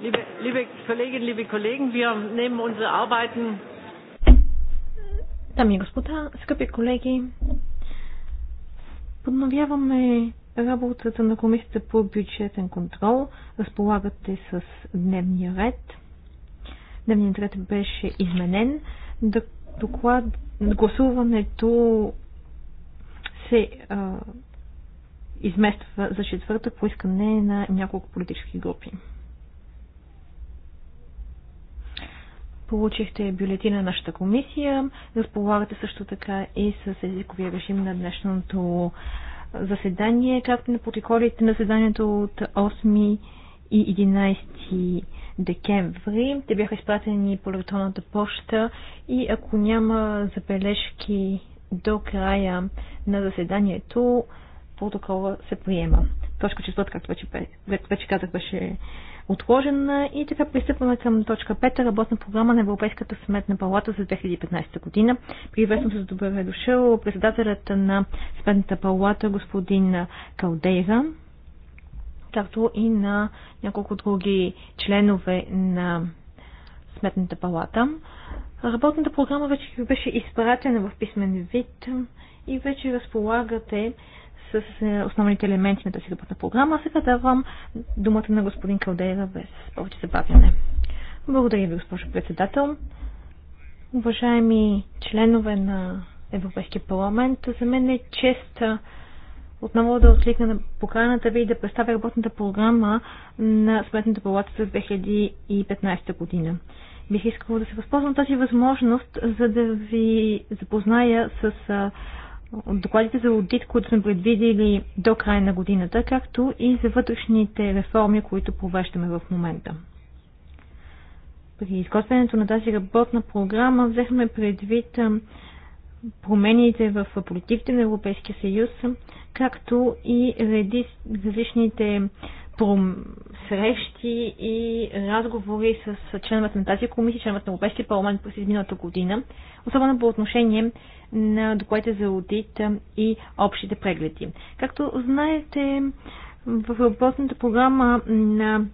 Liebe, liebe Kolleginnen, liebe Kollegen, wir nehmen unsere Arbeiten. Дами и господа, скъпи колеги, подновяваме работата на Комисията по бюджетен контрол. Разполагате с дневния ред. Дневният ред беше изменен. Доклад, гласуването се а, измества за четвъртък по искане на няколко политически групи. Получихте бюлетина на нашата комисия. Разполагате също така и с езиковия режим на днешното заседание, както на протоколите на заседанието от 8 и 11 декември. Те бяха изпратени по електронната почта и ако няма забележки до края на заседанието, протокола се приема. Точка четвърта, както вече, вече казах, беше отложена и така пристъпваме към точка 5, работна програма на Европейската сметна палата за 2015 година. Приветствам се с добре дошъл председателят на сметната палата господин Калдейра, както и на няколко други членове на сметната палата. Работната програма вече беше изпратена в писмен вид и вече разполагате с е, основните елементи на тази работна програма. Сега давам думата на господин Калдеева без повече забавяне. Благодаря ви, госпожо председател. Уважаеми членове на Европейския парламент, за мен е чест отново да откликна на поканата ви и да представя работната програма на Сметната палата за 2015 година. Бих искала да се възползвам тази възможност, за да ви запозная с от докладите за аудит, които сме предвидили до края на годината, както и за вътрешните реформи, които провеждаме в момента. При изготвянето на тази работна програма взехме предвид промените в политиките на Европейския съюз, както и редис, различните срещи и разговори с членовете на тази комисия, членовете на Европейския парламент през изминалата година, особено по отношение на докладите за аудит и общите прегледи. Както знаете, в работната програма на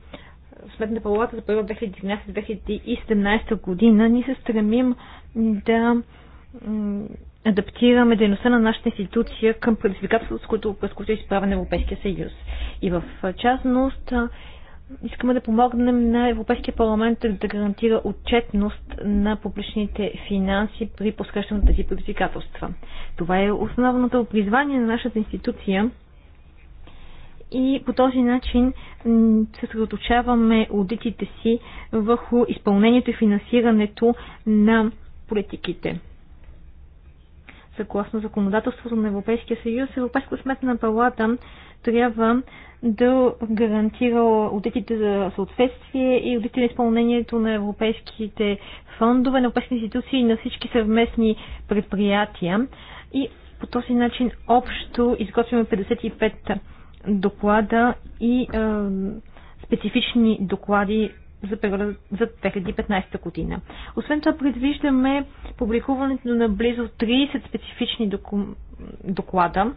Сметната палата за първа 2011-2017 година ние се стремим да адаптираме дейността на нашата институция към предизвикателството, с които, през което е изправен Европейския съюз. И в частност искаме да помогнем на Европейския парламент да гарантира отчетност на публичните финанси при посрещане на тези предизвикателства. Това е основното призвание на нашата институция и по този начин съсредоточаваме аудитите си върху изпълнението и финансирането на политиките съгласно законодателството на Европейския съюз, Европейската сметна палата трябва да гарантира аудитите за съответствие и аудити на изпълнението на европейските фондове, на европейски институции и на всички съвместни предприятия. И по този начин общо изготвяме 55 доклада и е, специфични доклади за периода за 2015 година. Освен това предвиждаме публикуването на близо 30 специфични доку... доклада.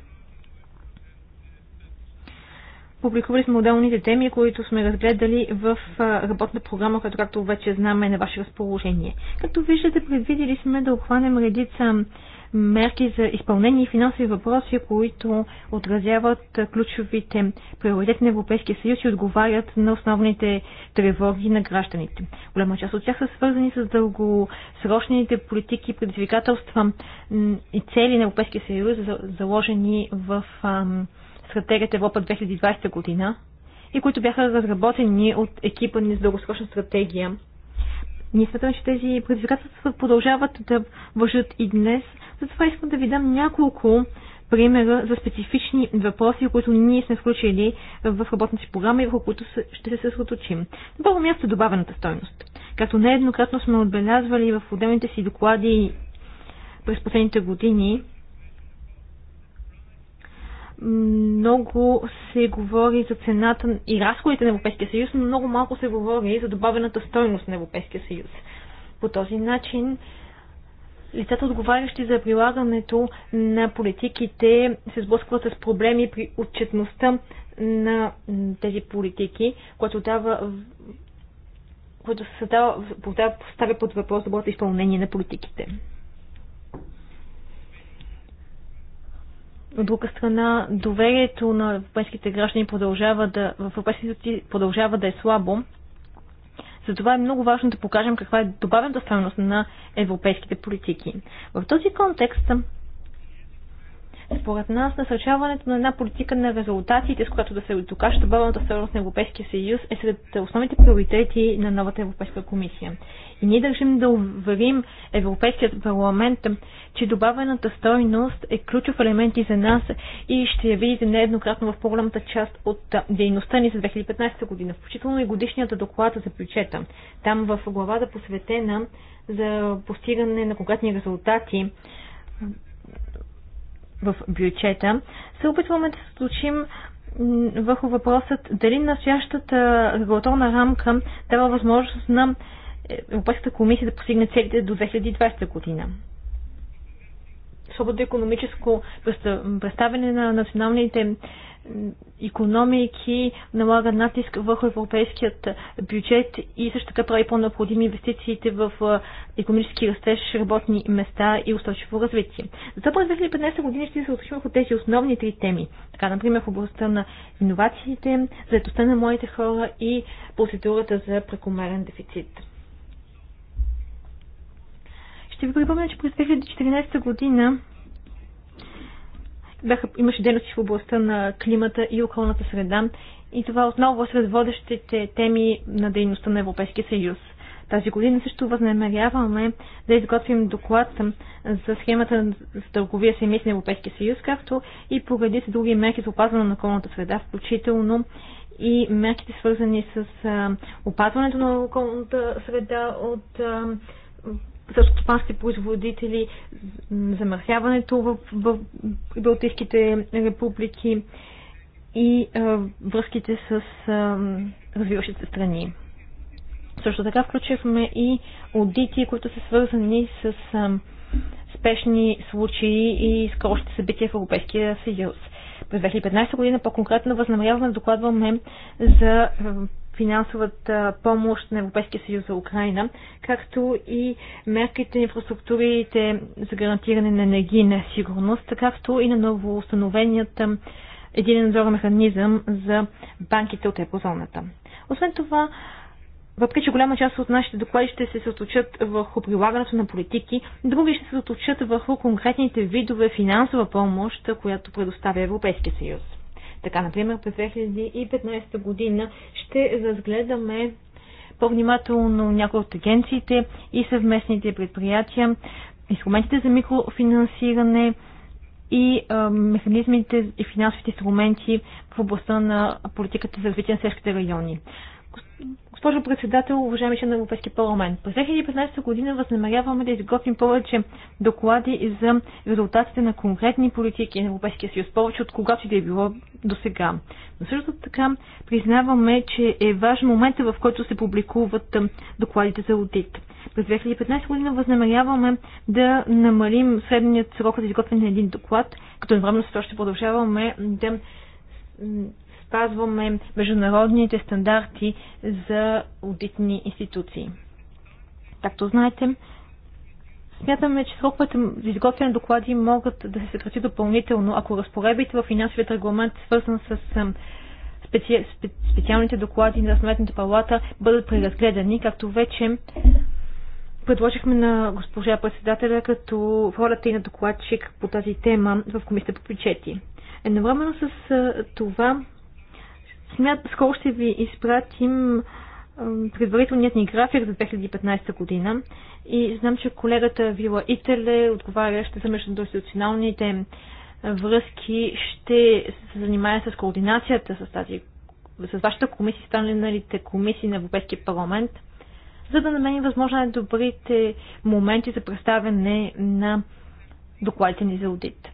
Публикували сме отделните теми, които сме разгледали в работна програма, която, както вече знаме, е на ваше разположение. Както виждате, предвидили сме да обхванем редица мерки за изпълнение и финансови въпроси, които отразяват ключовите приоритети на Европейския съюз и отговарят на основните тревоги на гражданите. Голяма част от тях са свързани с дългосрочните политики, предизвикателства и цели на Европейския съюз, заложени в стратегията Европа 2020 година и които бяха разработени от екипа ни с дългосрочна стратегия ние смятаме, че тези предизвикателства продължават да вършат и днес, затова искам да ви дам няколко примера за специфични въпроси, които ние сме включили в работната си програма и върху които ще се съсредоточим. На първо място е добавената стойност. Както нееднократно сме отбелязвали в отделните си доклади през последните години, много се говори за цената и разходите на Европейския съюз, но много малко се говори за добавената стойност на Европейския съюз. По този начин лицата, отговарящи за прилагането на политиките, се сблъскват с проблеми при отчетността на тези политики, което дава което се дава, поставя под въпрос доброто изпълнение на политиките. От друга страна, доверието на европейските граждани продължава да, в европейските продължава да е слабо, затова е много важно да покажем каква е добавената стоеност на европейските политики. В този контекст според нас, насърчаването на една политика на резултатите, с която да се докаже добавената стойност на Европейския съюз, е сред основните приоритети на новата Европейска комисия. И ние държим да уверим Европейският парламент, че добавената стойност е ключов елемент и за нас и ще я видите нееднократно в по-голямата част от дейността ни за 2015 година, включително и годишният доклад за бюджета. Там в главата посветена за постигане на конкретни резултати в бюджета, се опитваме да се случим върху въпросът дали настоящата регулаторна рамка дава възможност на Европейската комисия да постигне целите до 2020 година. Свободно економическо представяне на националните економики, налага натиск върху европейският бюджет и също така прави по-необходими инвестициите в економически растеж, работни места и устойчиво развитие. Затова през 2015 година ще се отключим от тези основни три теми. Така, например, в областта на иновациите, заедостта на моите хора и процедурата за прекомерен дефицит. Ще ви припомня, че през 2014 година бяха, имаше дейности в областта на климата и околната среда и това отново е сред водещите теми на дейността на Европейския съюз. Тази година също възнамеряваме да изготвим доклад за схемата за търговия с емисии на Европейския съюз, както и поради се други мерки за опазване на околната среда, включително и мерките свързани с опазването на околната среда от сърскостопанските производители, замърсяването в, в, в Балтийските републики и а, връзките с а, развиващите страни. Също така включихме и аудити, които са свързани с а, спешни случаи и скорощи събития в Европейския съюз. През 2015 година по-конкретно възнамеряваме да докладваме за финансовата помощ на Европейския съюз за Украина, както и мерките на инфраструктурите за гарантиране на енергийна сигурност, както и на новоустановеният един надзорен механизъм за банките от еврозоната. Освен това, въпреки че голяма част от нашите доклади ще се съточат върху прилагането на политики, други ще се съточат върху конкретните видове финансова помощ, която предоставя Европейския съюз. Така, например, през 2015 година ще разгледаме по-внимателно някои от агенциите и съвместните предприятия, инструментите за микрофинансиране и а, механизмите и финансовите инструменти в областта на политиката за развитие на селските райони. Госпожо председател, уважаеми член на Европейски парламент, през 2015 година възнамеряваме да изготвим повече доклади за резултатите на конкретни политики на Европейския съюз, повече от когато и да е било до сега. Но също така признаваме, че е важен момента, в който се публикуват докладите за аудит. През 2015 година възнамеряваме да намалим средният срок за изготвяне на един доклад, като едновременно с това ще продължаваме да спазваме международните стандарти за аудитни институции. Както знаете, Смятаме, че сроковете за изготвяне на доклади могат да се съкрати допълнително, ако разпоредбите в финансовият регламент, свързан с специ... специалните доклади на Сметната палата, бъдат преразгледани, както вече предложихме на госпожа председателя като ролята и на докладчик по тази тема в Комисията по бюджети. Едновременно с това Смят, скоро ще ви изпратим предварителният ни график за 2015 година и знам, че колегата Вила Ителе, отговаряща за междуинституционалните връзки, ще се занимае с координацията с тази с вашата комисия, станалите комисии на Европейския парламент, за да намерим възможно най-добрите моменти за представяне на докладите ни за аудит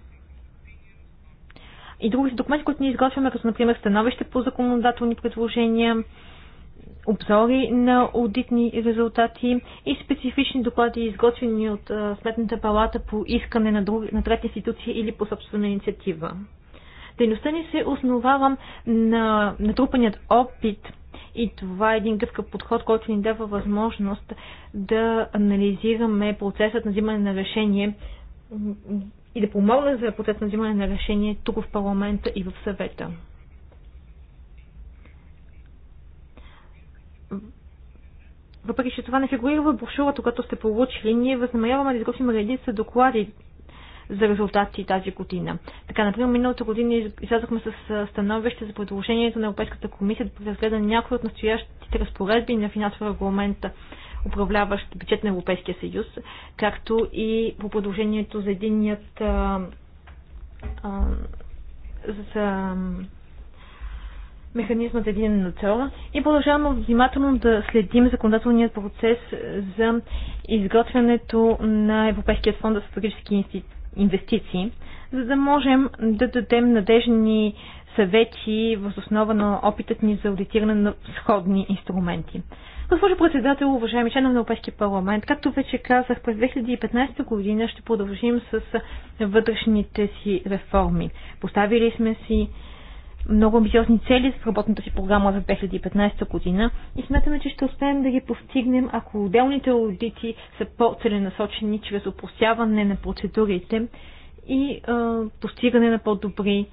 и други документи, които ние изготвяме, като например становище по законодателни предложения, обзори на аудитни резултати и специфични доклади, изготвени от Сметната палата по искане на, друг, на трети институции или по собствена инициатива. Дейността ни се основава на натрупаният опит и това е един гъвкав подход, който ни дава възможност да анализираме процесът на взимане на решение и да помогна за процес на взимане на решение тук в парламента и в съвета. Въпреки, че това не фигурира в брошурата, когато сте получили, ние възнамеряваме да изготвим редица доклади за резултати тази година. Така, например, миналата година излязохме с становище за предложението на Европейската комисия да преразгледа някои от настоящите разпоредби на финансово регламент управляващ бюджет на Европейския съюз, както и по предложението за единият а, а, за механизма за един надзор и продължаваме внимателно да следим законодателният процес за изготвянето на Европейския фонд за стратегически инвестиции, за да можем да дадем надежни съвети в основа на опитът ни за аудитиране на сходни инструменти. Госпожо председател, уважаеми членове на Европейския парламент, както вече казах, през 2015 година ще продължим с вътрешните си реформи. Поставили сме си много амбициозни цели в работната си програма за 2015 година и смятаме, че ще успеем да ги постигнем, ако отделните аудити са по-целенасочени чрез опростяване на процедурите и а, постигане на по-добри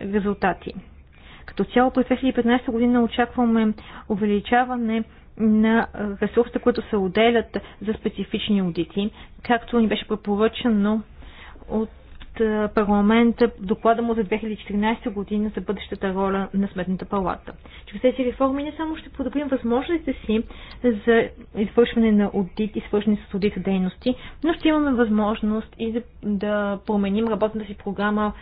резултати. Като цяло през 2015 година очакваме увеличаване на ресурсите, които се отделят за специфични аудити, както ни беше препоръчено от е, парламента доклада му за 2014 година за бъдещата роля на Сметната палата. Чрез тези реформи не само ще подобрим възможностите си за извършване на аудит и свършване с аудит дейности, но ще имаме възможност и да, да променим работната си програма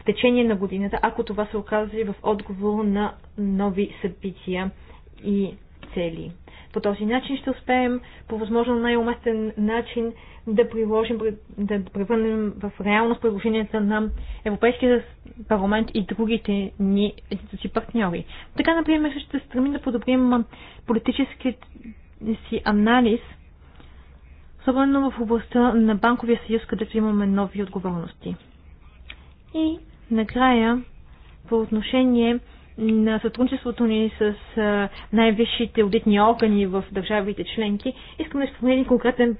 в течение на годината, ако това се оказва и в отговор на нови събития и цели. По този начин ще успеем по възможно най-уместен начин да приложим, да превърнем в реалност предложенията на Европейския парламент и другите ни институции партньори. Така, например, ще стремим да подобрим политическия си анализ, особено в областта на банковия съюз, където имаме нови отговорности. И накрая, по отношение на сътрудничеството ни с най-висшите аудитни органи в държавите членки, искам да изпълня един конкретен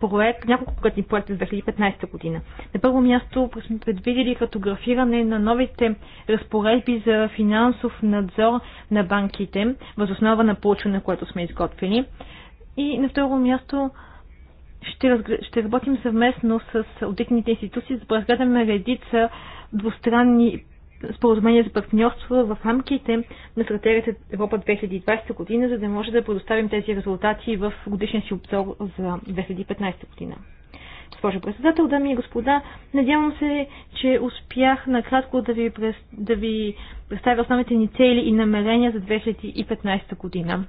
проект, няколко конкретни проекти за 2015 година. На първо място сме предвидили картографиране на новите разпоредби за финансов надзор на банките, възоснова на получване, което сме изготвили. И на второ място ще, разгр... ще работим съвместно с аудитните институции, за да разгледаме редица двустранни споразумение за партньорство в рамките на стратегията Европа 2020 година, за да може да предоставим тези резултати в годишния си обзор за 2015 година. Госпожо председател, дами и господа, надявам се, че успях накратко да ви, през, да ви представя основните ни цели и намерения за 2015 година.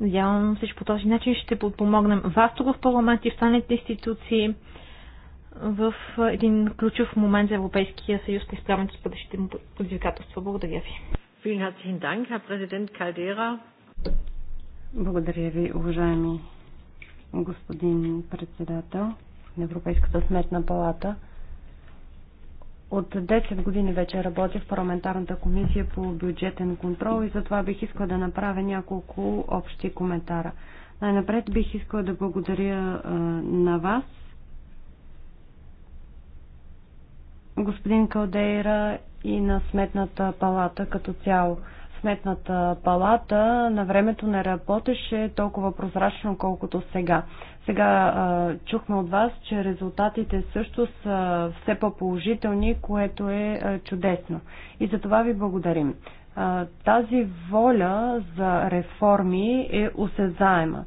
Надявам се, че по този начин ще подпомогнем вас тук в парламент и в останалите институции в един ключов момент за Европейския съюз при справянето с бъдещите му предизвикателства. Благодаря ви. Благодаря ви, уважаеми господин председател на Европейската сметна палата. От 10 години вече работя в парламентарната комисия по бюджетен контрол и затова бих искала да направя няколко общи коментара. Най-напред бих искала да благодаря на вас господин Калдейра и на Сметната палата като цяло. Сметната палата на времето не работеше толкова прозрачно, колкото сега. Сега а, чухме от вас, че резултатите също са все по-положителни, което е а, чудесно. И за това ви благодарим. А, тази воля за реформи е осезаема.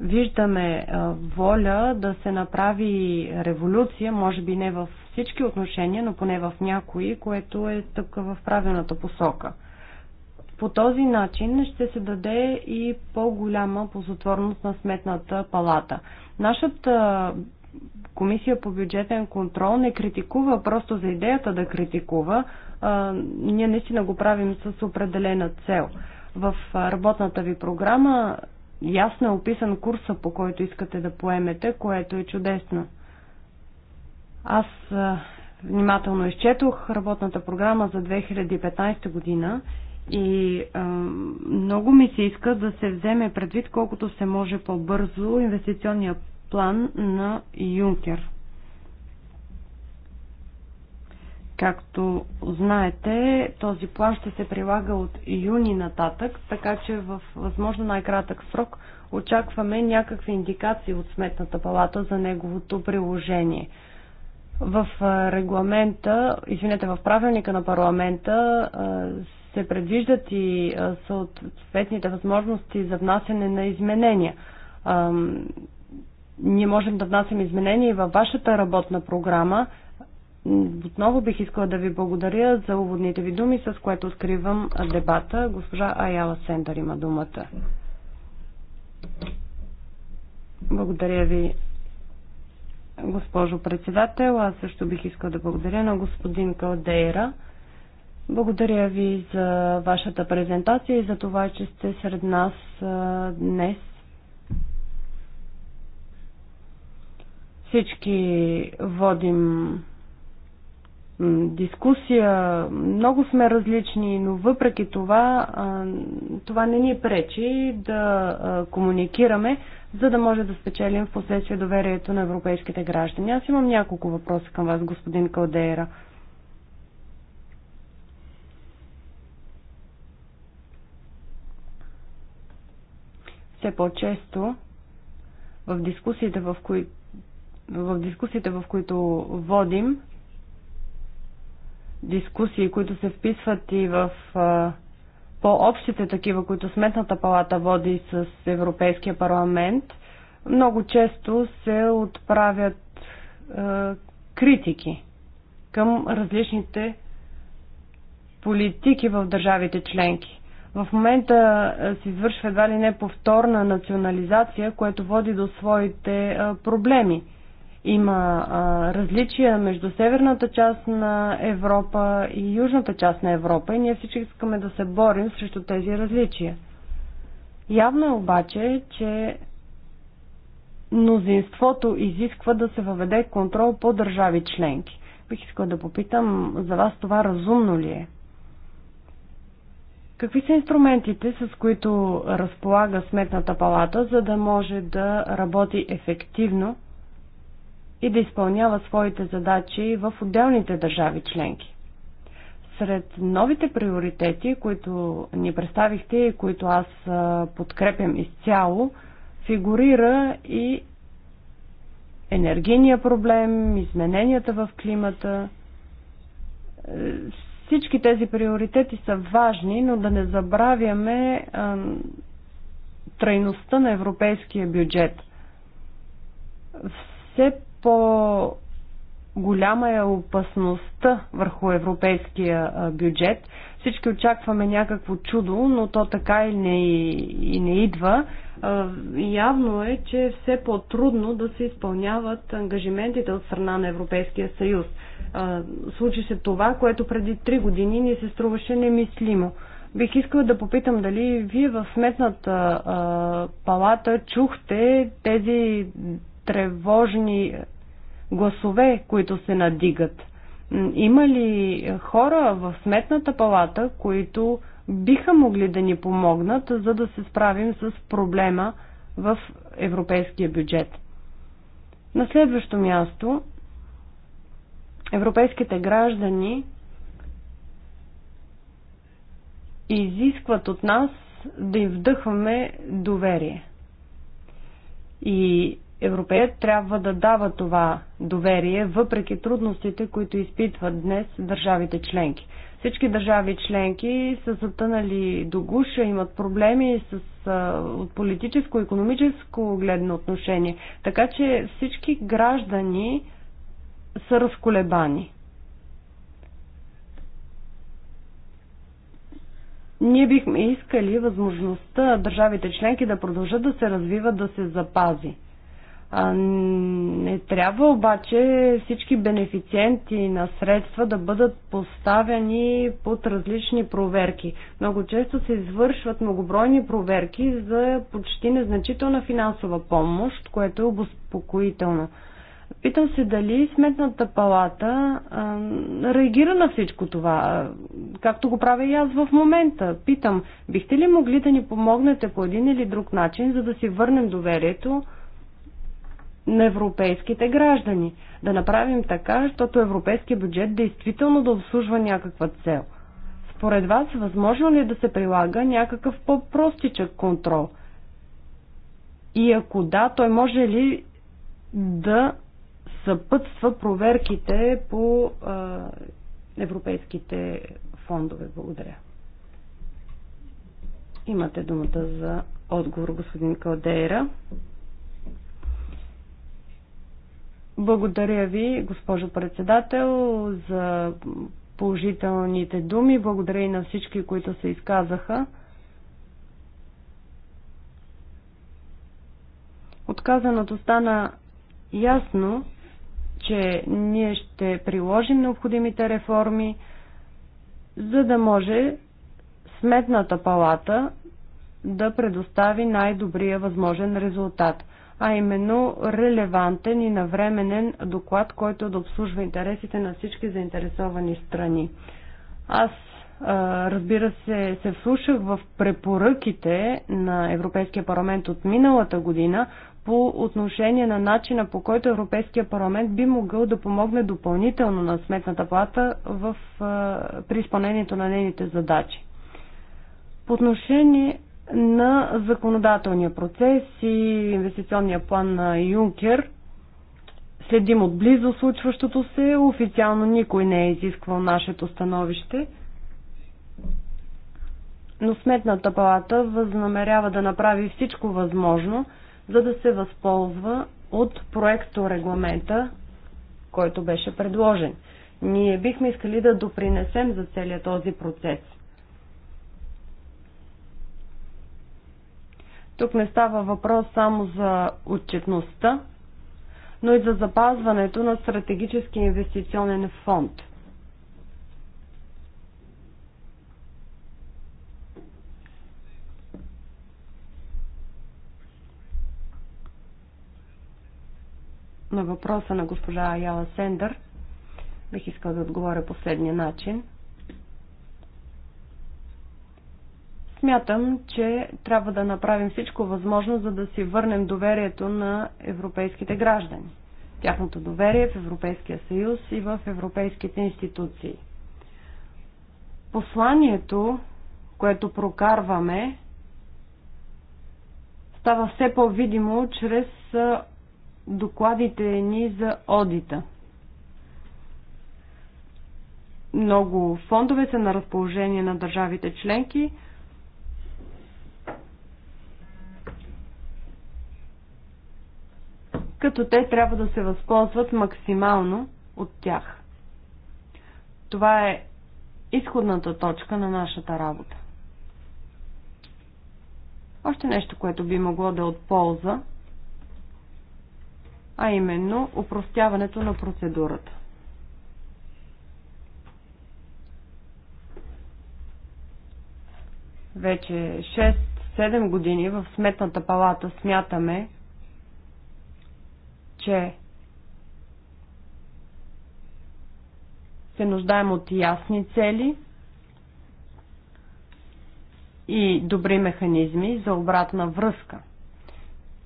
Виждаме а, воля да се направи революция, може би не в всички отношения, но поне в някои, което е стъпка в правилната посока. По този начин ще се даде и по-голяма позотворност на сметната палата. Нашата комисия по бюджетен контрол не критикува просто за идеята да критикува. А, ние наистина го правим с определена цел. В работната ви програма ясно е описан курса, по който искате да поемете, което е чудесно. Аз внимателно изчетох работната програма за 2015 година и много ми се иска да се вземе предвид колкото се може по-бързо инвестиционния план на Юнкер. Както знаете, този план ще се прилага от юни нататък, така че в възможно най-кратък срок очакваме някакви индикации от Сметната палата за неговото приложение – в регламента, извинете, в правилника на парламента се предвиждат и съответните възможности за внасяне на изменения. Ние можем да внасяме изменения и във вашата работна програма. Отново бих искала да ви благодаря за уводните ви думи, с което откривам дебата. Госпожа Аяла Сендър има думата. Благодаря ви, госпожо председател. Аз също бих искал да благодаря на господин Калдейра. Благодаря ви за вашата презентация и за това, че сте сред нас днес. Всички водим дискусия. Много сме различни, но въпреки това, това не ни пречи да комуникираме, за да може да спечелим в последствие доверието на европейските граждани. Аз имам няколко въпроса към вас, господин Калдейра. Все по-често в дискусиите, в които в дискусиите, в които водим, дискусии, които се вписват и в по-общите такива, които Сметната палата води с Европейския парламент, много често се отправят е, критики към различните политики в държавите членки. В момента се извършва едва ли не повторна национализация, което води до своите проблеми. Има а, различия между северната част на Европа и южната част на Европа и ние всички искаме да се борим срещу тези различия. Явно е обаче, че мнозинството изисква да се въведе контрол по държави членки. Бих искала да попитам за вас това разумно ли е? Какви са инструментите, с които разполага Сметната палата, за да може да работи ефективно и да изпълнява своите задачи в отделните държави членки. Сред новите приоритети, които ни представихте и които аз подкрепям изцяло, фигурира и енергийния проблем, измененията в климата. Е, всички тези приоритети са важни, но да не забравяме трайността на европейския бюджет. Все по голяма е опасността върху европейския бюджет. Всички очакваме някакво чудо, но то така и не, и не идва. Явно е, че е все по-трудно да се изпълняват ангажиментите от страна на Европейския съюз. Случи се това, което преди три години ни се струваше немислимо. Бих искала да попитам дали вие в сметната палата чухте тези тревожни гласове, които се надигат. Има ли хора в сметната палата, които биха могли да ни помогнат, за да се справим с проблема в европейския бюджет? На следващо място, европейските граждани изискват от нас да им вдъхваме доверие. И Европеят трябва да дава това доверие, въпреки трудностите, които изпитват днес държавите членки. Всички държави членки са затънали до гуша, имат проблеми с, а, от политическо, економическо гледно отношение. Така че всички граждани са разколебани. Ние бихме искали възможността държавите членки да продължат да се развиват, да се запази. Не трябва обаче всички бенефициенти на средства да бъдат поставени под различни проверки. Много често се извършват многобройни проверки за почти незначителна финансова помощ, което е обоспокоително. Питам се дали Сметната палата а, реагира на всичко това, както го правя и аз в момента. Питам, бихте ли могли да ни помогнете по един или друг начин, за да си върнем доверието? на европейските граждани. Да направим така, защото европейския бюджет действително да обслужва някаква цел. Според вас, възможно ли е да се прилага някакъв по-простичък контрол? И ако да, той може ли да съпътства проверките по а, европейските фондове? Благодаря. Имате думата за отговор, господин Калдейра. Благодаря ви, госпожо председател, за положителните думи. Благодаря и на всички, които се изказаха. Отказаното стана ясно, че ние ще приложим необходимите реформи, за да може Сметната палата да предостави най-добрия възможен резултат а именно релевантен и навременен доклад, който е да обслужва интересите на всички заинтересовани страни. Аз разбира се, се вслушах в препоръките на Европейския парламент от миналата година по отношение на начина по който Европейския парламент би могъл да помогне допълнително на Сметната плата в, при изпълнението на нейните задачи. По отношение на законодателния процес и инвестиционния план на Юнкер. Следим отблизо случващото се. Официално никой не е изисквал нашето становище. Но Сметната палата възнамерява да направи всичко възможно, за да се възползва от проекто регламента, който беше предложен. Ние бихме искали да допринесем за целият този процес – Тук не става въпрос само за отчетността, но и за запазването на стратегически инвестиционен фонд – на въпроса на госпожа Аяла Сендър, бих искал да отговоря последния начин. Смятам, че трябва да направим всичко възможно, за да си върнем доверието на европейските граждани. Тяхното доверие в Европейския съюз и в европейските институции. Посланието, което прокарваме, става все по-видимо чрез докладите ни за одита. Много фондове са на разположение на държавите членки – като те трябва да се възползват максимално от тях. Това е изходната точка на нашата работа. Още нещо, което би могло да е от полза, а именно упростяването на процедурата. Вече 6-7 години в Сметната палата смятаме, че се нуждаем от ясни цели и добри механизми за обратна връзка.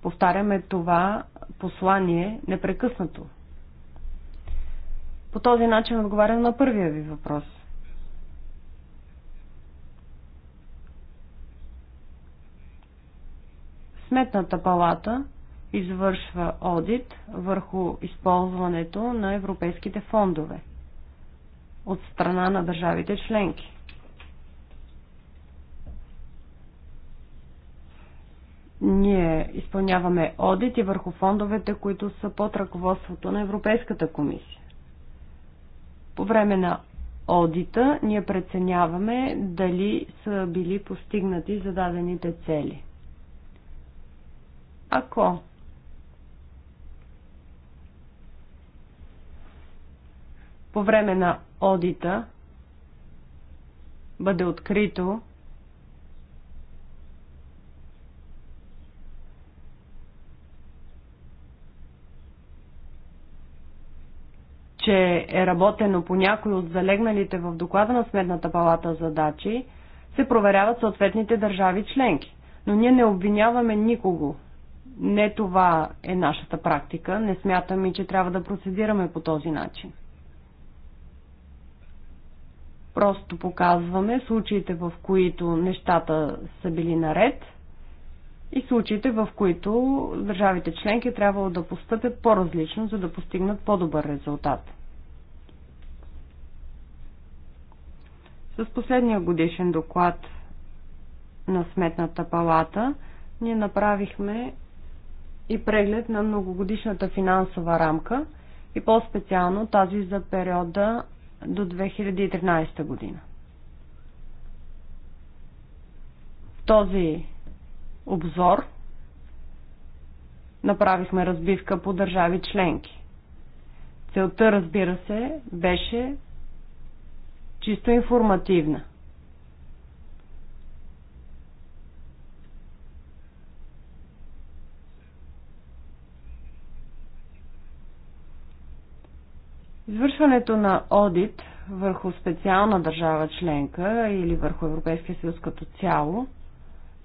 Повтаряме това послание непрекъснато. По този начин отговарям на първия ви въпрос. Сметната палата извършва одит върху използването на европейските фондове от страна на държавите членки. Ние изпълняваме одити върху фондовете, които са под ръководството на Европейската комисия. По време на одита ние преценяваме дали са били постигнати зададените цели. Ако по време на одита бъде открито, че е работено по някои от залегналите в доклада на Сметната палата задачи, се проверяват съответните държави членки. Но ние не обвиняваме никого. Не това е нашата практика. Не смятаме, че трябва да процедираме по този начин. Просто показваме случаите, в които нещата са били наред и случаите, в които държавите членки е трябвало да постъпят по-различно, за да постигнат по-добър резултат. С последния годишен доклад на Сметната палата ние направихме и преглед на многогодишната финансова рамка и по-специално тази за периода до 2013 година. В този обзор направихме разбивка по държави членки. Целта, разбира се, беше чисто информативна – Извършването на одит върху специална държава членка или върху Европейския съюз като цяло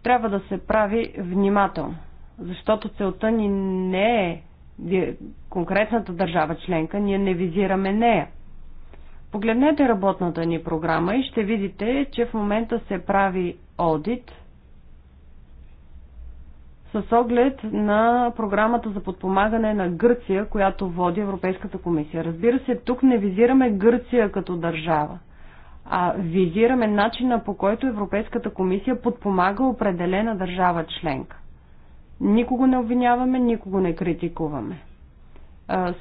трябва да се прави внимателно, защото целта ни не е конкретната държава членка, ние не визираме нея. Погледнете работната ни програма и ще видите, че в момента се прави одит с оглед на програмата за подпомагане на Гърция, която води Европейската комисия. Разбира се, тук не визираме Гърция като държава, а визираме начина по който Европейската комисия подпомага определена държава членка. Никого не обвиняваме, никого не критикуваме.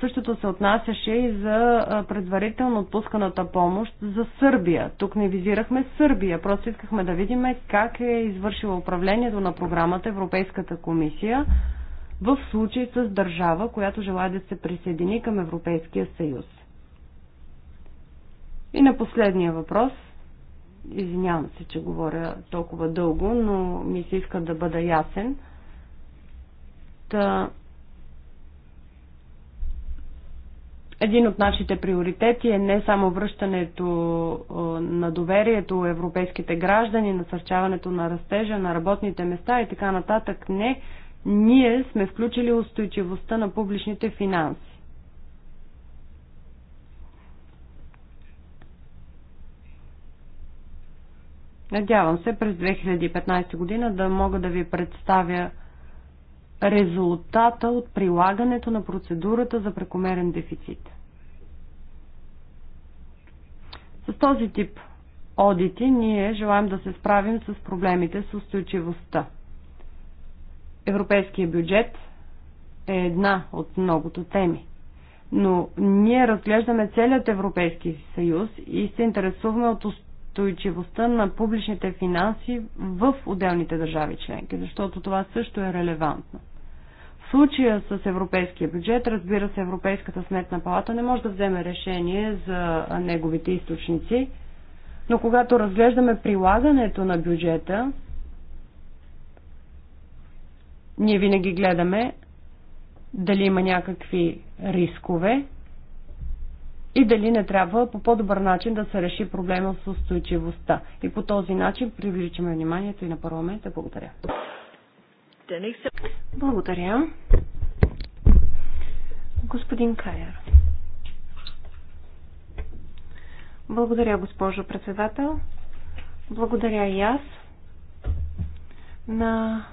Същото се отнасяше и за предварително отпусканата помощ за Сърбия. Тук не визирахме Сърбия, просто искахме да видим как е извършила управлението на програмата Европейската комисия в случай с държава, която желая да се присъедини към Европейския съюз. И на последния въпрос. Извинявам се, че говоря толкова дълго, но ми се иска да бъда ясен. Та, един от нашите приоритети е не само връщането на доверието у европейските граждани, насърчаването на растежа, на работните места и така нататък. Не, ние сме включили устойчивостта на публичните финанси. Надявам се през 2015 година да мога да ви представя резултата от прилагането на процедурата за прекомерен дефицит. С този тип одити ние желаем да се справим с проблемите с устойчивостта. Европейския бюджет е една от многото теми. Но ние разглеждаме целият Европейски съюз и се интересуваме от устойчивостта на публичните финанси в отделните държави членки, защото това също е релевантно случая с европейския бюджет, разбира се, Европейската сметна палата не може да вземе решение за неговите източници, но когато разглеждаме прилагането на бюджета, ние винаги гледаме дали има някакви рискове и дали не трябва по по-добър начин да се реши проблема с устойчивостта. И по този начин привличаме вниманието и на парламента. Благодаря. Благодаря. Господин Каяр. Благодаря, госпожо председател. Благодаря и аз на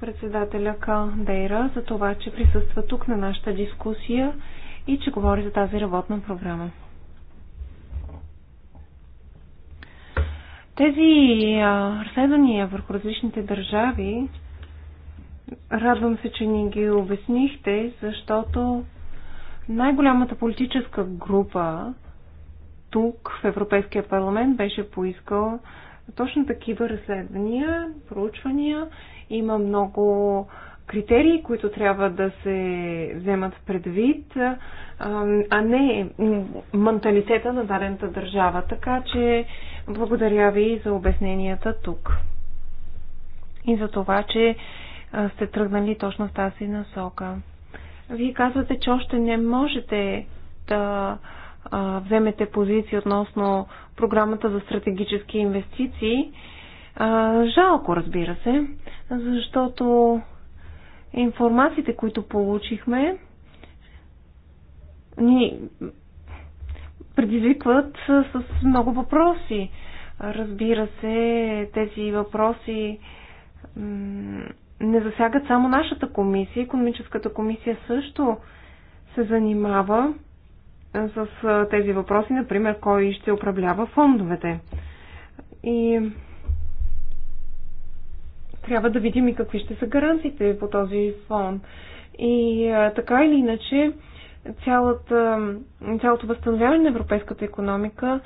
председателя Калдейра за това, че присъства тук на нашата дискусия и че говори за тази работна програма. Тези разследвания върху различните държави Радвам се, че ни ги обяснихте, защото най-голямата политическа група тук в Европейския парламент беше поискала точно такива разследвания, проучвания. Има много критерии, които трябва да се вземат предвид, а не менталитета на дадената държава. Така че благодаря ви за обясненията тук. И за това, че сте тръгнали точно в тази насока. Вие казвате, че още не можете да вземете позиции относно програмата за стратегически инвестиции. Жалко, разбира се, защото информациите, които получихме, ни предизвикват с много въпроси. Разбира се, тези въпроси не засягат само нашата комисия. Економическата комисия също се занимава с тези въпроси, например, кой ще управлява фондовете. И трябва да видим и какви ще са гаранциите по този фонд. И така или иначе, цялата, цялото възстановяване на европейската економика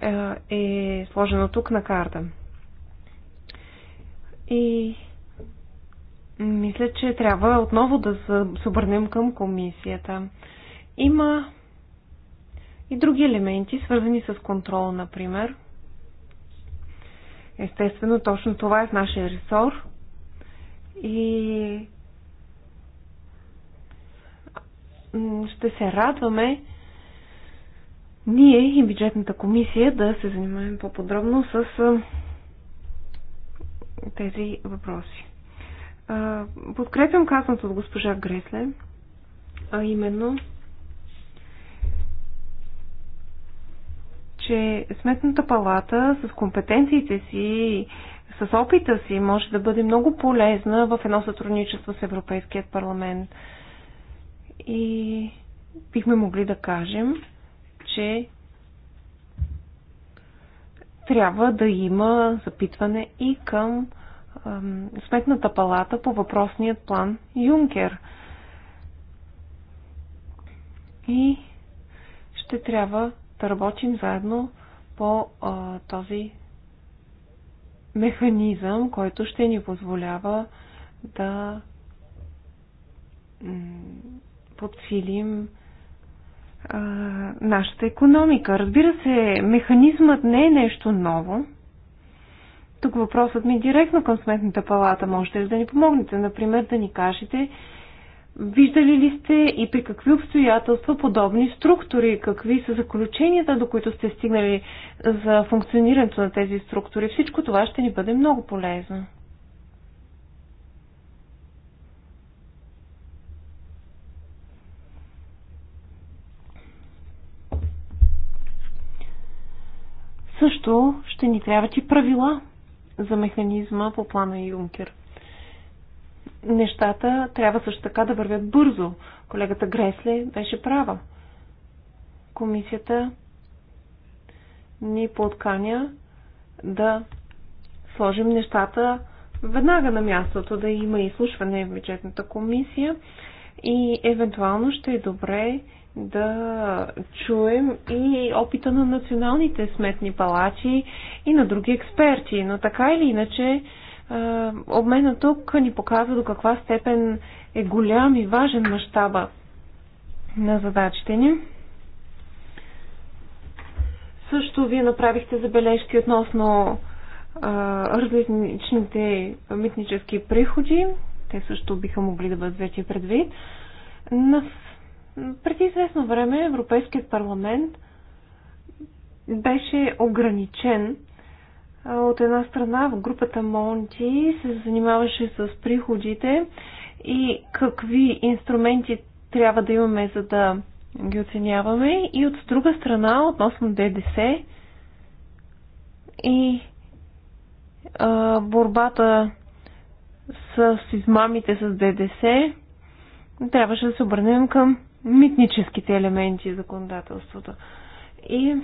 е, е сложено тук на карта. И мисля, че трябва отново да се обърнем към комисията. Има и други елементи, свързани с контрол, например. Естествено, точно това е в нашия ресор. И ще се радваме ние и бюджетната комисия да се занимаем по-подробно с тези въпроси подкрепям казаното от госпожа Гресле, а именно, че Сметната палата с компетенциите си, с опита си, може да бъде много полезна в едно сътрудничество с Европейският парламент. И бихме могли да кажем, че трябва да има запитване и към Сметната палата по въпросният план Юнкер. И ще трябва да работим заедно по а, този механизъм, който ще ни позволява да подсилим а, нашата економика. Разбира се, механизмът не е нещо ново. Тук въпросът ми е директно към Сметната палата. Можете ли да ни помогнете? Например, да ни кажете, виждали ли сте и при какви обстоятелства подобни структури? Какви са заключенията, до които сте стигнали за функционирането на тези структури? Всичко това ще ни бъде много полезно. също ще ни трябват и правила за механизма по плана Юнкер. Нещата трябва също така да вървят бързо. Колегата Гресле беше права. Комисията ни подканя да сложим нещата веднага на мястото, да има изслушване в бюджетната комисия и евентуално ще е добре да чуем и опита на националните сметни палачи и на други експерти. Но така или иначе, е, обмена тук ни показва до каква степен е голям и важен мащаба на задачите ни. Също вие направихте забележки относно а, различните митнически приходи. Те също биха могли да бъдат вече предвид. На преди известно време Европейският парламент беше ограничен. От една страна в групата Монти се занимаваше с приходите и какви инструменти трябва да имаме, за да ги оценяваме. И от друга страна, относно ДДС и а, борбата с измамите с ДДС, трябваше да се обърнем към митническите елементи и законодателството. И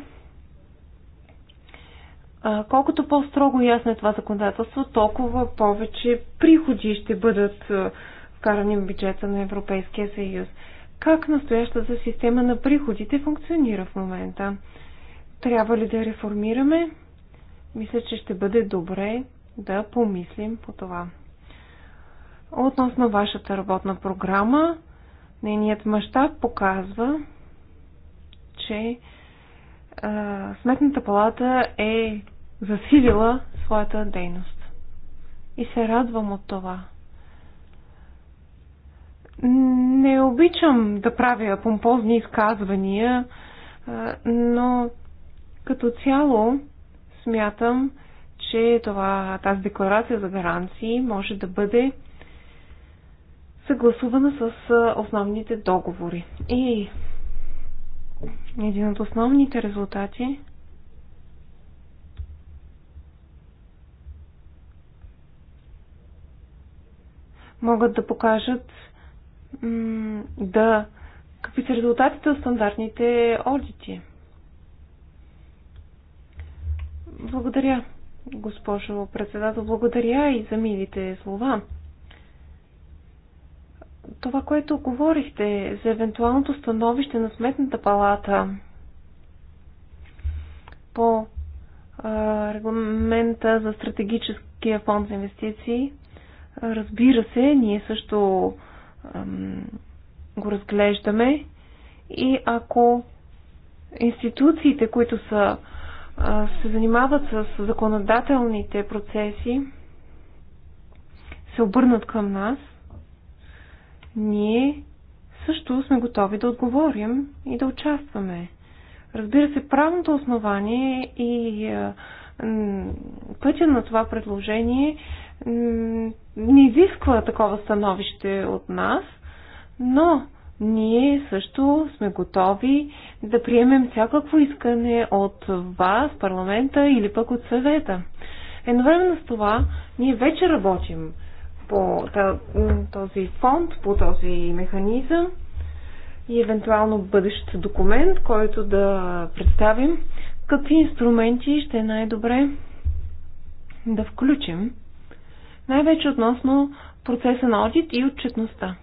а, колкото по-строго ясно е това законодателство, толкова повече приходи ще бъдат вкарани в бюджета на Европейския съюз. Как настоящата система на приходите функционира в момента? Трябва ли да реформираме? Мисля, че ще бъде добре да помислим по това. Относно вашата работна програма, Нейният мащаб показва, че а, Сметната палата е засилила своята дейност. И се радвам от това. Не обичам да правя помпозни изказвания, а, но като цяло смятам, че това, тази декларация за гаранции може да бъде съгласувана с основните договори. И един от основните резултати могат да покажат да какви са резултатите от стандартните одити. Благодаря, госпожо председател. Благодаря и за милите слова това, което говорихте за евентуалното становище на Сметната палата по регламента за стратегическия фонд за инвестиции, разбира се, ние също го разглеждаме и ако институциите, които са, се занимават с законодателните процеси, се обърнат към нас, ние също сме готови да отговорим и да участваме. Разбира се, правното основание и пътя на това предложение не изисква такова становище от нас, но ние също сме готови да приемем всякакво искане от вас, парламента или пък от съвета. Едновременно с това, ние вече работим по този фонд, по този механизъм и евентуално бъдещ документ, който да представим. Какви инструменти ще е най-добре да включим? Най-вече относно процеса на одит и отчетността.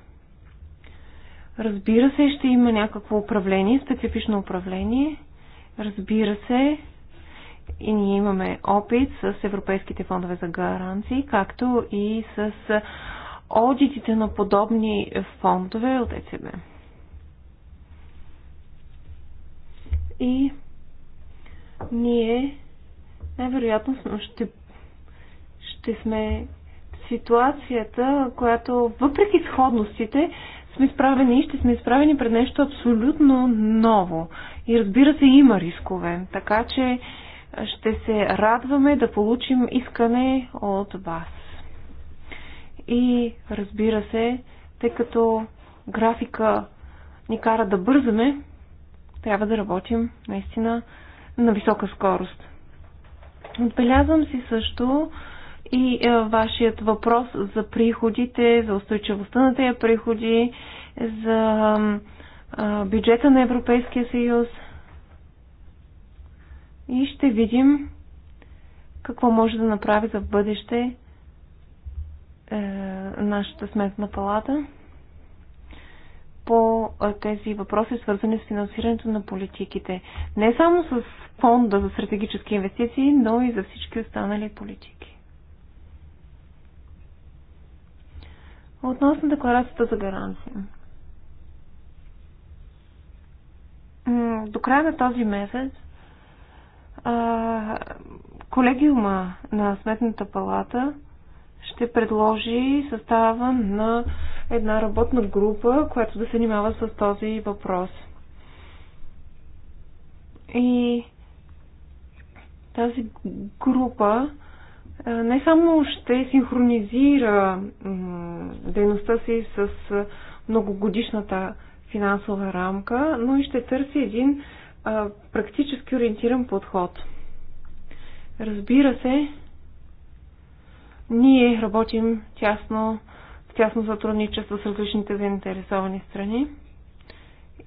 Разбира се, ще има някакво управление, специфично управление. Разбира се, и ние имаме опит с европейските фондове за гаранции, както и с одитите на подобни фондове от ЕЦБ. И ние най-вероятно ще, ще сме в ситуацията, която въпреки сходностите сме изправени и ще сме изправени пред нещо абсолютно ново. И разбира се, има рискове. Така че ще се радваме да получим искане от вас. И разбира се, тъй като графика ни кара да бързаме, трябва да работим наистина на висока скорост. Отбелязвам си също и е, вашият въпрос за приходите, за устойчивостта на тези приходи, за бюджета на Европейския съюз – и ще видим какво може да направи за бъдеще е, нашата сметна палата по е, тези въпроси, свързани с финансирането на политиките. Не само с фонда за стратегически инвестиции, но и за всички останали политики. Относно декларацията за гаранция. До края на този месец колегиума на Сметната палата ще предложи състава на една работна група, която да се занимава с този въпрос. И тази група не само ще синхронизира дейността си с многогодишната финансова рамка, но и ще търси един а, практически ориентиран подход. Разбира се, ние работим тясно, в тясно сътрудничество с различните заинтересовани страни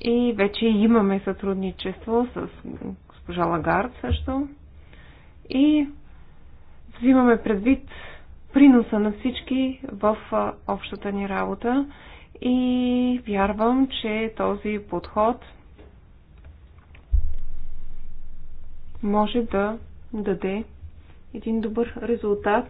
и вече имаме сътрудничество с госпожа Лагард също и взимаме предвид приноса на всички в общата ни работа и вярвам, че този подход – може да даде един добър резултат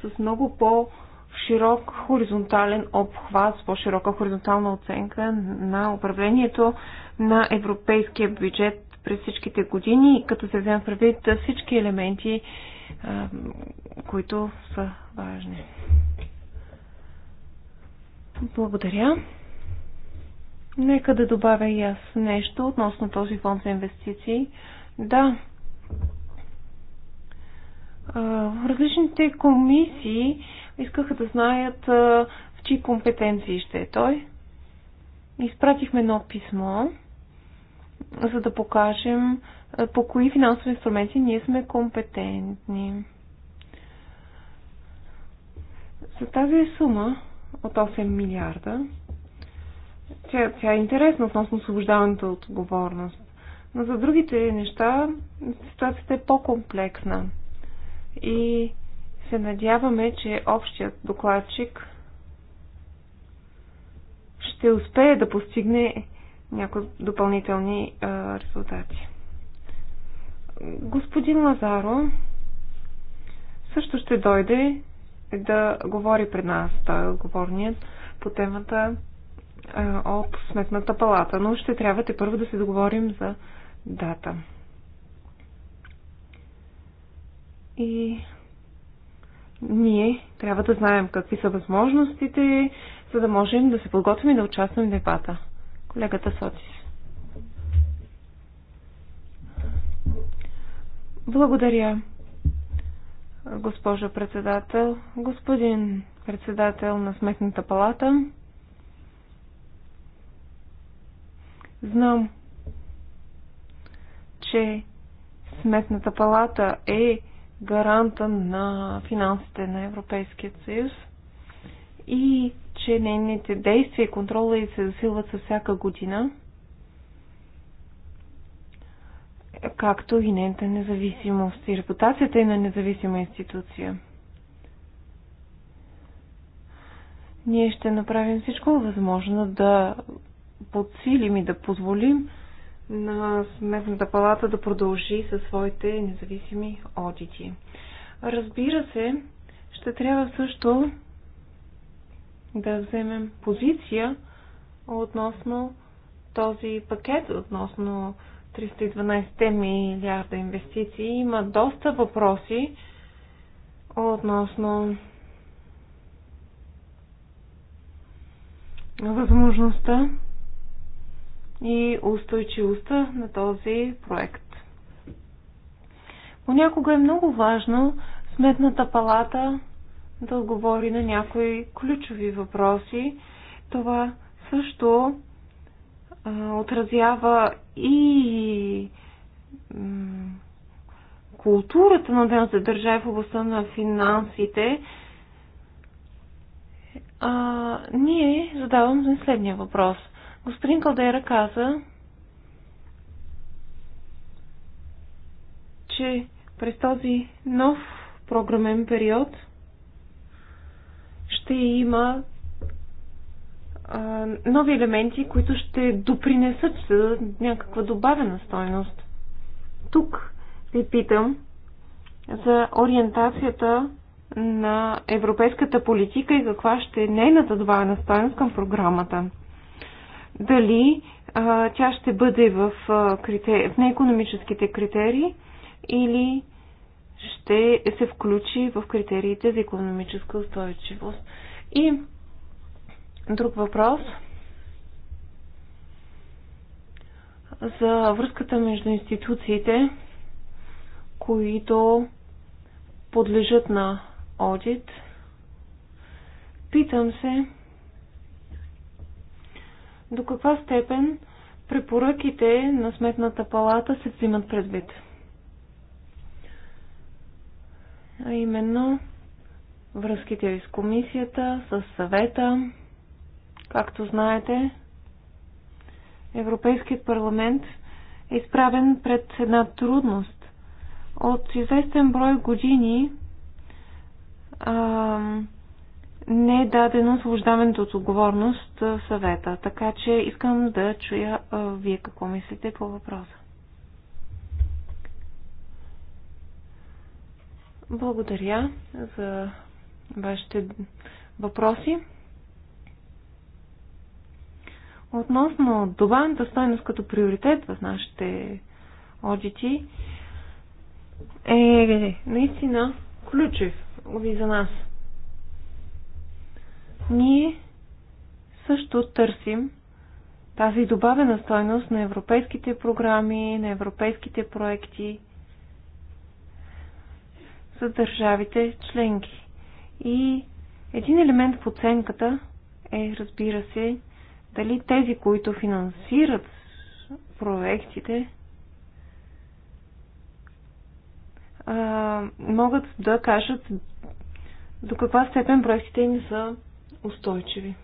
с много по-широк хоризонтален обхват, с по-широка хоризонтална оценка на управлението на европейския бюджет през всичките години, като се вземе предвид всички елементи, които са важни. Благодаря. Нека да добавя и аз нещо относно този фонд за инвестиции. Да, Различните комисии искаха да знаят в чии компетенции ще е той. Изпратихме едно писмо, за да покажем по кои финансови инструменти ние сме компетентни. За тази сума от 8 милиарда, тя, тя е интересна относно освобождаването от отговорност. Но за другите неща ситуацията е по-комплексна. И се надяваме, че общият докладчик ще успее да постигне някои допълнителни а, резултати. Господин Лазаро също ще дойде да говори пред нас. Той е отговорният по темата а, от Сметната палата, но ще трябва те първо да се договорим за дата. И ние трябва да знаем какви са възможностите, за да можем да се подготвим и да участваме в дебата. Колегата Сотис. Благодаря, госпожо председател, господин председател на Сметната палата. Знам, че Сметната палата е гаранта на финансите на Европейския съюз и че нейните действия и контрола и се засилват със всяка година, както и нейната независимост и репутацията и на независима институция. Ние ще направим всичко възможно да подсилим и да позволим на Сметната палата да продължи със своите независими одити. Разбира се, ще трябва също да вземем позиция относно този пакет, относно 312 милиарда инвестиции. Има доста въпроси относно възможността и устойчивостта на този проект. Понякога е много важно Сметната палата да отговори на някои ключови въпроси. Това също а, отразява и културата на отделната държава в областта на финансите. А, ние задаваме следния въпрос – Господин Калдера каза, че през този нов програмен период ще има а, нови елементи, които ще допринесат за някаква добавена стойност. Тук ви питам за ориентацията на европейската политика и каква ще е нейната добавена стойност към програмата дали а, тя ще бъде в, а, критери... в неекономическите критерии или ще се включи в критериите за економическа устойчивост. И друг въпрос за връзката между институциите, които подлежат на одит. Питам се, до каква степен препоръките на Сметната палата се взимат предвид. А именно връзките ви с комисията, с съвета. Както знаете, Европейският парламент е изправен пред една трудност. От известен брой години не е дадено освобождаването от отговорност в съвета. Така че искам да чуя а, вие какво мислите по въпроса. Благодаря за вашите въпроси. Относно добавената стойност като приоритет в нашите одити е наистина ключев за нас – ние също търсим тази добавена стойност на европейските програми, на европейските проекти за държавите членки. И един елемент в оценката е, разбира се, дали тези, които финансират проектите, а, могат да кажат до каква степен проектите им са устойчиви.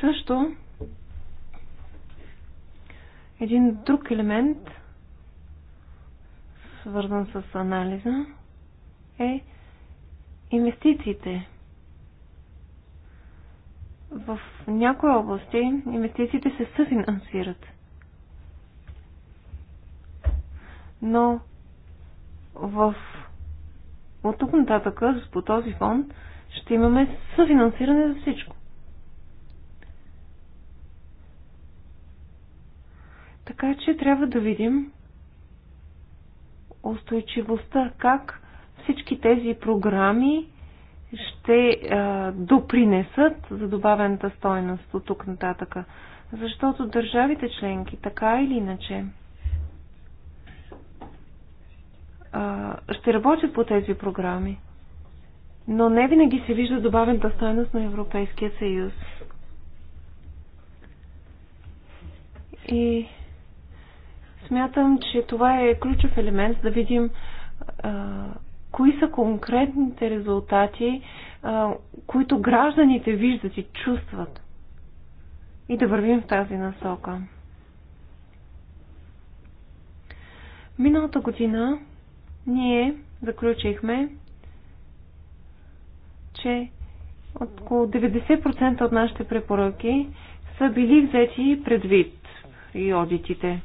Също един друг елемент, свързан с анализа, е инвестициите. В някои области инвестициите се съфинансират. Но в от тук нататък по този фонд ще имаме съфинансиране за всичко. Така че трябва да видим устойчивостта, как всички тези програми ще а, допринесат за добавената стойност от тук нататъка. Защото държавите членки, така или иначе, а, ще работят по тези програми но не винаги се вижда добавената стойност на Европейския съюз. И смятам, че това е ключов елемент да видим а, кои са конкретните резултати, а, които гражданите виждат и чувстват. И да вървим в тази насока. Миналата година ние заключихме че около 90% от нашите препоръки са били взети предвид и одитите.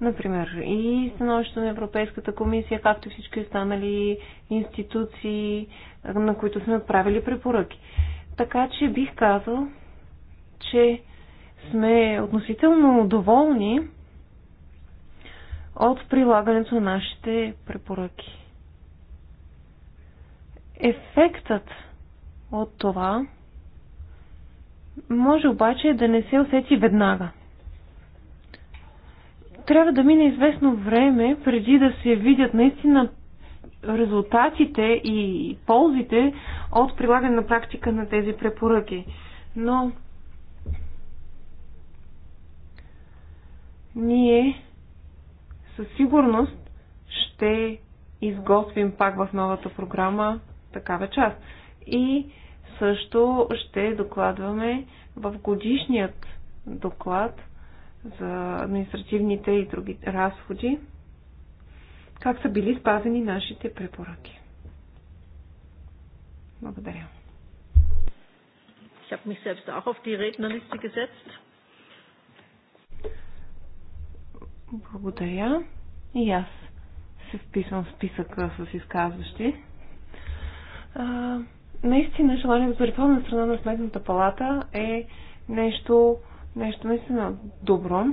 Например, и становището на Европейската комисия, както всички останали институции, на които сме отправили препоръки. Така че бих казал, че сме относително доволни от прилагането на нашите препоръки. Ефектът от това може обаче да не се усети веднага. Трябва да мине известно време преди да се видят наистина резултатите и ползите от прилагане на практика на тези препоръки. Но ние със сигурност ще изготвим пак в новата програма такава част. И също ще докладваме в годишният доклад за административните и други разходи, как са били спазени нашите препоръки. Благодаря. Ich habe mich selbst auch auf die Rednerliste gesetzt. Благодаря. И аз се вписвам в списъка с изказващи наистина желанието за реформа на страна на Сметната палата е нещо, нещо наистина добро.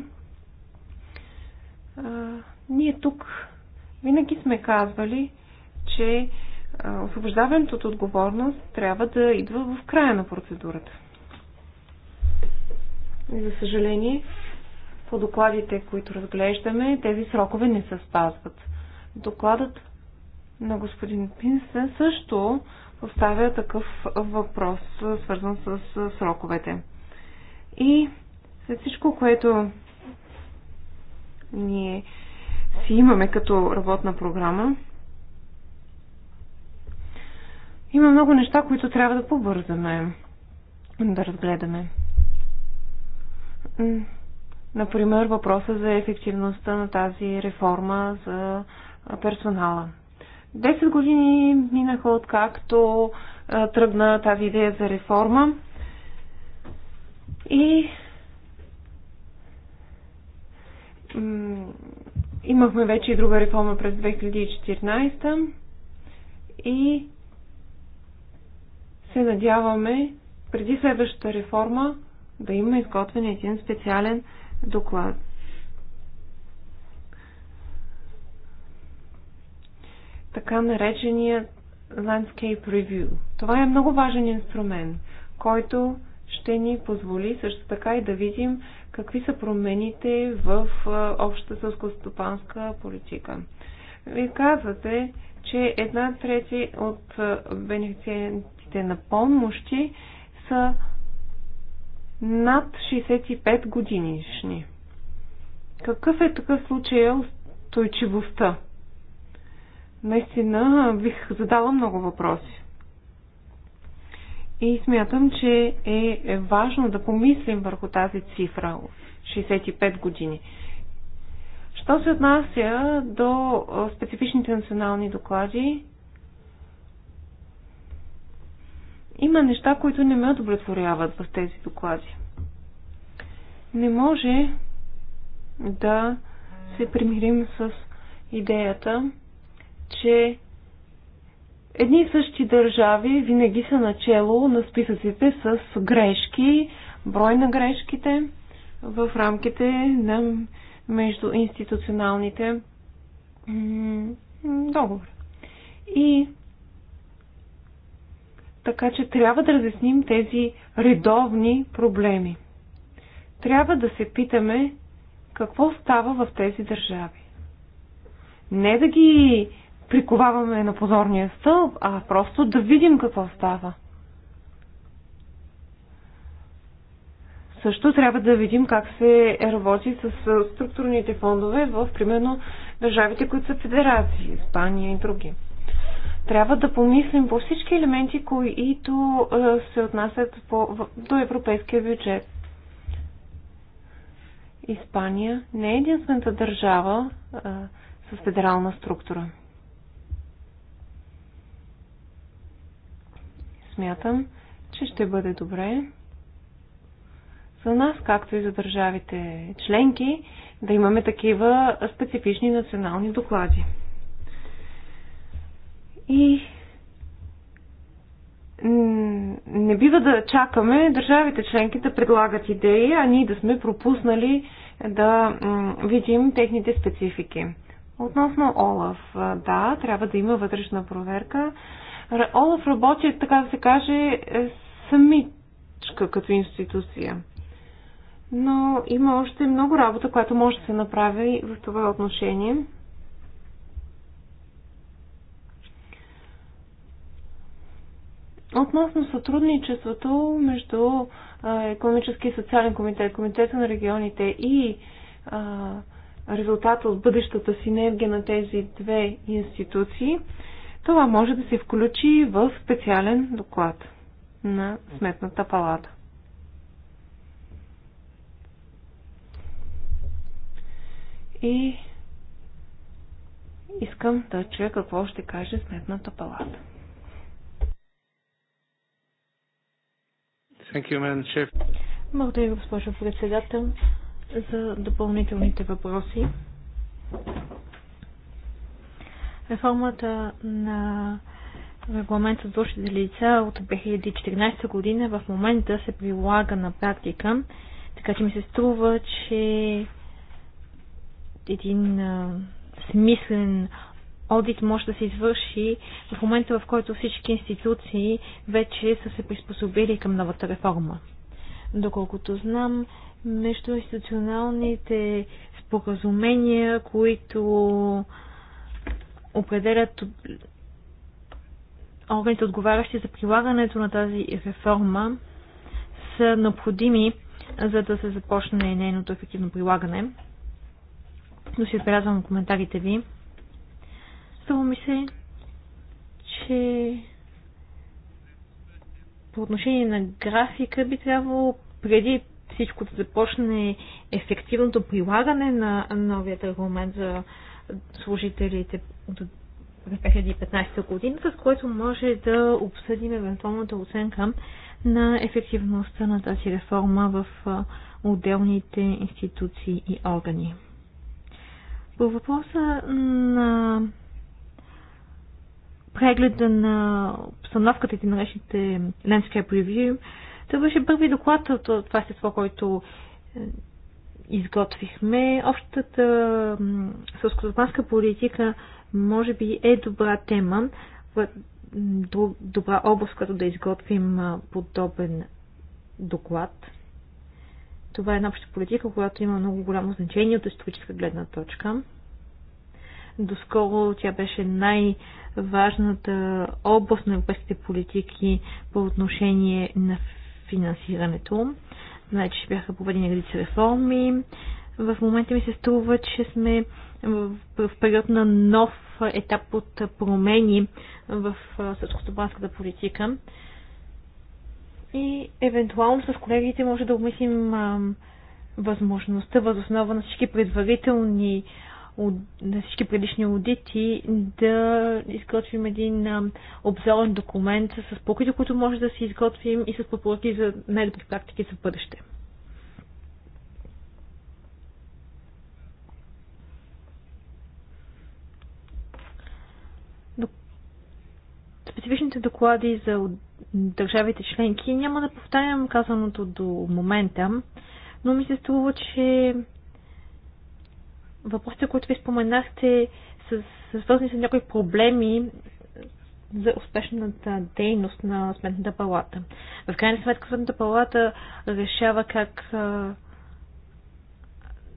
А, ние тук винаги сме казвали, че освобождаването от отговорност трябва да идва в края на процедурата. И за съжаление, по докладите, които разглеждаме, тези срокове не се спазват. Докладът на господин Пинстен също поставя такъв въпрос, свързан с сроковете. И след всичко, което ние си имаме като работна програма, има много неща, които трябва да побързаме, да разгледаме. Например, въпроса за ефективността на тази реформа за персонала, Десет години минаха откакто тръгна тази идея за реформа. И имахме вече и друга реформа през 2014 и се надяваме преди следващата реформа да има изготвен един специален доклад. така наречения Landscape Review. Това е много важен инструмент, който ще ни позволи също така и да видим какви са промените в общата сълскостопанска политика. Вие казвате, че една трети от бенефициентите на помощи са над 65 годинишни. Какъв е такъв случай е устойчивостта? наистина бих задала много въпроси. И смятам, че е важно да помислим върху тази цифра 65 години. Що се отнася до специфичните национални доклади, има неща, които не ме удовлетворяват в тези доклади. Не може да се примирим с идеята, че едни и същи държави винаги са начело на списъците с грешки, брой на грешките в рамките на междуинституционалните договори. И така че трябва да разясним тези редовни проблеми. Трябва да се питаме какво става в тези държави. Не да ги приковаваме на позорния стълб, а просто да видим какво става. Също трябва да видим как се работи с структурните фондове в, примерно, държавите, които са федерации, Испания и други. Трябва да помислим по всички елементи, които се отнасят по, до европейския бюджет. Испания не е единствената държава а, с федерална структура. смятам, че ще бъде добре за нас, както и за държавите членки, да имаме такива специфични национални доклади. И не бива да чакаме държавите членки да предлагат идеи, а ние да сме пропуснали да видим техните специфики. Относно Олаф, да, трябва да има вътрешна проверка Олаф работи, така да се каже, е самичка като институция. Но има още много работа, която може да се направи в това отношение. Относно сътрудничеството между Економически и социален комитет, Комитета на регионите и резултата от бъдещата синергия на тези две институции, това може да се включи в специален доклад на Сметната палата. И искам да чуя какво ще каже Сметната палата. Благодаря госпожо председател, за допълнителните въпроси. Реформата на регламент за душите лица от 2014 година в момента се прилага на практика, така че ми се струва, че един а, смислен одит може да се извърши в момента, в който всички институции вече са се приспособили към новата реформа. Доколкото знам, между институционалните споразумения, които определят органите, отговарящи за прилагането на тази реформа, са необходими, за да се започне нейното ефективно прилагане. Но си отбелязвам коментарите ви. Струва ми се, че по отношение на графика би трябвало преди всичко да започне ефективното прилагане на новият регламент за служителите от 2015 година, с което може да обсъдим евентуалната оценка на ефективността на тази реформа в отделните институции и органи. По въпроса на прегледа на обстановката и наречените Landscape Review, това беше първи доклад от това сество, който е, изготвихме. Общата сълскостопанска политика може би е добра тема, добра област, като да изготвим подобен доклад. Това е една обща политика, която има много голямо значение от историческа гледна точка. Доскоро тя беше най-важната област на европейските политики по отношение на финансирането. Значи, че бяха проведени редица реформи. В момента ми се струва, че сме в период на нов етап от промени в сърскостопанската политика. И евентуално с колегите може да обмислим възможността, възоснова на всички предварителни на всички предишни аудити да изготвим един обзорен документ с покрити, които може да се изготвим и с препоръки за най-добри практики за бъдеще. специфичните доклади за държавите членки няма да повтарям казаното до момента, но ми се струва, че въпросите, които ви споменахте, са, са свързани с някои проблеми за успешната дейност на Сметната палата. В крайна сметка Сметната палата решава как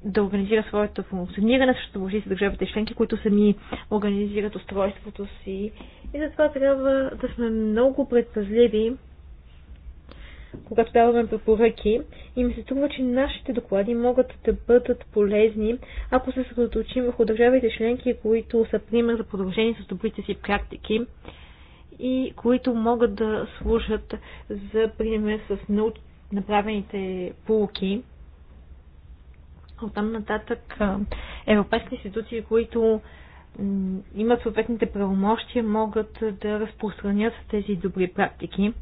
да организира своето функциониране, защото може с държавите членки, които сами организират устройството си. И затова трябва да сме много предпазливи когато даваме препоръки и ми се струва, че нашите доклади могат да бъдат полезни, ако се съсредоточим върху държавите членки, които са пример за продължение с добрите си практики и които могат да служат за пример с науч... направените полуки. Оттам нататък европейски институции, които имат съответните правомощия, могат да разпространят тези добри практики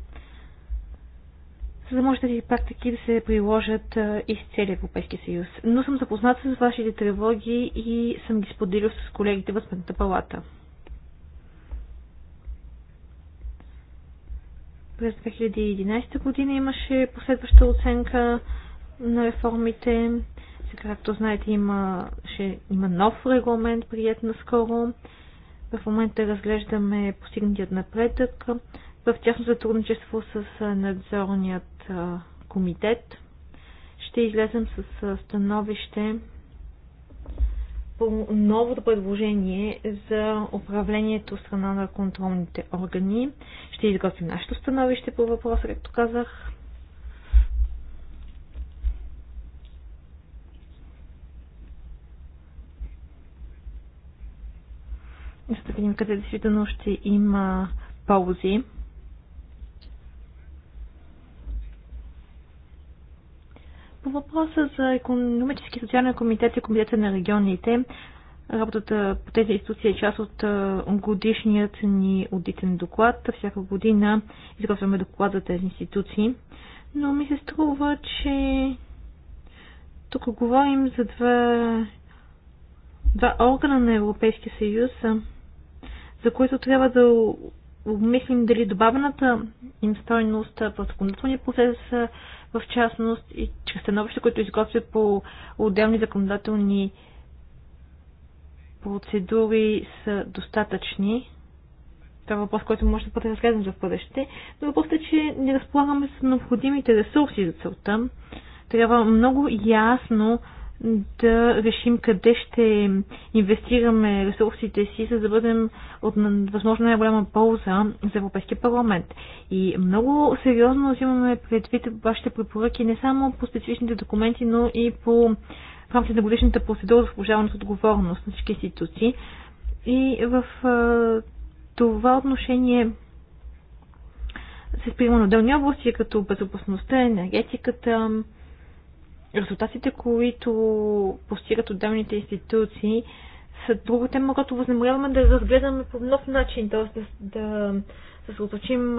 за да може тези практики да се приложат из целия Европейски съюз. Но съм запозната с вашите тревоги и съм ги споделил с колегите в Сметната палата. През 2011 година имаше последваща оценка на реформите. Сега, както знаете, има, ще, има нов регламент, прият наскоро. В момента разглеждаме постигнатият напредък в тясно сътрудничество с надзорният комитет. Ще излезем с становище по новото предложение за управлението страна на контролните органи. Ще изготвим нашето становище по въпроса, както казах. За да видим къде действително ще има ползи. По въпроса за економически и социален комитет и комитета на регионите, работата по тези институции е част от годишният ни аудитен доклад. Всяка година изготвяме доклад за тези институции. Но ми се струва, че тук говорим за два, два органа на Европейския съюз, за които трябва да обмислим дали добавената им стойност в законодателния процес, в частност и чрез становище, което изготвят по отделни законодателни процедури са достатъчни. Това е въпрос, който може да бъде разгледан за бъдеще. Но въпросът е, че не разполагаме с необходимите ресурси за целта. Трябва много ясно да решим къде ще инвестираме ресурсите си, за да бъдем от възможно най-голяма полза за Европейския парламент. И много сериозно взимаме предвид вашите препоръки не само по специфичните документи, но и по в рамките на годишната процедура за служаване с отговорност на всички институции. И в това отношение се спираме на отделни области, като безопасността, енергетиката, резултатите, които постигат отделните институции, са друга тема, която възнамеряваме да разгледаме по нов начин, т.е. да, да съсредоточим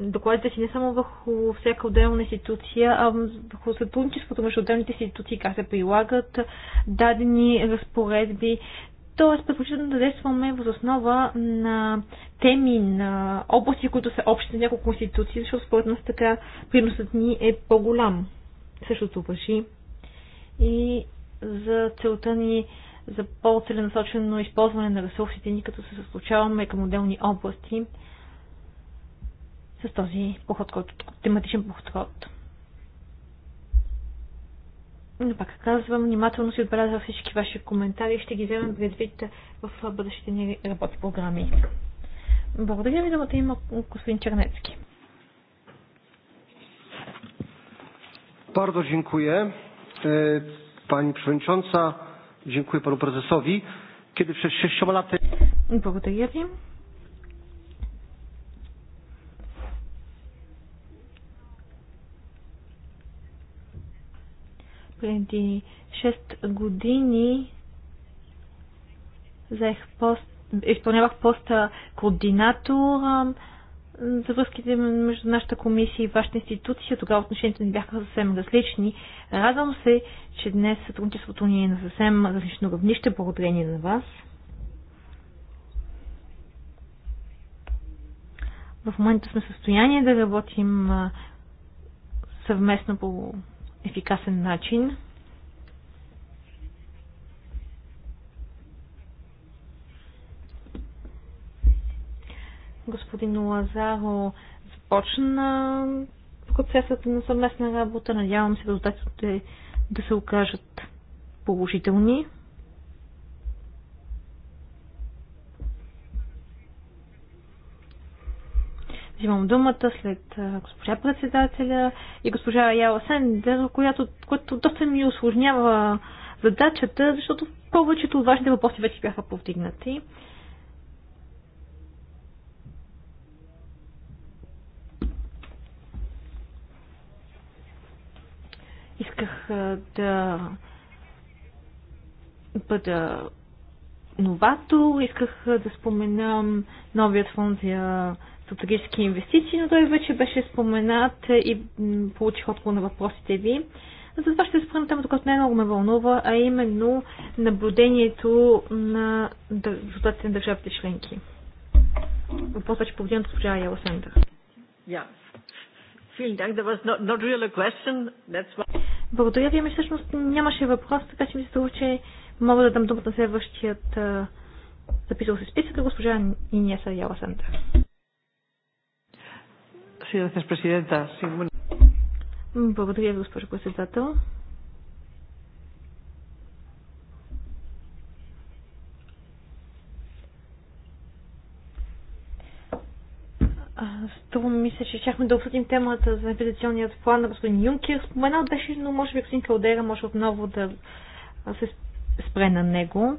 докладите си не само върху всяка отделна институция, а върху сътрудничеството между отделните институции, как се прилагат дадени разпоредби. Тоест, предпочитаме да действаме въз основа на теми, на области, които са общи за няколко институции, защото според нас така приносът ни е по-голям. Същото въжи и за целта ни за по-целенасочено използване на ресурсите ни, като се случаваме към отделни области с този поход, който, тематичен подход. Но пак казвам, внимателно си отбелязвам всички ваши коментари и ще ги вземем предвид в бъдещите ни работни програми. Благодаря ви, думата има господин Чернецки. Bardzo dziękuję. Pani Przewodnicząca, dziękuję Panu Prezesowi. Kiedy przed sześcioma laty... Преди 6 години заех пост, изпълнявах поста координатор за връзките между нашата комисия и вашата институция. Тогава отношенията ни бяха съвсем различни. Радвам се, че днес сътрудничеството ни е на съвсем различно равнище, благодарение на вас. В момента сме в състояние да работим съвместно по ефикасен начин. Господин Лазаро започна процесът на съвместна работа. Надявам се резултатите да се окажат положителни. взимам думата след госпожа председателя и госпожа Яла Сендер, която, която доста ми осложнява задачата, защото повечето от вашите въпроси вече бяха повдигнати. исках да бъда новато, исках да спомена новият фонд за стратегически инвестиции, но той вече беше споменат и получих отговор на въпросите ви. Затова ще спра там, докато най-много ме вълнува, а именно наблюдението на резултатите на държавите членки. Въпрос че повдигна от госпожа Яла Сендър. Yeah. Not, not благодаря ви, ами всъщност нямаше въпрос, така че ми се струва, че мога да дам думата на следващият записал се списъка, госпожа Инеса Яла Сандра. Благодаря ви, госпожо председател. Струва ми мисля, че щяхме да обсъдим темата за инвестиционният план на господин Юнкер. Споменал беше, но може би господин Калдера може отново да се спре на него.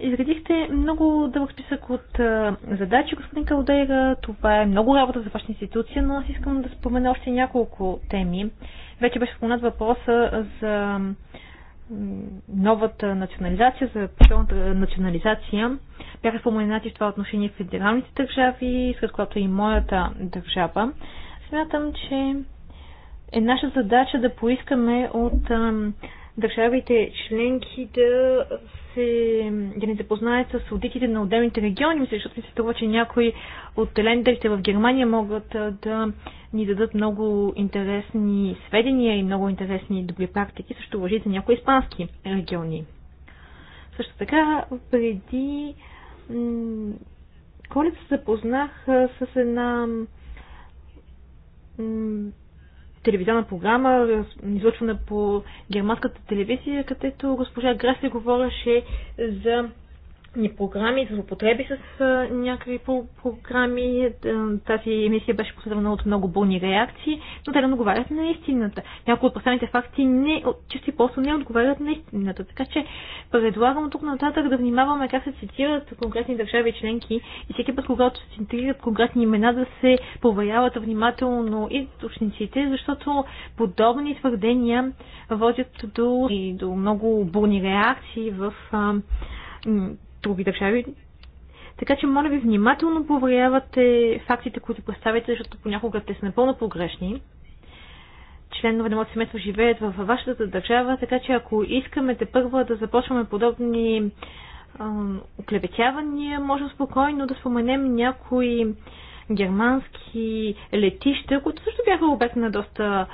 Изредихте много дълъг списък от а, задачи, господин Калдейра. Това е много работа за вашата институция, но аз искам да спомена още няколко теми. Вече беше споменат въпроса за новата национализация, за пълната национализация, бяха споменати в това отношение в федералните държави, след което е и моята държава. Смятам, че е наша задача да поискаме от държавите членки да, се, да не запознаят с аудитите на отделните региони, защото ми се струва, че някои от лендерите в Германия могат да ни дадат много интересни сведения и много интересни добри практики, също въжи за някои испански региони. Също така, преди коледа се запознах с една телевизионна програма, излъчвана по германската телевизия, където госпожа Грасли говореше за програми, за употреби с някакви програми. Е, тази емисия беше последвана от много бурни реакции, но те не отговарят на истината. Някои от последните факти не, чести просто не отговарят на истината. Така че предлагам тук нататък да внимаваме как се цитират конкретни държави членки и всеки път, когато се цитират конкретни имена, да се проверяват внимателно и източниците, защото подобни твърдения водят до, и до много бурни реакции в други държави. Така че, моля ви, внимателно проверявате фактите, които представяте, защото понякога те са напълно погрешни. Членове на моето семейство живеят във вашата държава, така че ако искаме те първа да започваме подобни оклеветявания, можем спокойно да споменем някои германски летища, които също бяха обект на доста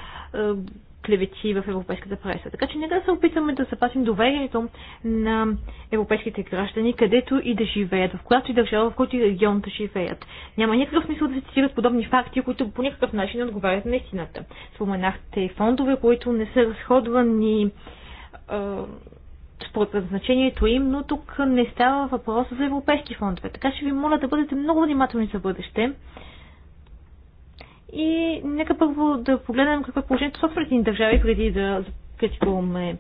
клевети в европейската преса. Така че нека да се опитаме да запазим доверието на европейските граждани, където и да живеят, в която и държава, в която и регион да живеят. Няма никакъв смисъл да се цитират подобни факти, които по никакъв начин не отговарят на истината. Споменахте фондове, които не са разходвани според предназначението им, но тук не става въпрос за европейски фондове. Така че ви моля да бъдете много внимателни за бъдеще и нека първо да погледнем какво е положението в собствените ни държави, преди да критикуваме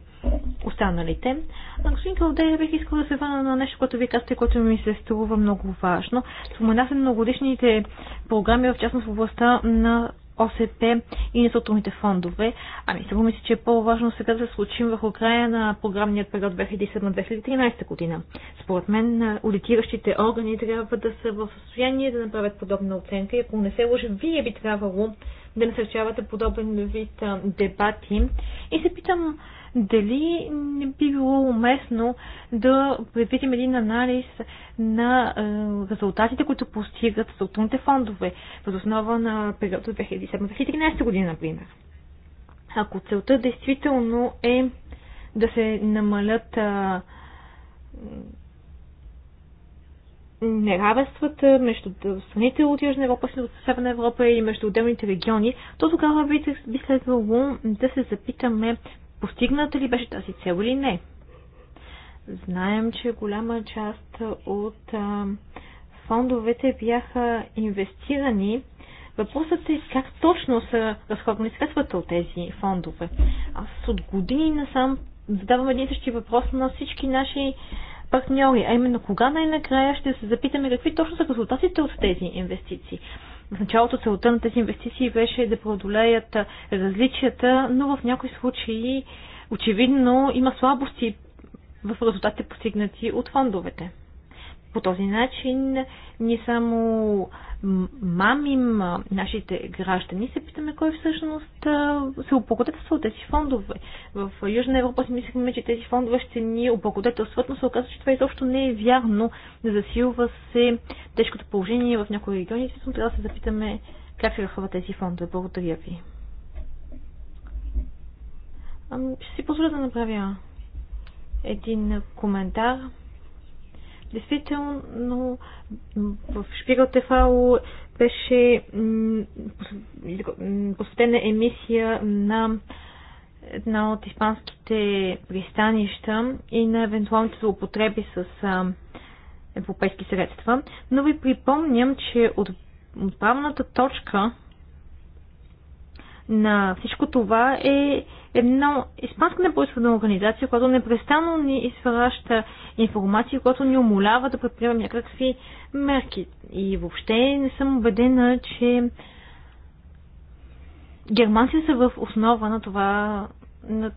останалите. А, господин Калдея, бих искал да се върна на нещо, което ви казвате, което ми се струва много важно. Споменах се многогодишните програми, в частност в областта на ОСП и на структурните фондове. Ами сега мисля, че е по-важно сега да се случим върху края на програмният период 2007-2013 година. Според мен, аудитиращите органи трябва да са в състояние да направят подобна оценка и ако не се лъжи, вие би трябвало да насърчавате подобен вид дебати. И се питам, дали не би било уместно да предвидим един анализ на е, резултатите, които постигат структурните фондове, въз основа на периода 2007-2013 година, например. Ако целта действително е да се намалят е, неравенствата между страните от Южна Европа, от Северна Европа и между отделните региони, то тогава би, би следвало да се запитаме Постигната ли беше тази цел или не? Знаем, че голяма част от фондовете бяха инвестирани. Въпросът е как точно са разходни средствата от тези фондове. Аз от години насам задавам един същи въпрос на всички наши партньори, а именно кога най-накрая ще се запитаме какви точно са резултатите от тези инвестиции. В началото целта на тези инвестиции беше да преодолеят различията, но в някои случаи очевидно има слабости в резултатите постигнати от фондовете. По този начин ни само мамим нашите граждани, се питаме кой всъщност се облагодетелства от тези фондове. В Южна Европа си мислихме, че тези фондове ще ни облагодетелстват, но се оказва, че това изобщо не е вярно. Засилва се тежкото положение в някои региони. Също трябва да се запитаме как се ръхват тези фондове. Благодаря ви. Ще си позволя да направя един коментар. Действително, в Шпигал Тефао беше посветена емисия на една от испанските пристанища и на евентуалните злоупотреби с европейски средства. Но ви припомням, че от отправната точка на всичко това е една испанска непроизводна организация, която непрестанно ни изпраща информация, която ни умолява да предприемем някакви мерки. И въобще не съм убедена, че германците са в основа на това, на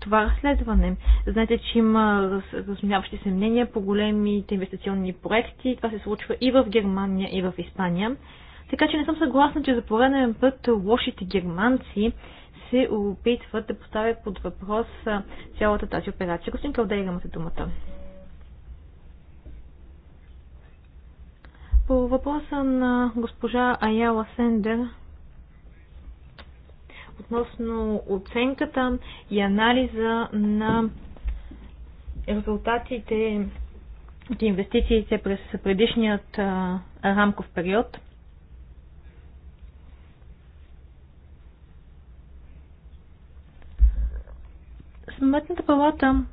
това разследване. Знаете, че има разминаващи се мнения по големите инвестиционни проекти. Това се случва и в Германия, и в Испания. Така че не съм съгласна, че за пореден път лошите германци се опитват да поставят под въпрос цялата тази операция. Господин Калдей, имате думата. По въпроса на госпожа Аяла Сендер относно оценката и анализа на резултатите от инвестициите през предишният а, рамков период. Сметната палата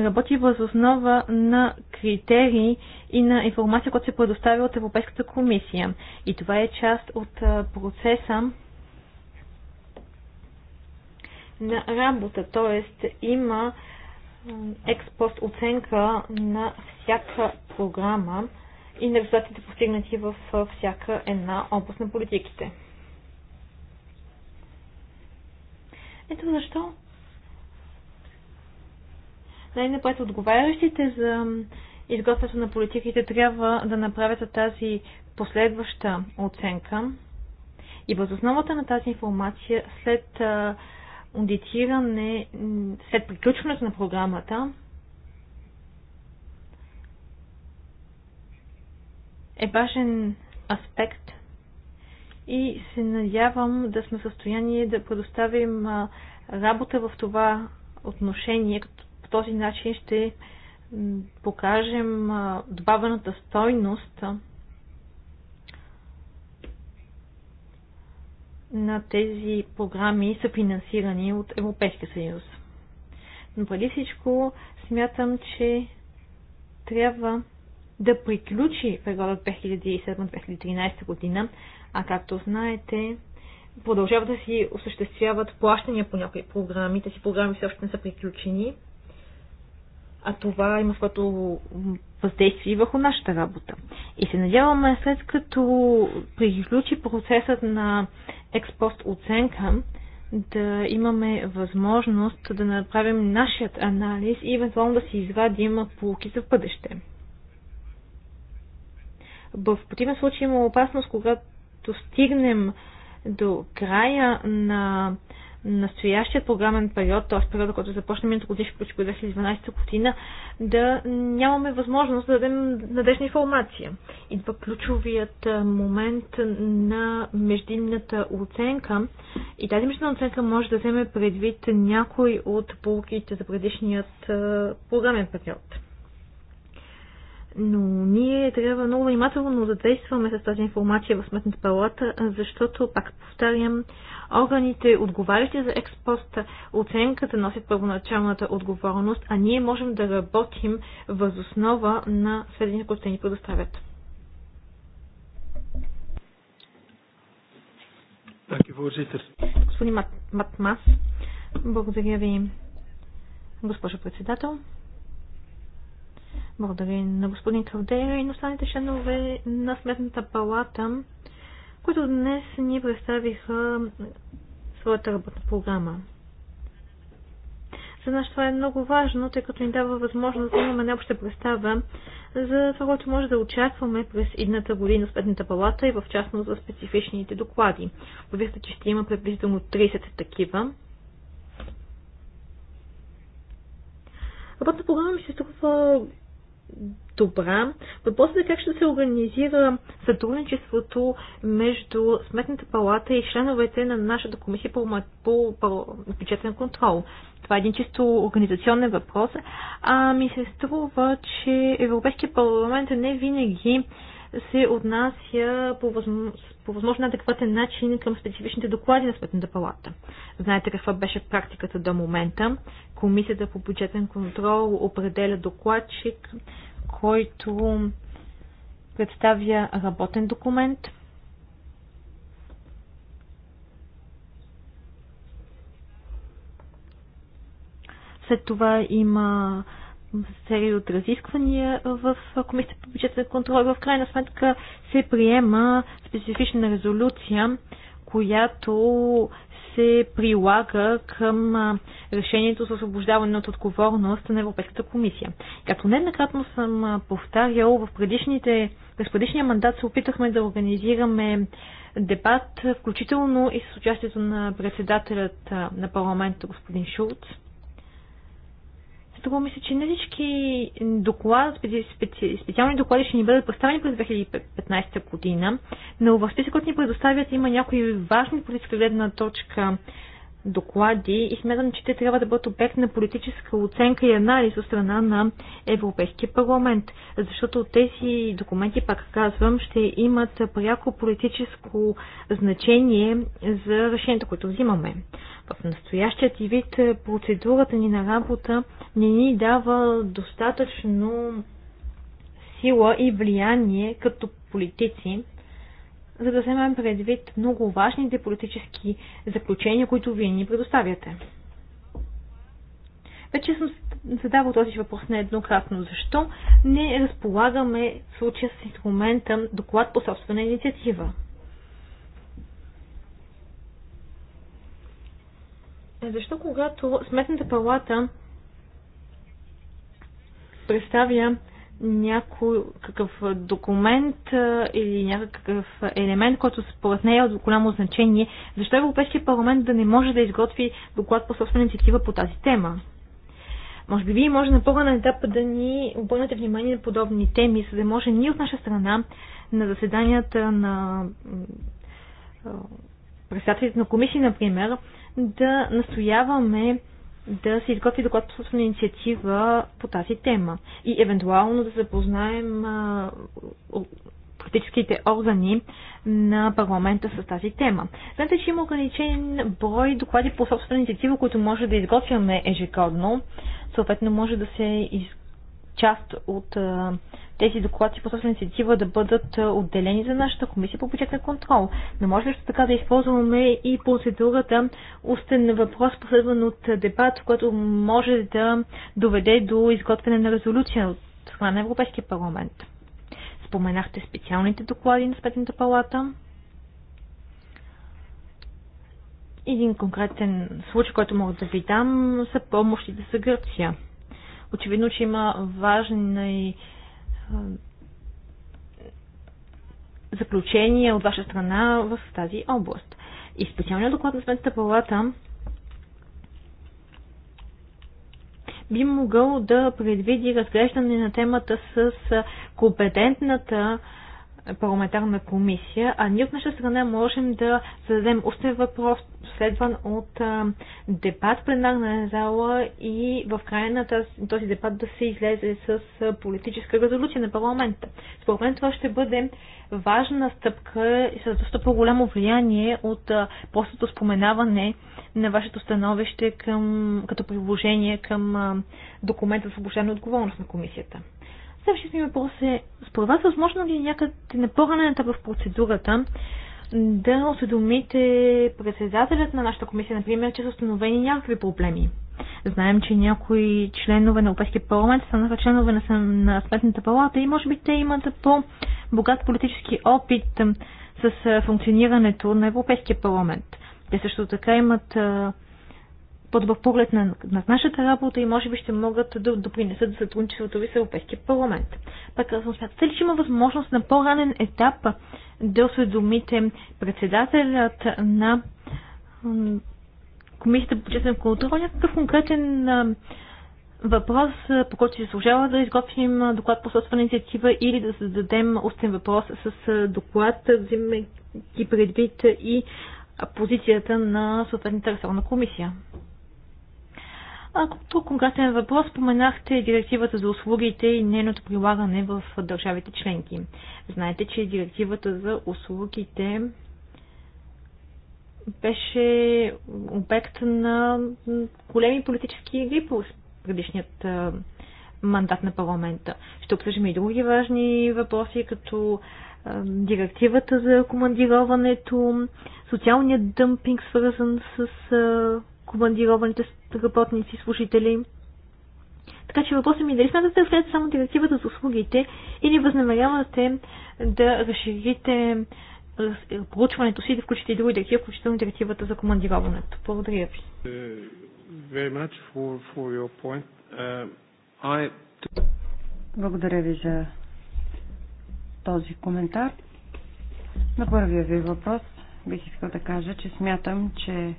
работи въз основа на критерии и на информация, която се предоставя от Европейската комисия. И това е част от процеса на работа, т.е. има експост оценка на всяка програма и на резултатите постигнати в всяка една област на политиките. Ето защо най-напред отговарящите за изготвянето на политиките трябва да направят тази последваща оценка и въз основата на тази информация след аудитиране, след приключването на програмата, е важен аспект и се надявам да сме в състояние да предоставим работа в това отношение, като по този начин ще покажем добавената стойност на тези програми са финансирани от Европейския съюз. Но преди всичко смятам, че трябва да приключи периодът 2007-2013 година, а както знаете, продължават да си осъществяват плащания по някои програми. Тези програми все още не са приключени а това има своето въздействие върху нашата работа. И се надяваме, след като приключи процесът на експост оценка, да имаме възможност да направим нашият анализ и евентуално да си извадим полки за бъдеще. В противен случай има опасност, когато стигнем до края на Настоящия програмен период, т.е. периода, който започна миналото година, включи 2012 година, да нямаме възможност да дадем надежна информация. Идва ключовият момент на междинната оценка и тази междинна оценка може да вземе предвид някой от полуките за предишният програмен период. Но ние трябва много внимателно да действаме с тази информация в Сметната палата, защото, пак повтарям, органите, отговарящи за експост оценката, носят първоначалната отговорност, а ние можем да работим възоснова на сведения, които те ни предоставят. Господин Мат, Матмас, благодаря ви, госпожо председател. Благодаря на господин Калдера и на останалите членове на Сметната палата които днес ни представиха своята работна програма. За нас това е много важно, тъй като ни дава възможност да имаме необща представа за това, което може да очакваме през едната година в Сметната палата и в частност за специфичните доклади. Повярвате, че ще има приблизително 30 такива. Работната програма ми се струва добра. Въпросът е как ще се организира сътрудничеството между Сметната палата и членовете на нашата комисия по, по, по бюджетен контрол. Това е един чисто организационен въпрос, а ми се струва, че Европейския парламент не винаги се отнася по, възм... по възможно адекватен начин към специфичните доклади на Сметната палата. Знаете каква беше практиката до момента. Комисията по бюджетен контрол определя докладчик, който представя работен документ – След това има серия от разисквания в Комисията по бюджетен контрол. В крайна сметка се приема специфична резолюция, която се прилага към решението за освобождаване от отговорност на Европейската комисия. Както нееднократно съм повтарял, в предишните, през предишния мандат се опитахме да организираме дебат, включително и с участието на председателят на парламента господин Шулц Струва мисля, че не всички доклад, специ, специ, специални доклади ще ни бъдат представени през 2015 година, но в списъкът ни предоставят има някои важни политики гледна точка доклади и смятам, че те трябва да бъдат обект на политическа оценка и анализ от страна на Европейския парламент, защото тези документи, пак казвам, ще имат пряко политическо значение за решението, което взимаме. В настоящият и вид процедурата ни на работа не ни дава достатъчно сила и влияние като политици, за да вземем предвид много важните политически заключения, които вие ни предоставяте. Вече съм задавал този въпрос нееднократно. Защо не разполагаме в случая с инструмента доклад по собствена инициатива? Защо когато Сметната палата представя някой какъв документ или някакъв елемент, който според нея е от голямо значение, защо Европейския парламент да не може да изготви доклад по собствена инициатива по тази тема? Може би вие може на по-ранен етап да ни обърнете внимание на подобни теми, за да може ние от наша страна на заседанията на председателите на комисии, например, да настояваме да се изготви доклад по собствена инициатива по тази тема и евентуално да запознаем политическите органи на парламента с тази тема. Знаете, че има ограничен брой доклади по собствена инициатива, които може да изготвяме ежегодно. Съответно, може да се из... част от тези доклади по собствена инициатива да бъдат отделени за нашата комисия по бюджетен контрол. Не може ли така да използваме и процедурата устен въпрос, последван от дебат, който може да доведе до изготвяне на резолюция от страна на Европейския парламент? Споменахте специалните доклади на Спетната палата. Един конкретен случай, който мога да ви дам, са помощите за Гърция. Очевидно, че има важни заключения от ваша страна в тази област. И специалният доклад на Сметната палата би могъл да предвиди разглеждане на темата с компетентната парламентарна комисия, а ние от наша страна можем да зададем устен въпрос, следван от дебат в пленарна зала и в края на тази, този дебат да се излезе с политическа резолюция на парламента. Според мен това ще бъде важна стъпка и с доста по-голямо влияние от простото споменаване на вашето становище към, като приложение към документа за обучение отговорност на комисията. Следващият ми въпрос е, според вас възможно ли е някъде на по-ранен в процедурата да осведомите председателят на нашата комисия, например, че са установени някакви проблеми? Знаем, че някои членове на Европейския парламент на членове на, на Сметната палата и може би те имат по-богат политически опит с функционирането на Европейския парламент. Те също така имат под в поглед на, на нашата работа и може би ще могат да допринесат за сътрудничеството ви с Европейския парламент. Пак съм смятате ли, че има възможност на по-ранен етап да осведомите председателят на Комисията по честен контрол някакъв конкретен въпрос, по който се служава да изготвим доклад по собствена инициатива или да зададем устен въпрос с доклад, взимайки предвид и позицията на съответната ресурна комисия. Ако тук конкретен въпрос споменахте директивата за услугите и нейното прилагане в държавите членки. Знаете, че директивата за услугите беше обект на големи политически игри по предишният мандат на парламента. Ще обсъждаме и други важни въпроси, като директивата за командироването, социалният дъмпинг, свързан с командированите работници, служители. Така че въпросът ми е дали смятате да следвате само директивата за услугите или възнамерявате да разширите получването си и да включите и други директиви, включително директивата за командироването. Благодаря ви. Uh, uh, Благодаря ви за този коментар. На първия ви въпрос бих искал да кажа, че смятам, че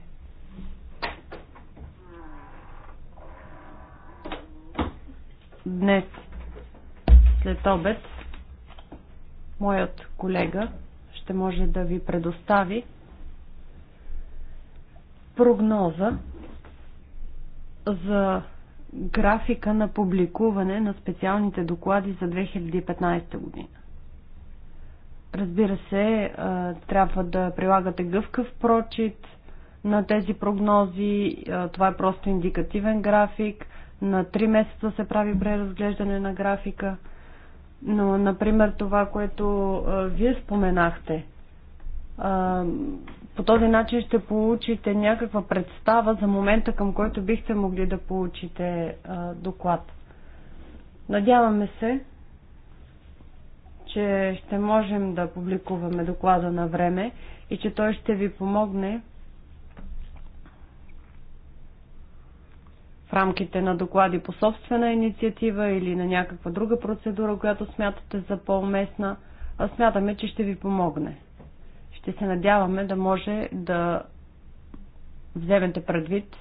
днес след обед моят колега ще може да ви предостави прогноза за графика на публикуване на специалните доклади за 2015 година. Разбира се, трябва да прилагате гъвкав прочит на тези прогнози. Това е просто индикативен график – на 3 месеца се прави преразглеждане на графика. Но, например, това, което а, вие споменахте, а, по този начин ще получите някаква представа за момента, към който бихте могли да получите а, доклад. Надяваме се, че ще можем да публикуваме доклада на време и че той ще ви помогне в рамките на доклади по собствена инициатива или на някаква друга процедура, която смятате за по-уместна, смятаме, че ще ви помогне. Ще се надяваме да може да вземете предвид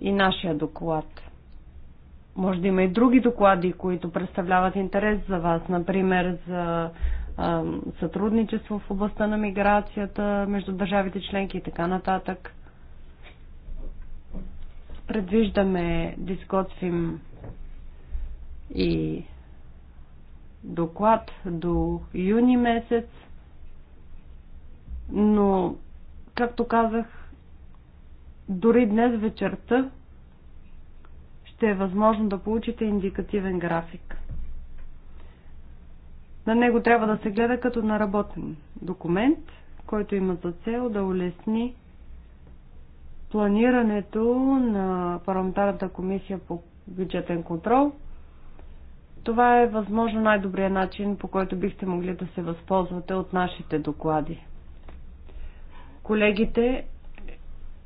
и нашия доклад. Може да има и други доклади, които представляват интерес за вас, например за сътрудничество в областта на миграцията между държавите членки и така нататък. Предвиждаме да изготвим и доклад до юни месец, но, както казах, дори днес вечерта ще е възможно да получите индикативен график. На него трябва да се гледа като наработен документ, който има за цел да улесни планирането на парламентарната комисия по бюджетен контрол. Това е възможно най-добрият начин, по който бихте могли да се възползвате от нашите доклади. Колегите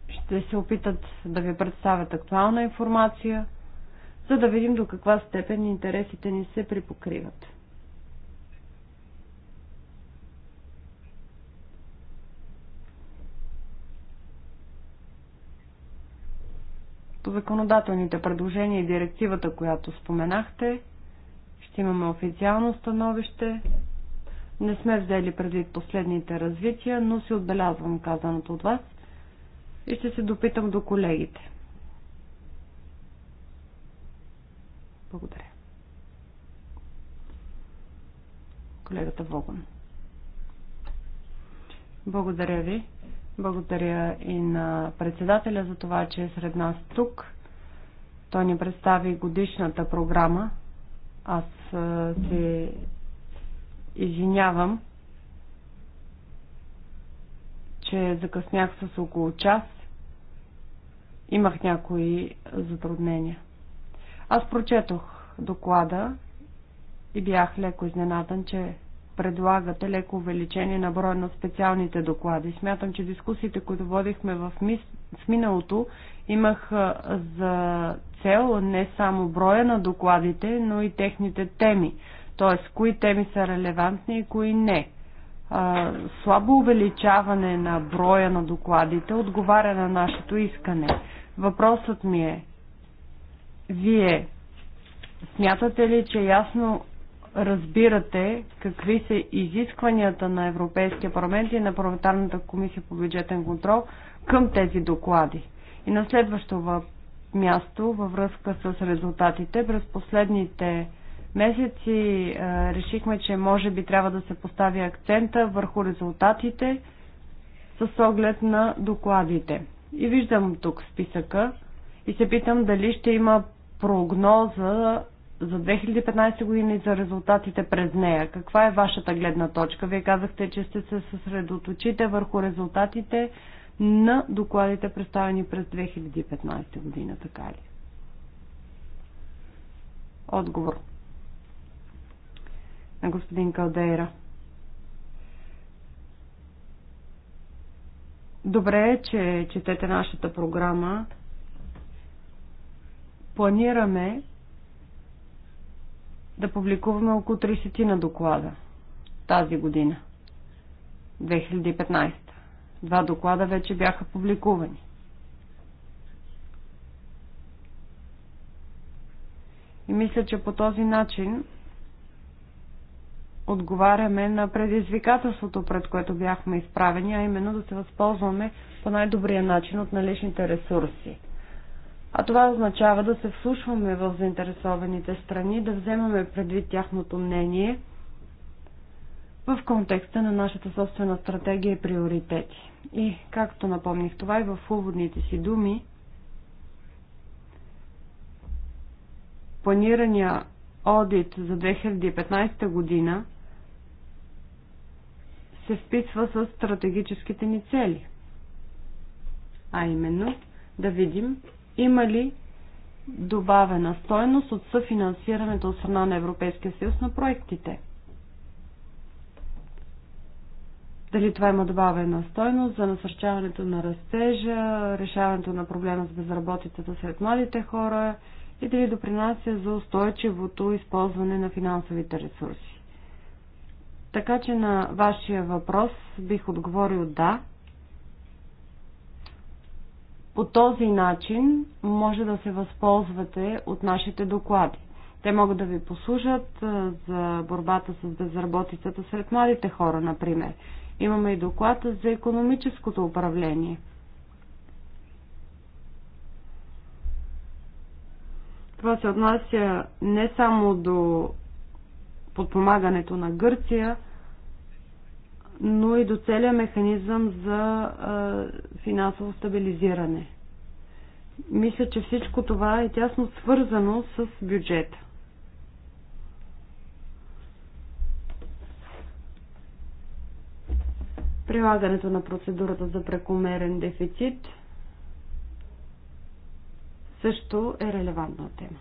ще се опитат да ви представят актуална информация, за да видим до каква степен интересите ни се припокриват. По законодателните предложения и директивата, която споменахте, ще имаме официално становище. Не сме взели предвид последните развития, но си отбелязвам казаното от вас и ще се допитам до колегите. Благодаря. Колегата Воган. Благодаря ви. Благодаря и на председателя за това, че е сред нас тук. Той ни представи годишната програма. Аз се извинявам, че закъснях с около час. Имах някои затруднения. Аз прочетох доклада и бях леко изненадан, че предлагате леко увеличение на броя на специалните доклади. Смятам, че дискусиите, които водихме в мис... в миналото, имах за цел не само броя на докладите, но и техните теми. Т.е. кои теми са релевантни и кои не. А, слабо увеличаване на броя на докладите отговаря на нашето искане. Въпросът ми е, вие смятате ли, че ясно разбирате какви са изискванията на Европейския парламент и на Парламентарната комисия по бюджетен контрол към тези доклади. И на следващо място, във връзка с резултатите, през последните месеци е, решихме, че може би трябва да се постави акцента върху резултатите с оглед на докладите. И виждам тук списъка и се питам дали ще има прогноза за 2015 година и за резултатите през нея. Каква е вашата гледна точка? Вие казахте, че ще се съсредоточите върху резултатите на докладите, представени през 2015 година, така ли? Отговор на господин Калдейра. Добре е, че четете нашата програма. Планираме да публикуваме около 30 на доклада тази година. 2015. Два доклада вече бяха публикувани. И мисля, че по този начин отговаряме на предизвикателството, пред което бяхме изправени, а именно да се възползваме по най-добрия начин от наличните ресурси. А това означава да се вслушваме в заинтересованите страни, да вземаме предвид тяхното мнение в контекста на нашата собствена стратегия и приоритети. И, както напомних това и в уводните си думи, планирания одит за 2015 година се вписва с стратегическите ни цели. А именно да видим има ли добавена стойност от съфинансирането от страна на Европейския съюз на проектите? Дали това има добавена стойност за насърчаването на растежа, решаването на проблема с безработицата сред младите хора и дали допринася за устойчивото използване на финансовите ресурси? Така че на вашия въпрос бих отговорил да, по този начин може да се възползвате от нашите доклади. Те могат да ви послужат за борбата с безработицата сред младите хора, например. Имаме и доклад за економическото управление. Това се отнася не само до подпомагането на Гърция, но и до целия механизъм за финансово стабилизиране. Мисля, че всичко това е тясно свързано с бюджета. Прилагането на процедурата за прекомерен дефицит също е релевантна тема.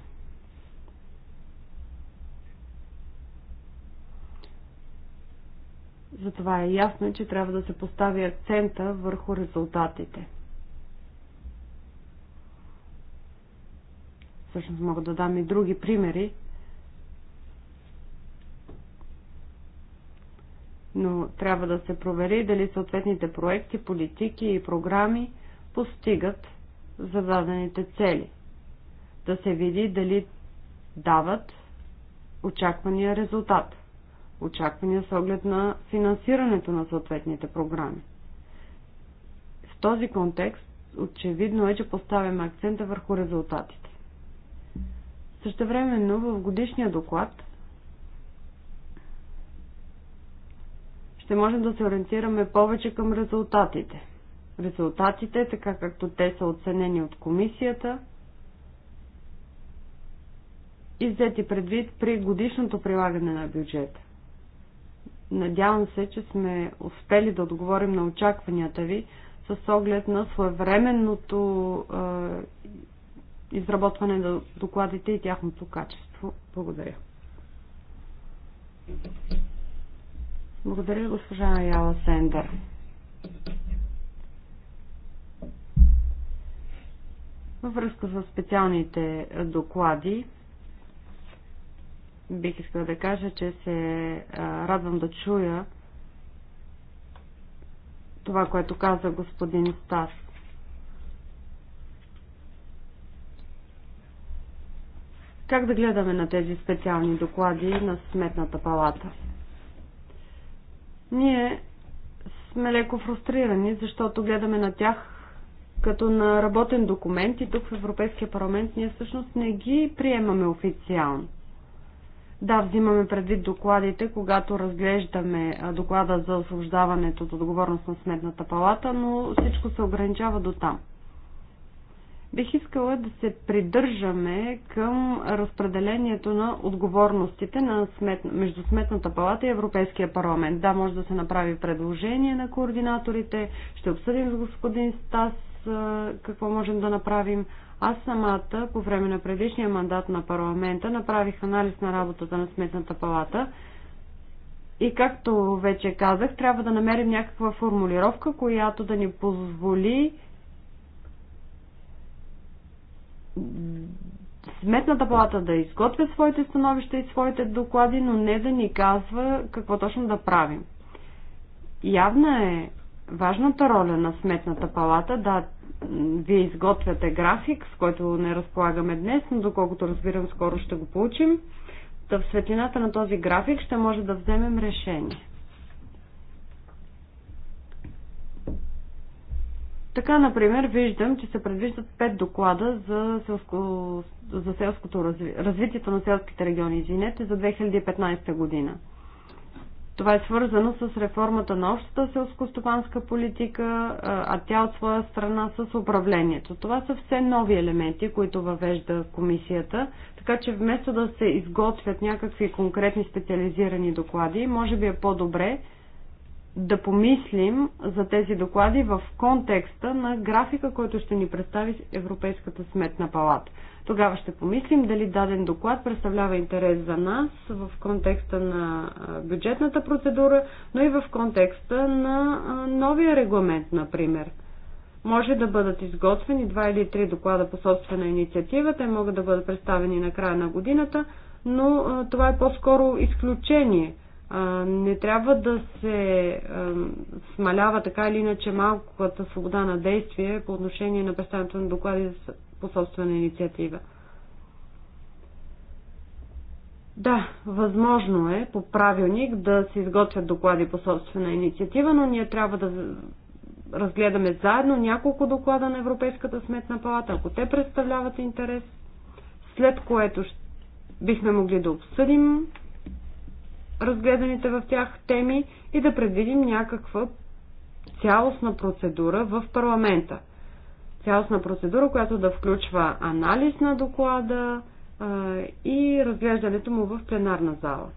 Затова е ясно, че трябва да се постави акцента върху резултатите. Всъщност мога да дам и други примери, но трябва да се провери дали съответните проекти, политики и програми постигат зададените цели. Да се види дали дават очаквания резултат очаквания с оглед на финансирането на съответните програми. В този контекст очевидно е, че поставяме акцента върху резултатите. Същевременно в годишния доклад ще можем да се ориентираме повече към резултатите. Резултатите, така както те са оценени от комисията и взети предвид при годишното прилагане на бюджета. Надявам се, че сме успели да отговорим на очакванията ви с оглед на своевременното е, изработване на докладите и тяхното качество. Благодаря. Благодаря, госпожа Яла Сендър. Във връзка с специалните доклади, бих искала да кажа, че се радвам да чуя това, което каза господин Стас. Как да гледаме на тези специални доклади на Сметната палата? Ние сме леко фрустрирани, защото гледаме на тях като на работен документ и тук в Европейския парламент ние всъщност не ги приемаме официално. Да, взимаме предвид докладите, когато разглеждаме доклада за освобождаването от отговорност на Сметната палата, но всичко се ограничава до там. Бих искала да се придържаме към разпределението на отговорностите на смет... между Сметната палата и Европейския парламент. Да, може да се направи предложение на координаторите, ще обсъдим с господин Стас какво можем да направим, аз самата по време на предишния мандат на парламента направих анализ на работата на Сметната палата и както вече казах, трябва да намерим някаква формулировка, която да ни позволи Сметната палата да изготвя своите становища и своите доклади, но не да ни казва какво точно да правим. Явна е важната роля на Сметната палата. Да, вие изготвяте график, с който не разполагаме днес, но доколкото разбирам, скоро ще го получим. да в светлината на този график ще може да вземем решение. Така, например, виждам, че се предвиждат пет доклада за, селско, за селското разви, развитието на селските региони, извинете, за 2015 година. Това е свързано с реформата на общата селскостопанска политика, а тя от своя страна с управлението. Това са все нови елементи, които въвежда комисията, така че вместо да се изготвят някакви конкретни специализирани доклади, може би е по-добре да помислим за тези доклади в контекста на графика, който ще ни представи Европейската сметна палата. Тогава ще помислим дали даден доклад представлява интерес за нас в контекста на бюджетната процедура, но и в контекста на новия регламент, например. Може да бъдат изготвени два или три доклада по собствена инициатива, те могат да бъдат представени на края на годината, но това е по-скоро изключение. Не трябва да се смалява така или иначе малката свобода на действие по отношение на представянето на доклади по собствена инициатива. Да, възможно е по правилник да се изготвят доклади по собствена инициатива, но ние трябва да разгледаме заедно няколко доклада на Европейската сметна палата, ако те представляват интерес, след което бихме могли да обсъдим разгледаните в тях теми и да предвидим някаква цялостна процедура в парламента – цялостна процедура, която да включва анализ на доклада и разглеждането му в пленарна зала.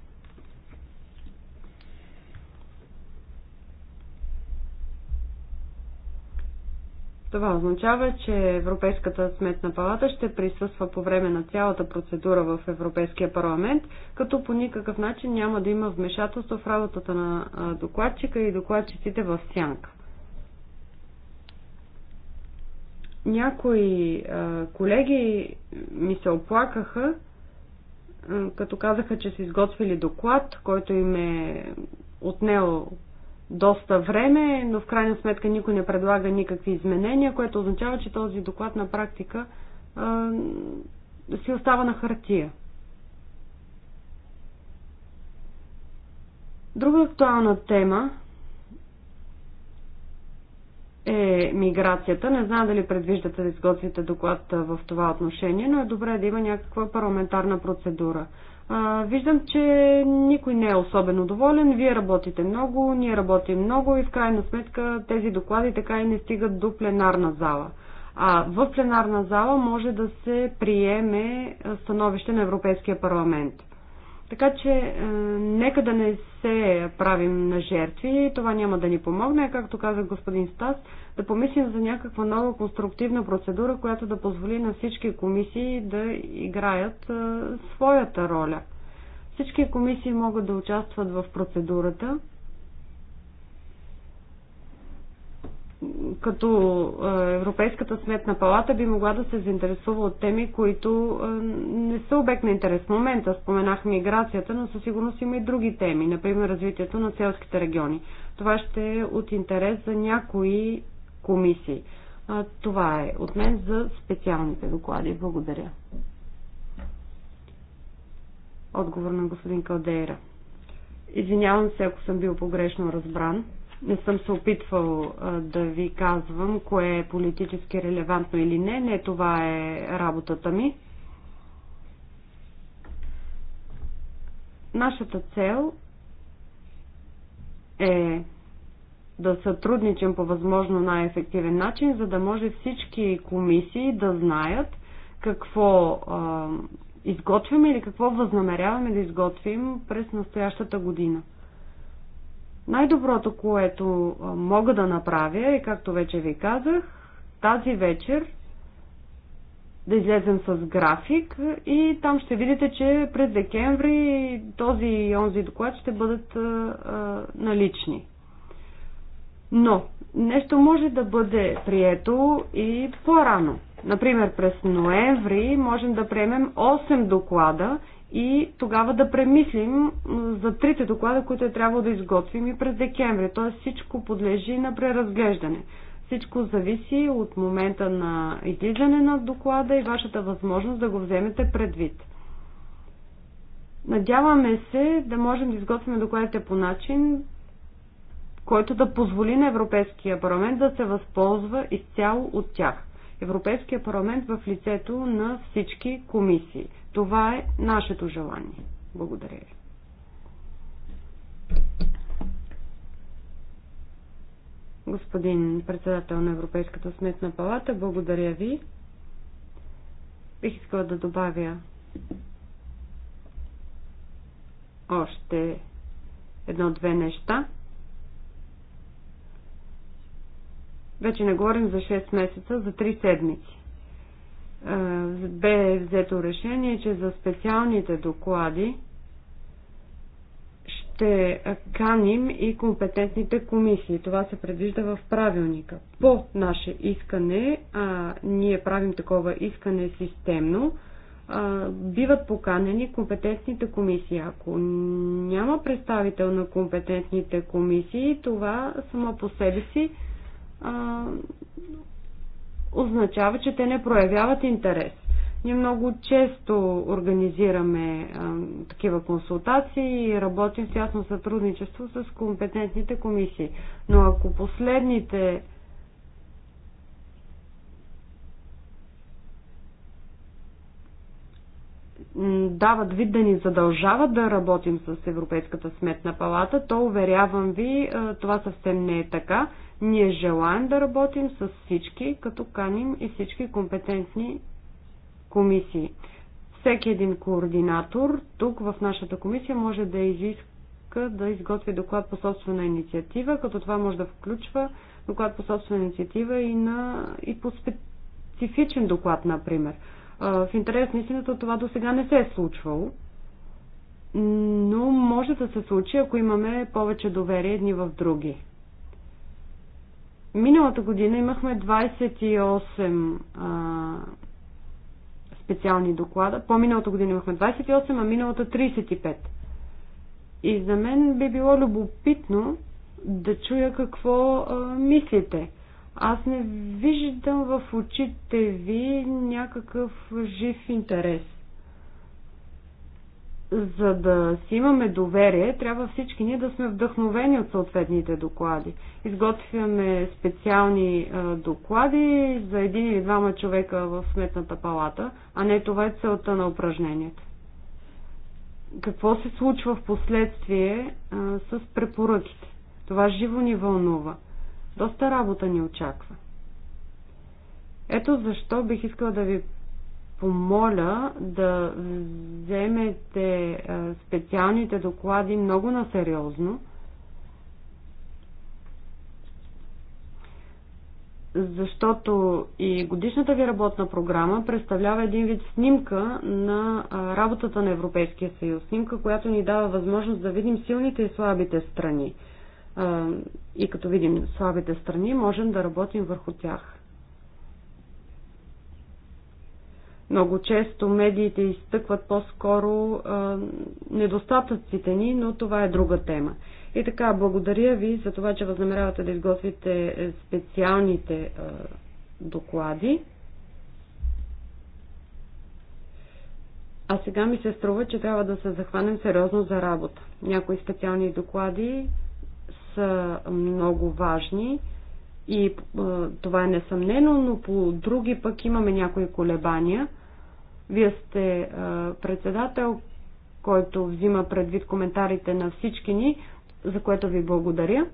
Това означава, че Европейската сметна палата ще присъства по време на цялата процедура в Европейския парламент, като по никакъв начин няма да има вмешателство в работата на докладчика и докладчиците в сянка. Някои а, колеги ми се оплакаха, а, като казаха, че са изготвили доклад, който им е отнел доста време, но в крайна сметка никой не предлага никакви изменения, което означава, че този доклад на практика а, си остава на хартия. Друга актуална тема, е миграцията. Не знам дали предвиждате да изготвите доклад в това отношение, но е добре да има някаква парламентарна процедура. А, виждам, че никой не е особено доволен. Вие работите много, ние работим много и в крайна сметка тези доклади така и не стигат до пленарна зала. А в пленарна зала може да се приеме становище на Европейския парламент. Така че е, нека да не се правим на жертви, това няма да ни помогне, както каза господин Стас, да помислим за някаква нова конструктивна процедура, която да позволи на всички комисии да играят е, своята роля. Всички комисии могат да участват в процедурата, като Европейската сметна палата би могла да се заинтересува от теми, които не са обект на интерес в момента. Споменах миграцията, но със сигурност има и други теми, например развитието на селските региони. Това ще е от интерес за някои комисии. Това е от мен за специалните доклади. Благодаря. Отговор на господин Калдейра. Извинявам се, ако съм бил погрешно разбран. Не съм се опитвал да ви казвам кое е политически релевантно или не. Не това е работата ми. Нашата цел е да сътрудничим по възможно най-ефективен начин, за да може всички комисии да знаят какво а, изготвяме или какво възнамеряваме да изготвим през настоящата година. Най-доброто, което мога да направя е, както вече ви казах, тази вечер да излезем с график и там ще видите, че през декември този и онзи доклад ще бъдат а, а, налични. Но нещо може да бъде прието и по-рано. Например, през ноември можем да приемем 8 доклада и тогава да премислим за трите доклада, които е трябвало да изготвим и през декември. Т.е. всичко подлежи на преразглеждане. Всичко зависи от момента на излизане на доклада и вашата възможност да го вземете предвид. Надяваме се да можем да изготвим докладите по начин, който да позволи на Европейския парламент да се възползва изцяло от тях. Европейския парламент в лицето на всички комисии. Това е нашето желание. Благодаря ви. Господин председател на Европейската сметна палата, благодаря ви. Бих искала да добавя още едно-две неща. Вече не говорим за 6 месеца, за 3 седмици. Е, бе взето решение, че за специалните доклади ще каним и компетентните комисии. Това се предвижда в правилника. По наше искане, а ние правим такова искане системно, а, биват поканени компетентните комисии. Ако няма представител на компетентните комисии, това само по себе си а, означава, че те не проявяват интерес. Ние много често организираме а, такива консултации и работим в тясно сътрудничество с компетентните комисии. Но ако последните дават вид да ни задължават да работим с Европейската сметна палата, то уверявам ви, това съвсем не е така. Ние желаем да работим с всички, като каним и всички компетентни комисии. Всеки един координатор тук в нашата комисия може да изиска да изготви доклад по собствена инициатива, като това може да включва доклад по собствена инициатива и, на, и по специфичен доклад, например. В интерес на истината това до сега не се е случвало, но може да се случи, ако имаме повече доверие едни в други. Миналата година имахме 28 а, специални доклада. По-миналата година имахме 28, а миналата 35. И за мен би било любопитно да чуя какво а, мислите. Аз не виждам в очите ви някакъв жив интерес за да си имаме доверие, трябва всички ние да сме вдъхновени от съответните доклади. Изготвяме специални доклади за един или двама човека в сметната палата, а не това е целта на упражнението. Какво се случва в последствие с препоръките? Това живо ни вълнува. Доста работа ни очаква. Ето защо бих искала да ви помоля да вземете специалните доклади много на сериозно, защото и годишната ви работна програма представлява един вид снимка на работата на Европейския съюз. Снимка, която ни дава възможност да видим силните и слабите страни. И като видим слабите страни, можем да работим върху тях. Много често медиите изтъкват по-скоро недостатъците ни, но това е друга тема. И така, благодаря ви за това, че възнамерявате да изготвите е, специалните доклади. А сега ми се струва, че трябва да се захванем сериозно за работа. Някои специални доклади са много важни и а, това е несъмнено, но по други пък имаме някои колебания. Вие сте а, председател, който взима предвид коментарите на всички ни, за което ви благодаря.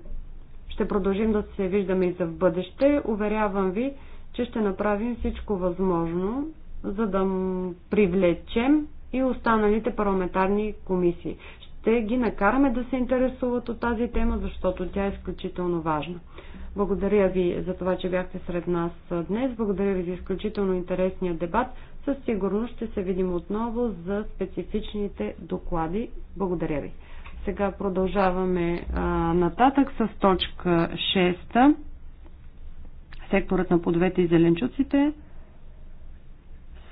Ще продължим да се виждаме и за в бъдеще. Уверявам ви, че ще направим всичко възможно, за да привлечем и останалите парламентарни комисии ще ги накараме да се интересуват от тази тема, защото тя е изключително важна. Благодаря ви за това, че бяхте сред нас днес. Благодаря ви за изключително интересния дебат. Със сигурност ще се видим отново за специфичните доклади. Благодаря ви. Сега продължаваме а, нататък с точка 6. Секторът на подвете и зеленчуците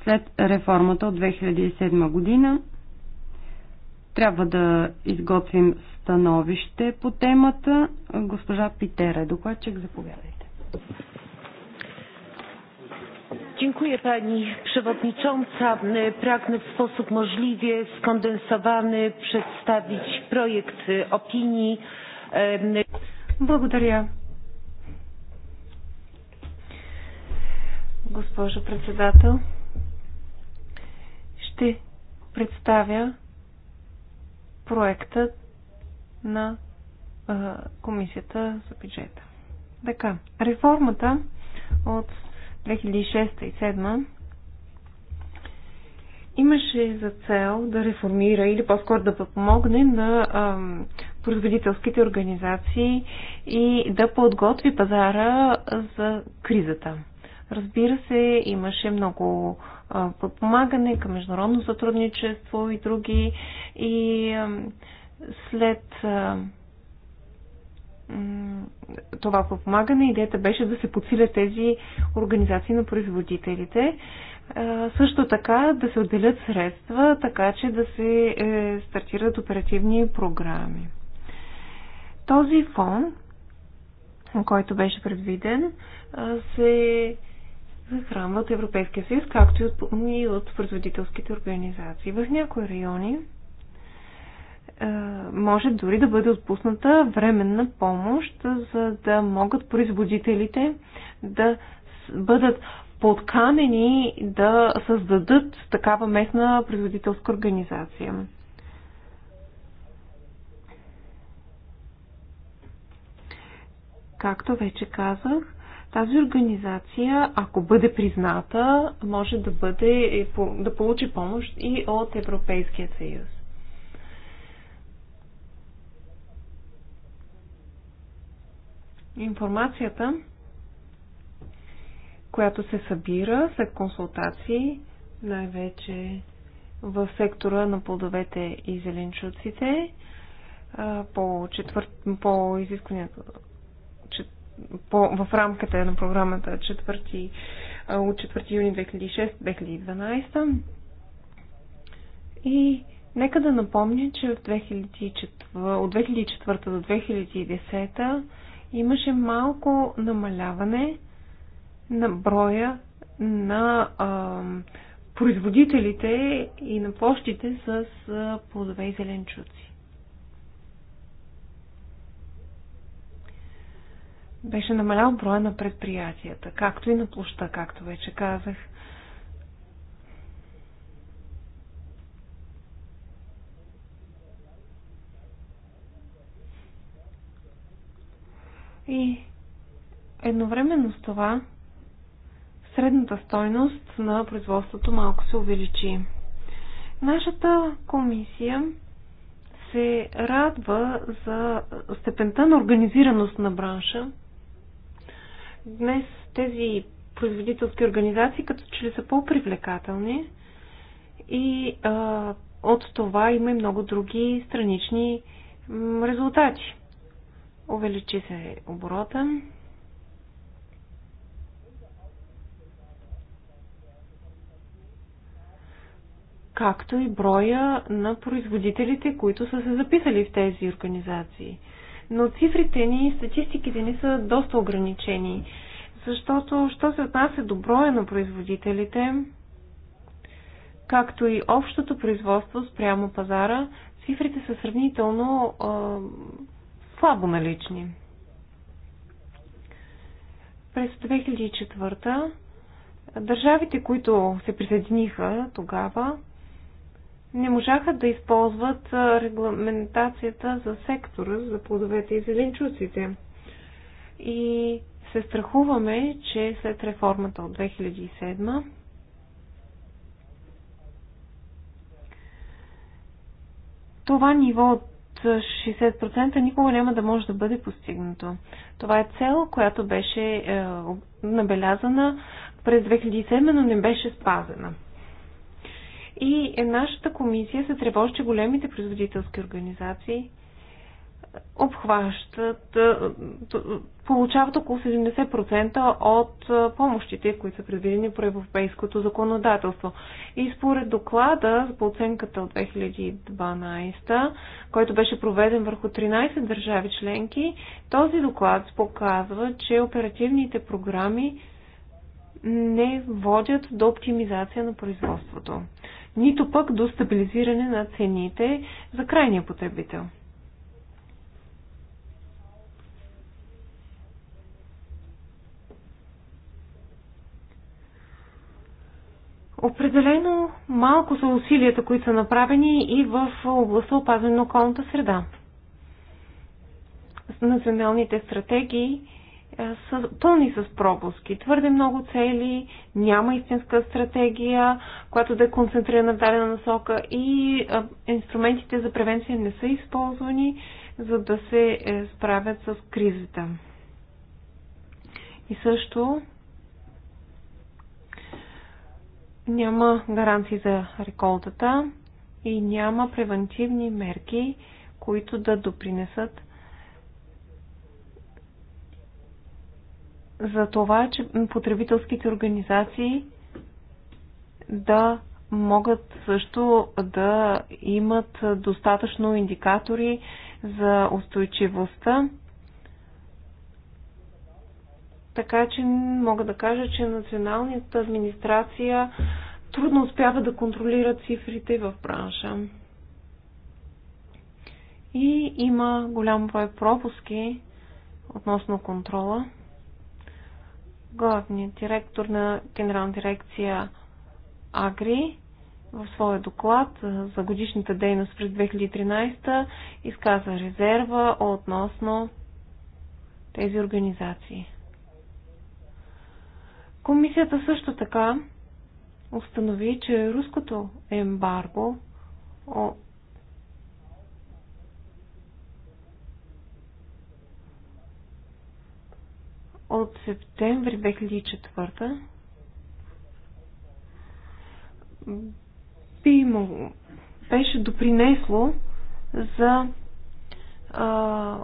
след реформата от 2007 година трябва да изготвим становище по темата. Госпожа Питера, докладчик, заповядайте. Dziękuję Pani Przewodnicząca. Pragnę w sposób możliwie skondensowany przedstawić projekt e, opinii. E, Благодаря. Госпожо председател, ще представя проекта на а, комисията за бюджета. Така, реформата от 2006 и 2007 имаше за цел да реформира или по-скоро да помогне на а, производителските организации и да подготви пазара за кризата. Разбира се, имаше много подпомагане към международно сътрудничество и други. И след това подпомагане, идеята беше да се подсилят тези организации на производителите. Също така да се отделят средства, така че да се е, стартират оперативни програми. Този фон, който беше предвиден, се захранва от Европейския съюз, както и от, и от производителските организации. В някои райони е, може дори да бъде отпусната временна помощ, за да могат производителите да бъдат подканени да създадат такава местна производителска организация. Както вече казах, тази организация, ако бъде призната, може да, бъде, да получи помощ и от Европейския съюз. Информацията, която се събира след консултации, най-вече в сектора на плодовете и зеленчуците, по, четвър... по изискването по, в рамката на програмата 4, от 4 юни 2006-2012. И нека да напомня, че от 2004, от 2004 до 2010 имаше малко намаляване на броя на а, производителите и на площите с плодове и зеленчуци. беше намалял броя на предприятията, както и на площа, както вече казах. И едновременно с това средната стойност на производството малко се увеличи. Нашата комисия се радва за степента на организираност на бранша Днес тези производителски организации като че ли са по-привлекателни и а, от това има и много други странични резултати. Увеличи се оборота. както и броя на производителите, които са се записали в тези организации – но цифрите ни, статистиките ни са доста ограничени. Защото, що се отнася до броя на производителите, както и общото производство спрямо пазара, цифрите са сравнително а, слабо налични. През 2004 държавите, които се присъединиха тогава, не можаха да използват регламентацията за сектора за плодовете и зеленчуците. И се страхуваме, че след реформата от 2007 това ниво от 60% никога няма да може да бъде постигнато. Това е цел, която беше е, набелязана през 2007, но не беше спазена. И е нашата комисия се тревожи, че големите производителски организации обхващат, получават около 70% от помощите, които са предвидени по европейското законодателство. И според доклада по оценката от 2012, който беше проведен върху 13 държави членки, този доклад показва, че оперативните програми не водят до оптимизация на производството нито пък до стабилизиране на цените за крайния потребител. Определено малко са усилията, които са направени и в областта опазване на околната среда. Националните стратегии е, са пълни с пропуски. Твърде много цели, няма истинска стратегия, която да е концентрирана в дадена насока и е, инструментите за превенция не са използвани, за да се е, справят с кризата. И също няма гаранции за реколтата и няма превентивни мерки, които да допринесат за това, че потребителските организации да могат също да имат достатъчно индикатори за устойчивостта. Така че мога да кажа, че националната администрация трудно успява да контролира цифрите в бранша. И има голям брой пропуски относно контрола главният директор на Генерална дирекция Агри в своя доклад за годишната дейност през 2013 изказа резерва относно тези организации. Комисията също така установи, че руското ембарго от септември 2004 би имало, беше допринесло за а,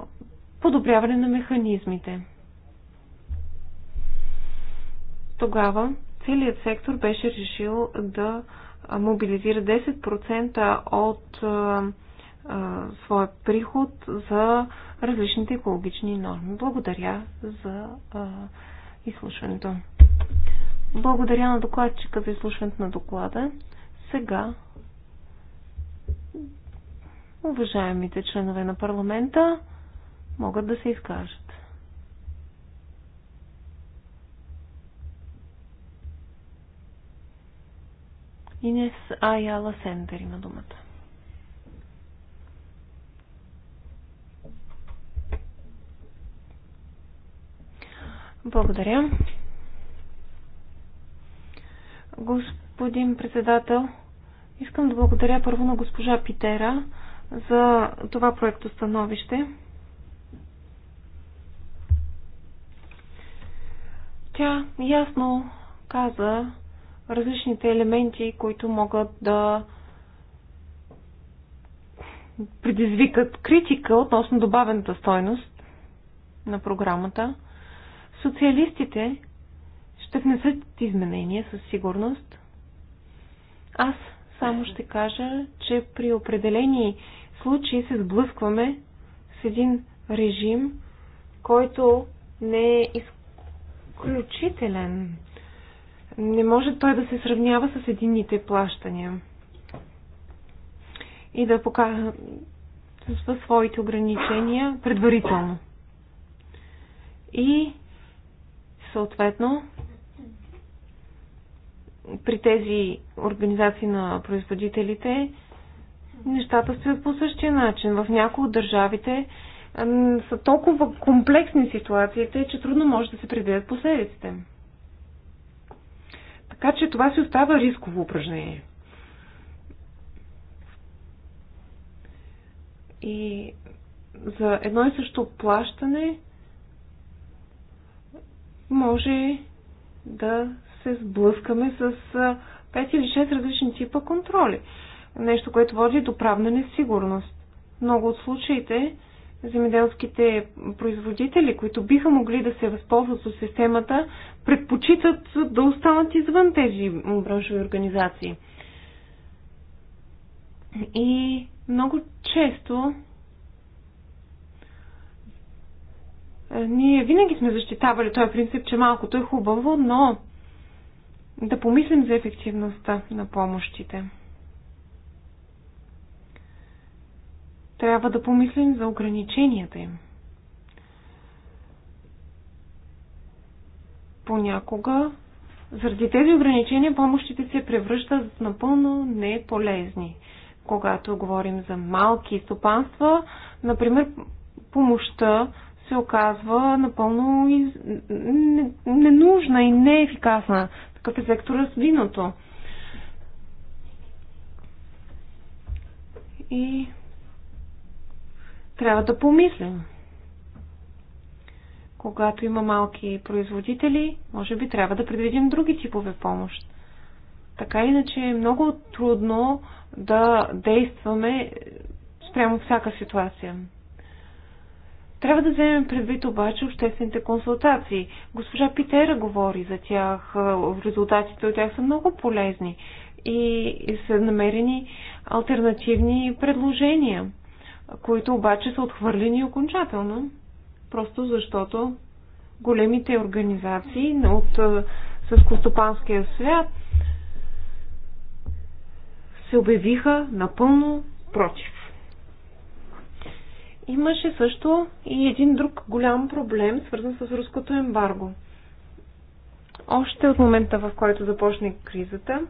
подобряване на механизмите. Тогава целият сектор беше решил да мобилизира 10% от а, а, своя приход за различните екологични норми. Благодаря за а, изслушването. Благодаря на докладчика за изслушването на доклада. Сега, уважаемите членове на парламента могат да се изкажат. Инес Аяла Сендер има думата. Благодаря. Господин председател, искам да благодаря първо на госпожа Питера за това проекто становище. Тя ясно каза различните елементи, които могат да предизвикат критика относно добавената стойност на програмата – Социалистите ще внесат изменения със сигурност. Аз само ще кажа, че при определени случаи се сблъскваме с един режим, който не е изключителен. Не може той да се сравнява с единните плащания и да покажа своите ограничения предварително. И съответно при тези организации на производителите нещата стоят по същия начин. В някои от държавите са толкова комплексни ситуациите, че трудно може да се предвидят последиците. Така че това си остава рисково упражнение. И за едно и също плащане може да се сблъскаме с 5 или 6 различни типа контроли. Нещо, което води до правна несигурност. Много от случаите земеделските производители, които биха могли да се възползват от системата, предпочитат да останат извън тези браншови организации. И много често Е, ние винаги сме защитавали този принцип, че малкото е хубаво, но да помислим за ефективността на помощите. Трябва да помислим за ограниченията им. Понякога, заради тези ограничения, помощите се превръщат в напълно неполезни. Когато говорим за малки стопанства, например, помощта се оказва напълно из... ненужна и неефикасна. Такъв е сектора с виното. И трябва да помислим. Когато има малки производители, може би трябва да предвидим други типове помощ. Така иначе е много трудно да действаме спрямо всяка ситуация. Трябва да вземем предвид обаче обществените консултации. Госпожа Питера говори за тях. Резултатите от тях са много полезни и са намерени альтернативни предложения, които обаче са отхвърлени окончателно, просто защото големите организации от съскостопанския свят се обявиха напълно против. Имаше също и един друг голям проблем, свързан с руското ембарго. Още от момента, в който започне кризата,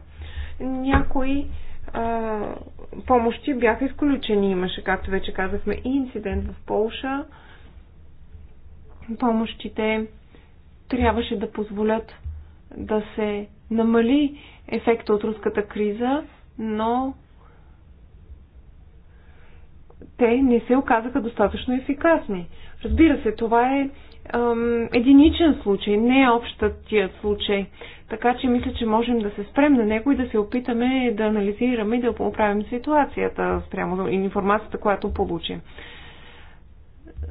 някои а, помощи бяха изключени. Имаше, както вече казахме, и инцидент в Полша. Помощите трябваше да позволят да се намали ефекта от руската криза, но те не се оказаха достатъчно ефикасни. Разбира се, това е ам, единичен случай, не е общатият случай. Така че мисля, че можем да се спрем на него и да се опитаме да анализираме и да оправим ситуацията спрямо информацията, която получим.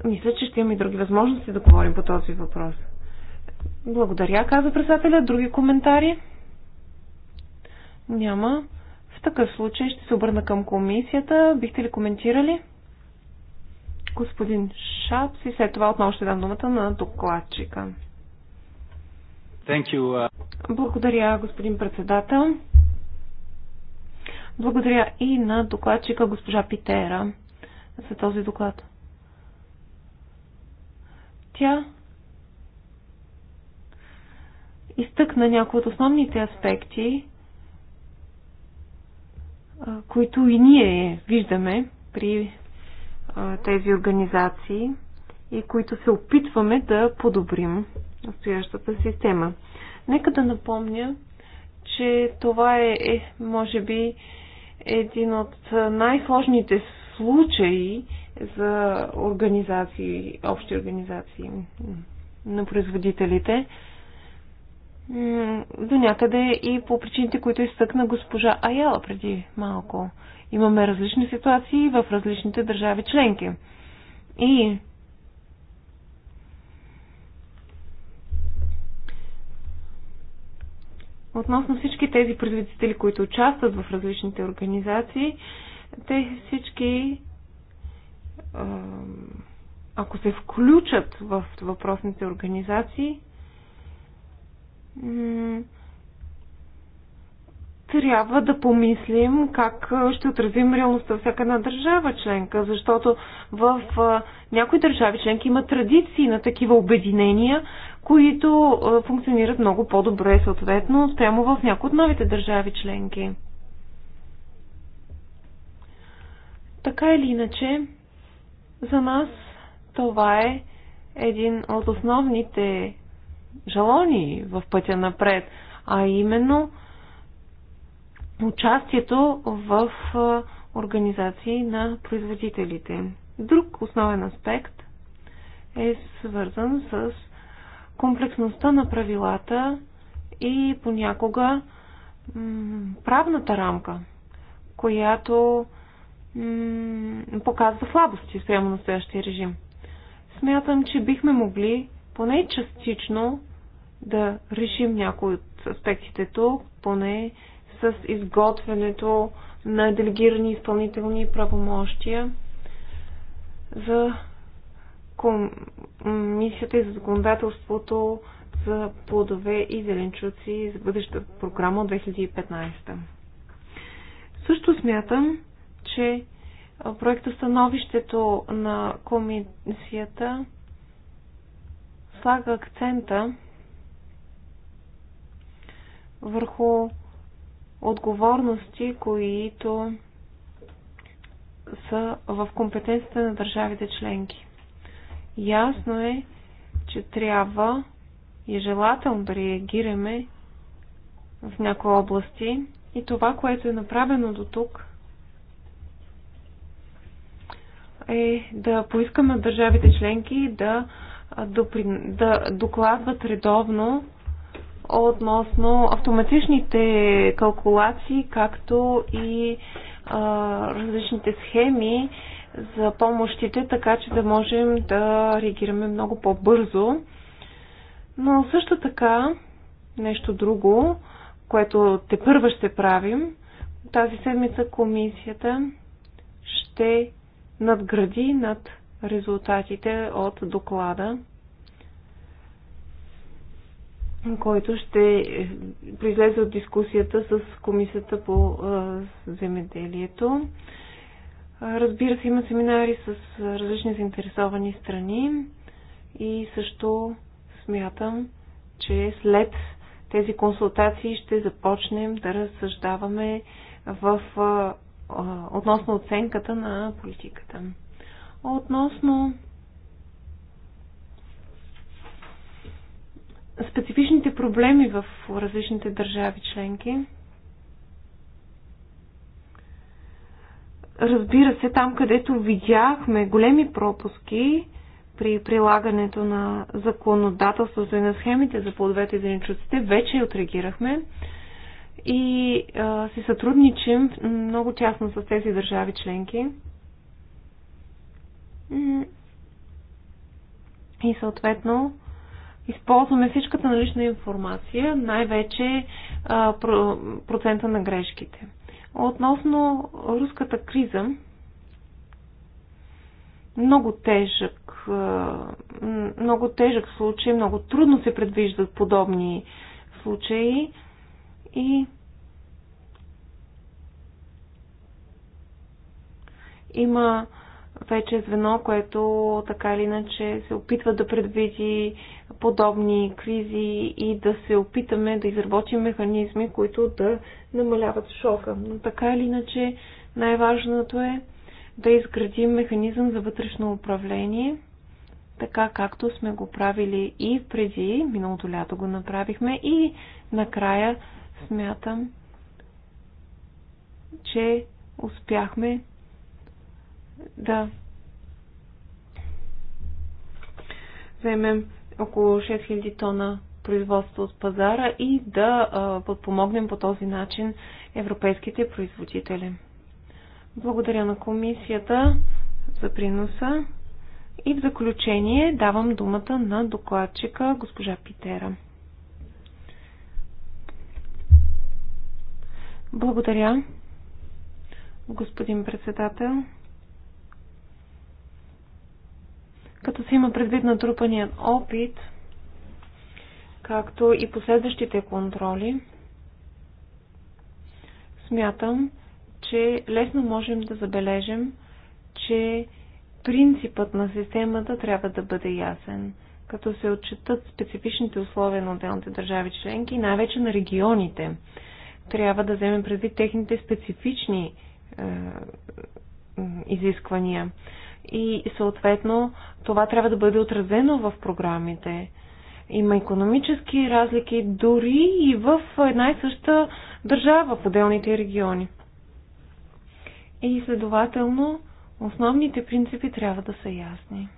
Мисля, че ще имаме и други възможности да говорим по този въпрос. Благодаря, каза председателя. Други коментари? Няма. В такъв случай ще се обърна към комисията. Бихте ли коментирали? Господин Шапс и след това отново ще дам думата на докладчика. Thank you. Uh, Благодаря, господин председател. Благодаря и на докладчика госпожа Питера за този доклад. Тя изтъкна някои от основните аспекти, които и ние виждаме при тези организации и които се опитваме да подобрим настоящата система. Нека да напомня, че това е, е може би, един от най-сложните случаи за организации, общи организации на производителите до някъде и по причините, които изтъкна госпожа Аяла преди малко. Имаме различни ситуации в различните държави членки. И относно всички тези производители, които участват в различните организации, те всички, ако се включат в въпросните организации, трябва да помислим как ще отразим реалността във всяка една държава членка, защото в някои държави членки има традиции на такива обединения, които функционират много по-добре, съответно, спрямо в някои от новите държави членки. Така или иначе, за нас това е един от основните жалони в пътя напред, а именно участието в организации на производителите. Друг основен аспект е свързан с комплексността на правилата и понякога правната рамка, която показва слабости спрямо настоящия режим. Смятам, че бихме могли поне частично да решим някои от аспектите тук, поне с изготвянето на делегирани изпълнителни правомощия за Комисията и за законодателството за плодове и зеленчуци за бъдеща програма от 2015. Също смятам, че проекта становището на комисията слага акцента върху отговорности, които са в компетенцията на държавите членки. Ясно е, че трябва и желателно да реагираме в някои области и това, което е направено до тук, е да поискаме от държавите членки да, да, да докладват редовно относно автоматичните калкулации, както и а, различните схеми за помощите, така че да можем да реагираме много по-бързо. Но също така, нещо друго, което те първа ще правим, тази седмица комисията ще надгради над резултатите от доклада който ще е, произлезе от дискусията с Комисията по е, земеделието. Разбира се, има семинари с е, различни заинтересовани страни и също смятам, че след тези консултации ще започнем да разсъждаваме в, относно оценката на политиката. Относно специфичните проблеми в различните държави членки. Разбира се, там където видяхме големи пропуски при прилагането на законодателството и на схемите за плодовете и зеленчуците, вече отреагирахме и а, си сътрудничим много тясно с тези държави членки. И съответно, използваме всичката налична информация, най-вече процента на грешките. Относно руската криза, много тежък, много тежък случай, много трудно се предвиждат подобни случаи и има вече звено, което така или иначе се опитва да предвиди подобни кризи и да се опитаме да изработим механизми, които да намаляват шока. Но така или иначе, най-важното е да изградим механизъм за вътрешно управление, така както сме го правили и преди, миналото лято го направихме и накрая смятам, че успяхме да вземем около 6000 тона производство от пазара и да подпомогнем по този начин европейските производители. Благодаря на комисията за приноса и в заключение давам думата на докладчика госпожа Питера. Благодаря, господин председател. като се има предвид натрупаният опит, както и последващите контроли, смятам, че лесно можем да забележим, че принципът на системата трябва да бъде ясен, като се отчитат специфичните условия на отделните държави членки най-вече на регионите. Трябва да вземем предвид техните специфични е, изисквания и съответно това трябва да бъде отразено в програмите. Има економически разлики дори и в една и съща държава в отделните региони. И следователно основните принципи трябва да са ясни.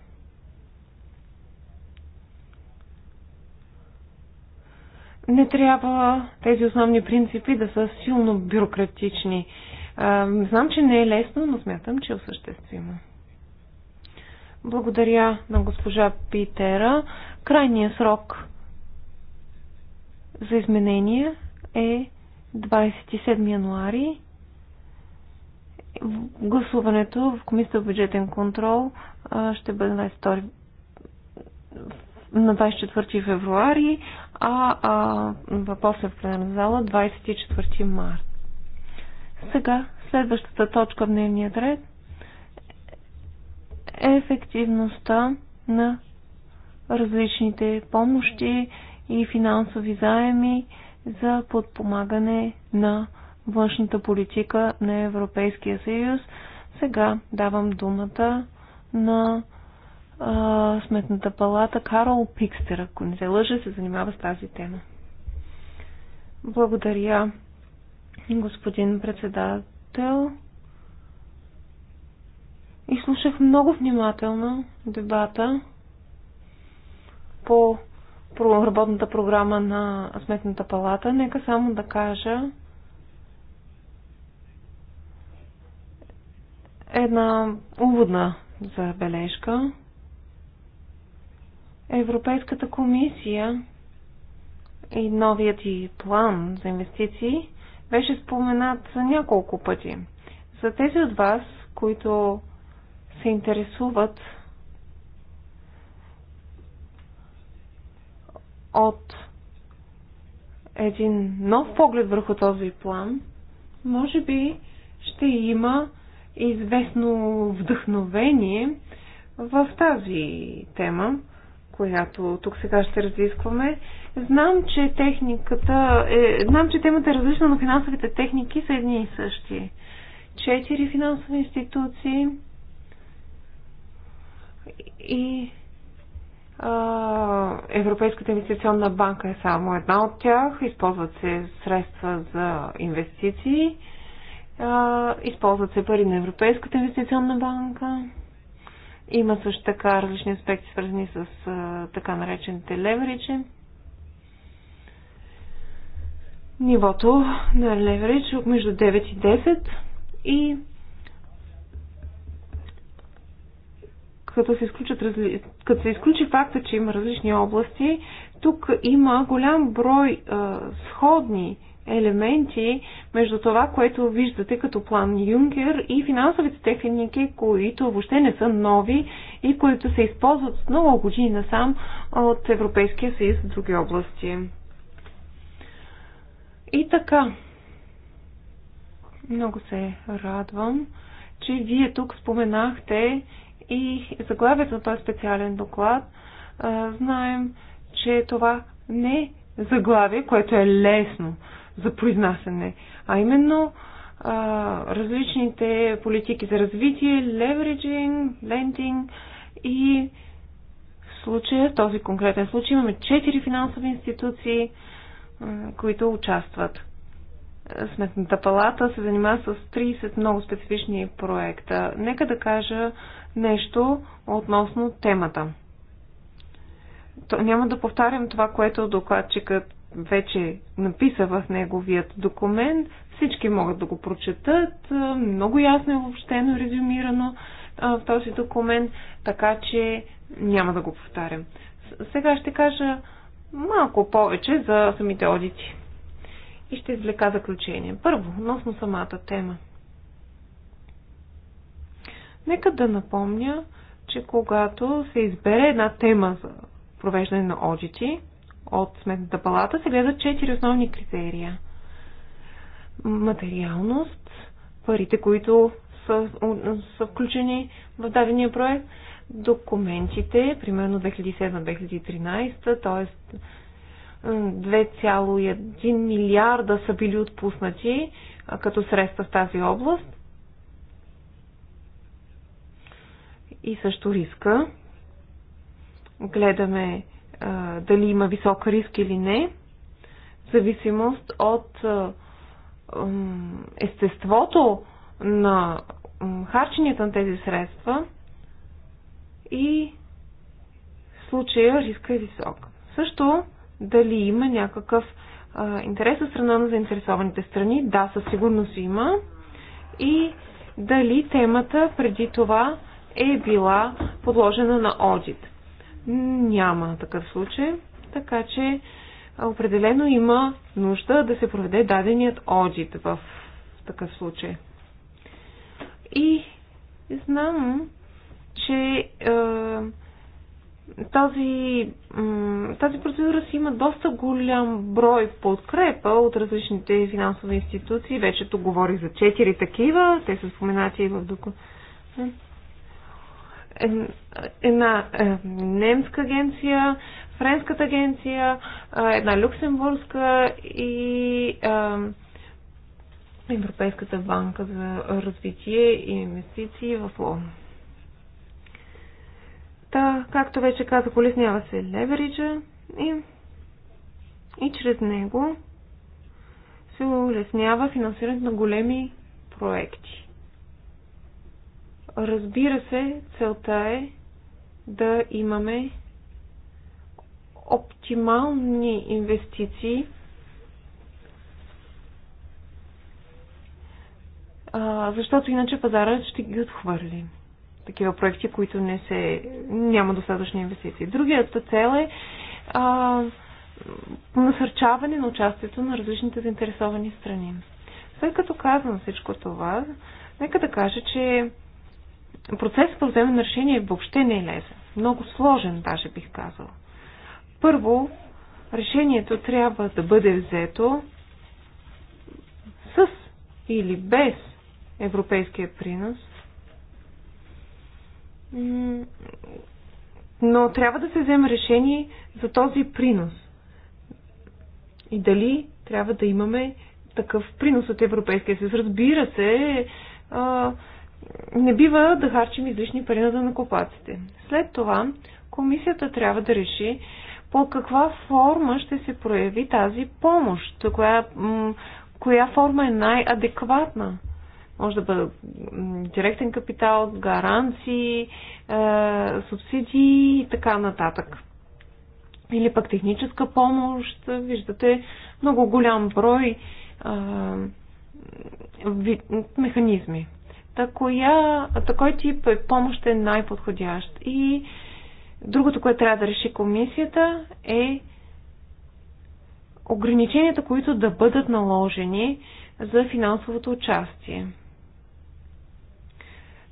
не трябва тези основни принципи да са силно бюрократични. Знам, че не е лесно, но смятам, че е осъществимо. Благодаря на госпожа Питера. Крайният срок за изменение е 27 януари. Гласуването в Комисията в бюджетен контрол ще бъде на на 24 февруари, а, а после в пленарна зала 24 март. Сега следващата точка в дневния ред ефективността на различните помощи и финансови заеми за подпомагане на външната политика на Европейския съюз. Сега давам думата на а, Сметната палата Карол Пикстер, ако не се лъжа, се занимава с тази тема. Благодаря, господин председател. И слушах много внимателно дебата по работната програма на Сметната палата. Нека само да кажа една уводна забележка. Европейската комисия и новият и план за инвестиции беше споменат няколко пъти. За тези от вас, които се интересуват от един нов поглед върху този план, може би ще има известно вдъхновение в тази тема, която тук сега ще разискваме. Знам, че техниката е, знам, че темата е различна, но финансовите техники са едни и същи. Четири финансови институции и а, Европейската инвестиционна банка е само една от тях. Използват се средства за инвестиции. А, използват се пари на Европейската инвестиционна банка. Има също така различни аспекти, свързани с а, така наречените леверичи. Нивото на леверидж между 9 и 10 и като се, изключат като се изключи факта, че има различни области, тук има голям брой а, сходни елементи между това, което виждате като план Юнгер и финансовите техники, които въобще не са нови и които се използват с много години насам от Европейския съюз в други области. И така, много се радвам, че вие тук споменахте и заглавието на този специален доклад, знаем, че това не е заглавие, което е лесно за произнасяне, а именно а, различните политики за развитие, левериджинг, лендинг и в случая, в този конкретен случай, имаме четири финансови институции, а, които участват. Сметната палата се занимава с 30 много специфични проекта. Нека да кажа нещо относно темата. То, няма да повтарям това, което докладчикът вече написа в неговият документ. Всички могат да го прочетат. Много ясно е въобщено резюмирано резюмирано в този документ, така че няма да го повтарям. Сега ще кажа малко повече за самите одити. И ще извлека заключение. Първо, относно самата тема. Нека да напомня, че когато се избере една тема за провеждане на одити от Сметната палата, се гледат четири основни критерия. Материалност, парите, които са, са включени в дадения проект, документите, примерно 2007-2013, т.е. 2,1 милиарда са били отпуснати като средства в тази област и също риска. Гледаме а, дали има висок риск или не, в зависимост от а, естеството на харченията на тези средства и в случая риска е висок. Също дали има някакъв а, интерес от страна на заинтересованите страни, да, със сигурност има. И дали темата преди това е била подложена на одит. Няма такъв случай, така че определено има нужда да се проведе даденият одит в такъв случай. И знам, че е, тази, тази процедура си има доста голям брой подкрепа от различните финансови институции. Вече тук говорих за четири такива. Те са споменати и в документа една немска агенция, френската агенция, една люксембургска и Европейската банка за развитие и инвестиции в Лондон. Та, както вече казах, улеснява се левериджа и, и чрез него се улеснява финансирането на големи проекти. Разбира се, целта е да имаме оптимални инвестиции, защото иначе пазара ще ги отхвърли. Такива проекти, които не се, няма достатъчни инвестиции. Другият цел е а, насърчаване на участието на различните заинтересовани страни. След като казвам всичко това, нека да кажа, че процесът по вземане на решение въобще не е лесен. Много сложен, даже бих казала. Първо, решението трябва да бъде взето с или без европейския принос, но трябва да се вземе решение за този принос. И дали трябва да имаме такъв принос от Европейския съюз. Разбира се, не бива да харчим излишни пари на данакопаците. След това комисията трябва да реши по каква форма ще се прояви тази помощ, коя, коя форма е най-адекватна. Може да бъде директен капитал, гаранции, е, субсидии и така нататък. Или пък техническа помощ. Виждате много голям брой е, механизми. Та коя, та кой тип е помощ е най-подходящ? И другото, което трябва да реши комисията е ограниченията, които да бъдат наложени за финансовото участие.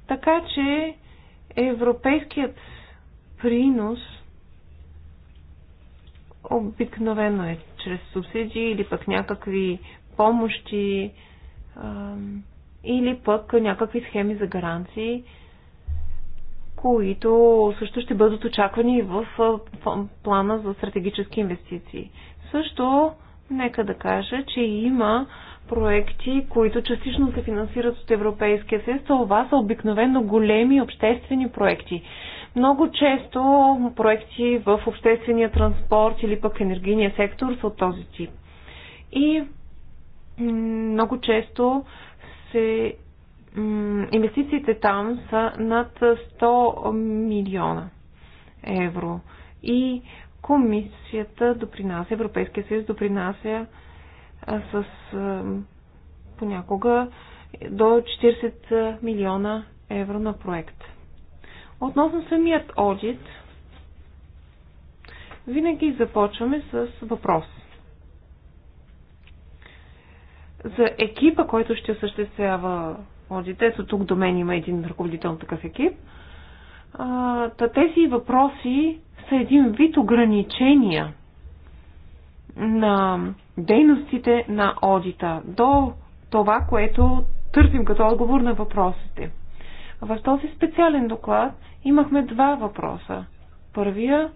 Така че европейският принос обикновено е чрез субсидии или пък някакви помощи, или пък някакви схеми за гаранции, които също ще бъдат очаквани в плана за стратегически инвестиции. Също, нека да кажа, че има проекти, които частично се финансират от Европейския съюз. Това са обикновено големи обществени проекти. Много често проекти в обществения транспорт или пък енергийния сектор са от този тип. И много често че инвестициите там са над 100 милиона евро. И комисията допринася, Европейския съюз допринася с понякога до 40 милиона евро на проект. Относно самият одит, винаги започваме с въпрос – за екипа, който ще осъществява одите. Ето тук до мен има един ръководител на такъв екип. А, та тези въпроси са един вид ограничения на дейностите на одита до това, което търсим като отговор на въпросите. В този специален доклад имахме два въпроса. Първия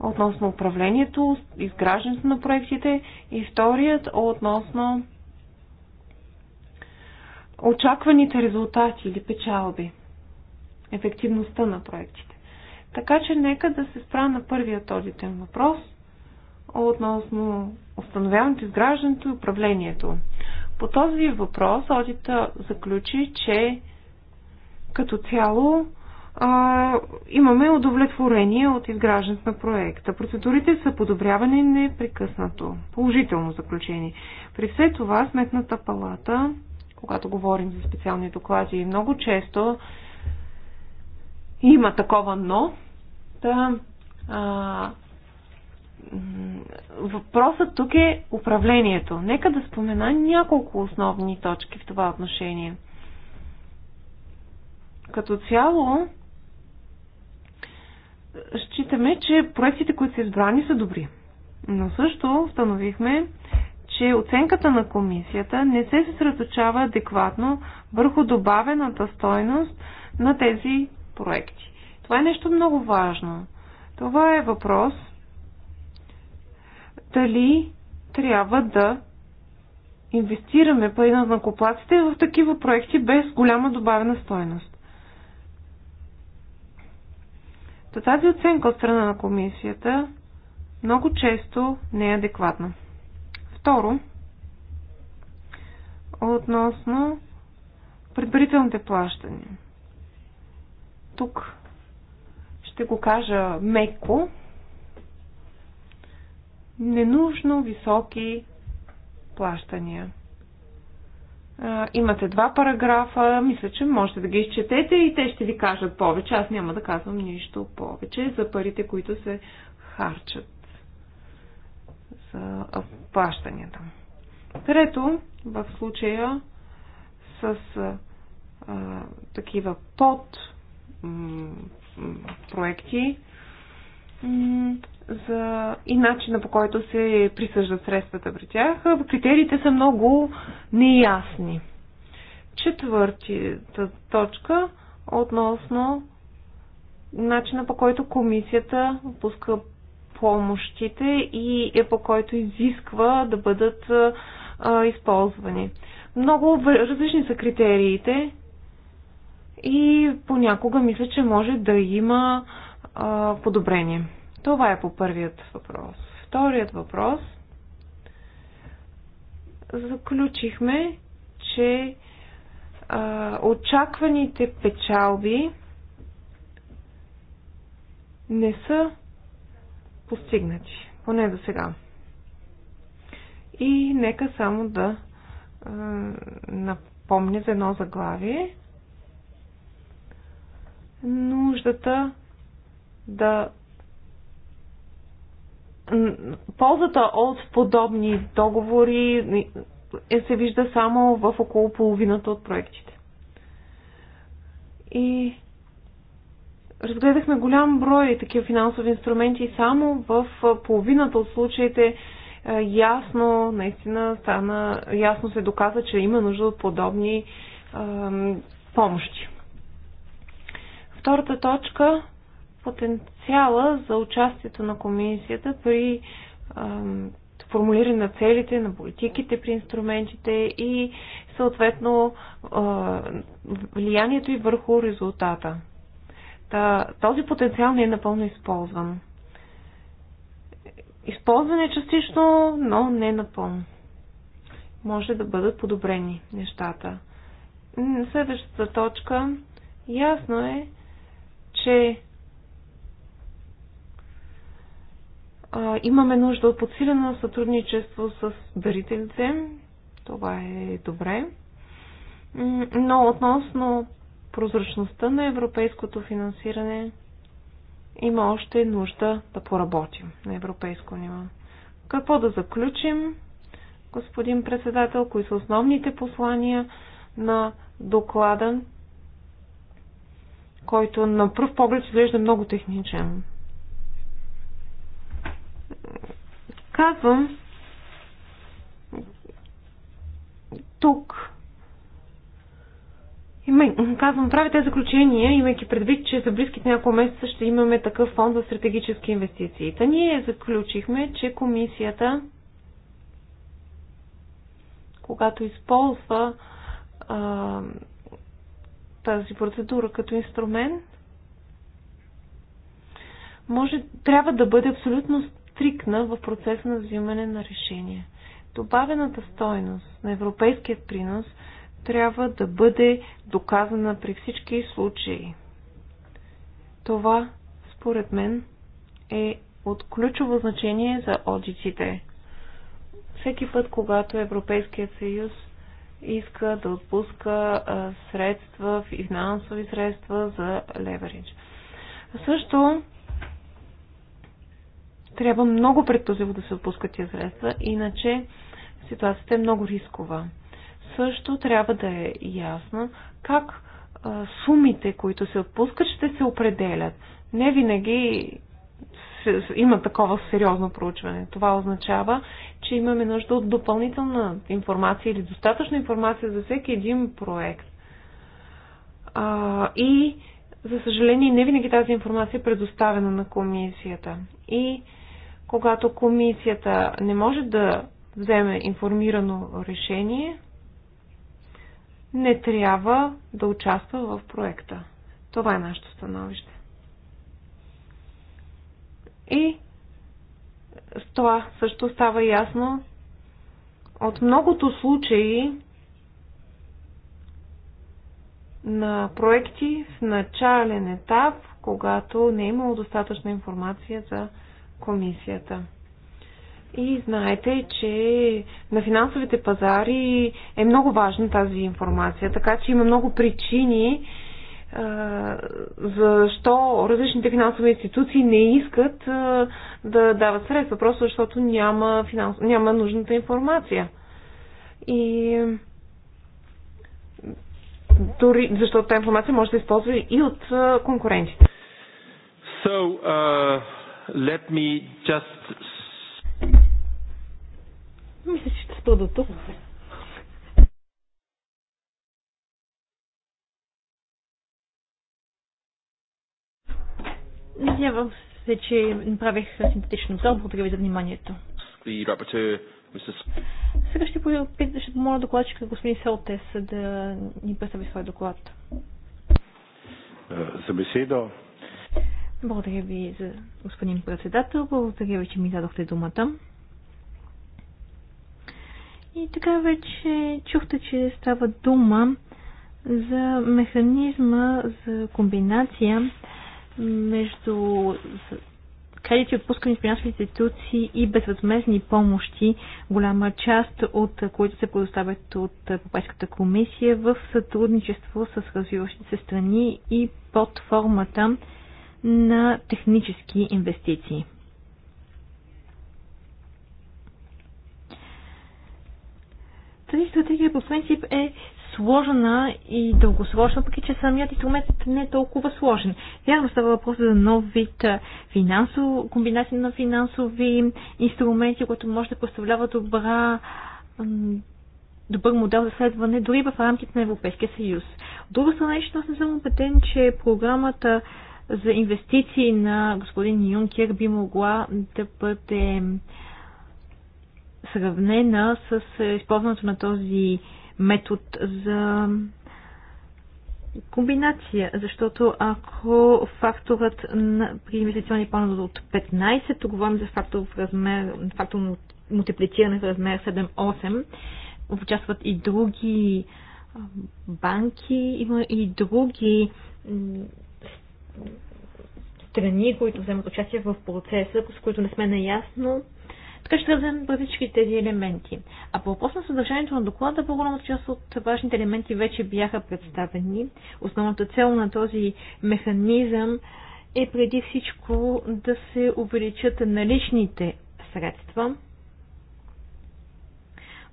относно управлението, изграждането на проектите и вторият относно очакваните резултати или печалби, ефективността на проектите. Така че нека да се спра на първият одитен въпрос относно установяването, изграждането и управлението. По този въпрос одита заключи, че като цяло а, имаме удовлетворение от изграждането на проекта. Процедурите са подобряване непрекъснато. Положително заключение. При все това Сметната палата когато говорим за специални доклади. И много често има такова но. Та, а, въпросът тук е управлението. Нека да спомена няколко основни точки в това отношение. Като цяло, считаме, че проектите, които са избрани, са добри. Но също установихме, че оценката на комисията не се съсредоточава адекватно върху добавената стойност на тези проекти. Това е нещо много важно. Това е въпрос дали трябва да инвестираме пари на накоплаците в такива проекти без голяма добавена стойност. Та тази оценка от страна на комисията много често не е адекватна. Второ, относно предварителните плащания. Тук ще го кажа меко. Ненужно високи плащания. имате два параграфа, мисля, че можете да ги изчетете и те ще ви кажат повече. Аз няма да казвам нищо повече за парите, които се харчат плащанията. Трето, в случая с а, такива под проекти за и начина по който се присъждат средствата при тях, критериите са много неясни. Четвъртата точка относно начина по който комисията пуска помощите и е по който изисква да бъдат а, използвани. Много различни са критериите и понякога мисля, че може да има а, подобрение. Това е по първият въпрос. Вторият въпрос. Заключихме, че а, очакваните печалби не са постигнати, поне до сега. И нека само да е, напомня за едно заглавие. Нуждата да. Ползата от подобни договори е, се вижда само в около половината от проектите. И Разгледахме голям брой такива финансови инструменти и само в половината от случаите ясно, наистина стана, ясно се доказа, че има нужда от подобни помощи. Втората точка потенциала за участието на комисията при формулиране на целите, на политиките при инструментите и съответно влиянието и върху резултата. Та, този потенциал не е напълно използван. Използван е частично, но не напълно. Може да бъдат подобрени нещата. Следващата точка. Ясно е, че а, имаме нужда от подсилено сътрудничество с дарителите. Това е добре. Но относно прозрачността на европейското финансиране има още нужда да поработим на европейско ниво. Какво да заключим, господин председател, кои са основните послания на доклада, който на пръв поглед изглежда много техничен. Казвам тук Име, казвам, прави тези заключения, имайки предвид, че за близките няколко месеца ще имаме такъв фонд за стратегически инвестиции. Та ние заключихме, че комисията, когато използва а, тази процедура като инструмент, може, трябва да бъде абсолютно стрикна в процеса на взимане на решения. Добавената стойност на европейският принос – трябва да бъде доказана при всички случаи. Това, според мен, е от ключово значение за одитите. Всеки път, когато Европейският съюз иска да отпуска средства, финансови средства за леверидж. Също трябва много предпазливо да се отпускат тези средства, иначе ситуацията е много рискова също трябва да е ясно как сумите, които се отпускат, ще се определят. Не винаги има такова сериозно проучване. Това означава, че имаме нужда от допълнителна информация или достатъчна информация за всеки един проект. А, и, за съжаление, не винаги тази информация е предоставена на комисията. И когато комисията не може да вземе информирано решение, не трябва да участва в проекта. Това е нашето становище. И с това също става ясно от многото случаи на проекти в начален етап, когато не е имало достатъчна информация за комисията. И знаете, че на финансовите пазари е много важна тази информация, така че има много причини защо различните финансови институции не искат да дават средства, просто защото няма, финанс... няма нужната информация. И дори защото тази информация може да се използва и от конкурентите. So, uh, let me just мисля, че ще спра до тук. Надявам се, че направих синтетично зал, Благодаря ви за вниманието. Сега ще, попитам, ще помоля докладчика господин Селтес да ни представи своя доклад. Е, за беседа. Благодаря ви, за господин председател. Благодаря ви, че ми дадохте думата. И така вече чухте, че става дума за механизма за комбинация между кредити, отпускани в финансови институции и безвъзмезни помощи, голяма част от които се предоставят от Европейската комисия в сътрудничество с развиващите се страни и под формата на технически инвестиции. Тази стратегия по принцип е сложена и дългосрочна, въпреки че самият инструмент не е толкова сложен. Вярно става въпрос за нов вид финансов, комбинация на финансови инструменти, които може да представлява добра добър модел за следване дори в рамките на Европейския съюз. От друга страна, аз не съм убеден, че програмата за инвестиции на господин Юнкер би могла да бъде сравнена с е, използването на този метод за комбинация, защото ако факторът на, при инвестиционни планове от 15, то говорим за фактор, в размер, фактор мултиплициране в размер 7-8, участват и други банки, има и други страни, които вземат участие в процеса, с които не сме наясно. Така ще вземем преди всички тези елементи. А по въпрос на съдържанието на доклада, по-голямата част от важните елементи вече бяха представени. Основната цел на този механизъм е преди всичко да се увеличат наличните средства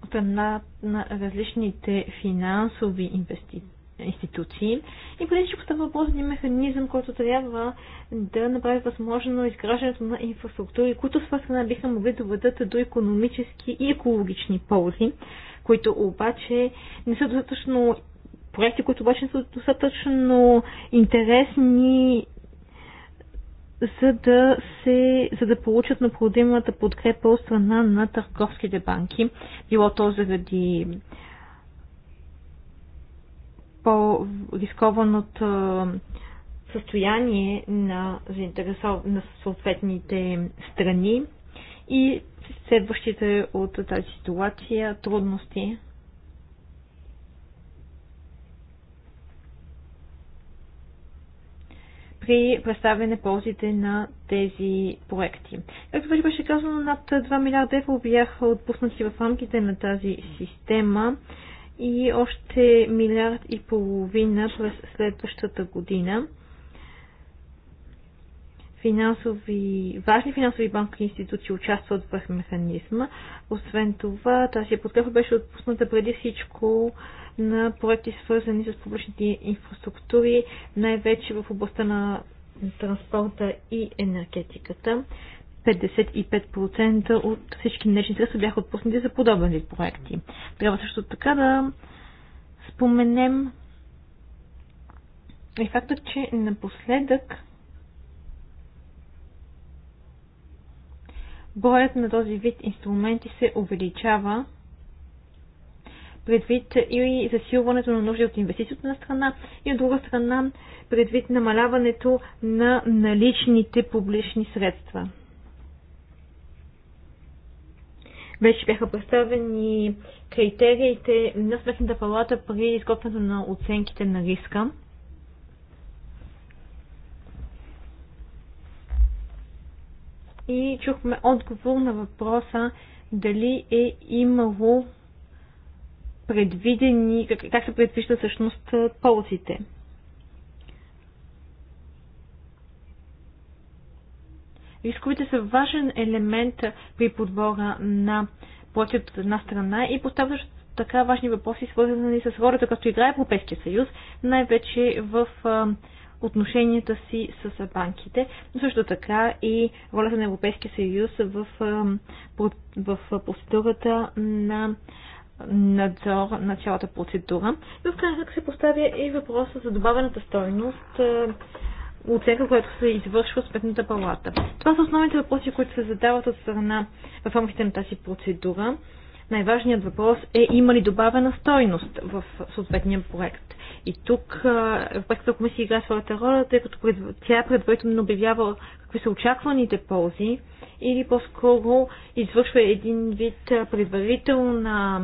от една на различните финансови инвестиции институции. И преди всичко става въпрос за един механизъм, който трябва да направи възможно изграждането на инфраструктури, които с страна биха могли да доведат до економически и екологични ползи, които обаче не са достатъчно проекти, които обаче не са достатъчно интересни за да, се, за да получат необходимата подкрепа от страна на търговските банки, било то заради по-рискован от състояние на, заинтересов... на съответните страни и следващите от тази ситуация трудности. при представяне ползите на тези проекти. Както вече беше казано, над 2 милиарда евро бяха отпуснати в рамките на тази система и още милиард и половина през следващата година. Финансови, важни финансови банкови институции участват в механизма. Освен това, тази подкрепа беше отпусната преди всичко на проекти, свързани с публичните инфраструктури, най-вече в областта на транспорта и енергетиката. 55% от всички днешни средства бяха отпуснати за подобен вид проекти. Трябва също така да споменем и факта, че напоследък броят на този вид инструменти се увеличава предвид и засилването на нужди от инвестиции от една страна и от друга страна предвид намаляването на наличните публични средства. Вече бяха представени критериите на Сметната палата при изготвянето на оценките на риска. И чухме отговор на въпроса дали е имало предвидени, как, се предвижда всъщност ползите. Рисковете са важен елемент при подбора на плоти от една страна и поставяш така важни въпроси, свързани с хората, като играе Европейския съюз, най-вече в отношенията си с банките, но също така и ролята на Европейския съюз в, в процедурата на надзор на цялата процедура. И в крайна се поставя и въпроса за добавената стойност, оценка, която се извършва от Сметната палата. Това са основните въпроси, които се задават от страна в рамките на тази процедура. Най-важният въпрос е има ли добавена стойност в съответния проект. И тук Европейската комисия играе своята роля, тъй като тя предварително обявява какви са очакваните ползи или по-скоро извършва един вид предварителна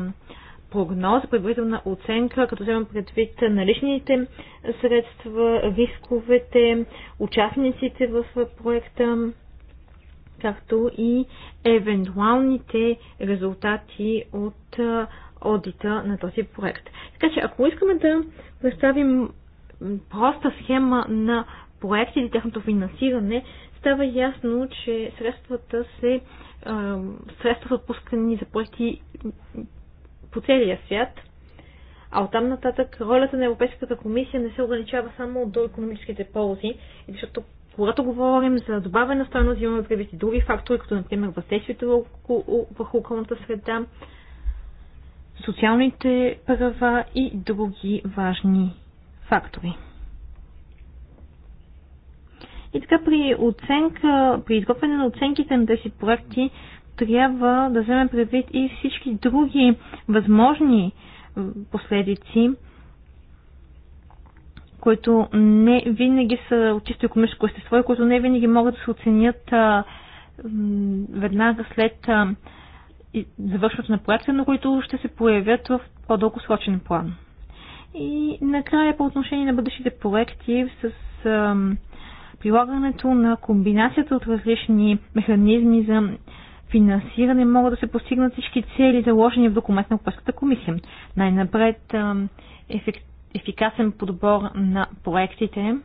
прогноза, предварителна оценка, като вземем предвид наличните средства, рисковете, участниците в проекта, както и евентуалните резултати от одита на този проект. Така че, ако искаме да представим проста схема на проекти или тяхното финансиране, става ясно, че средствата се са отпускани за проекти по целия свят. А оттам нататък ролята на Европейската комисия не се ограничава само до економическите ползи, защото когато говорим за добавена стойност, имаме предвид и други фактори, като например въздействието върху околната среда, социалните права и други важни фактори. И така при оценка, при изготвяне на оценките на тези проекти трябва да вземем предвид и всички други възможни последици, които не винаги са от чисто економическо естество и които не винаги могат да се оценят а, веднага след а, завършването на проекта, но които ще се появят в по-дългосрочен план. И накрая по отношение на бъдещите проекти с а, прилагането на комбинацията от различни механизми за финансиране могат да се постигнат всички цели, заложени в документ на Европейската комисия. Най-напред ефик... ефикасен подбор на проектите.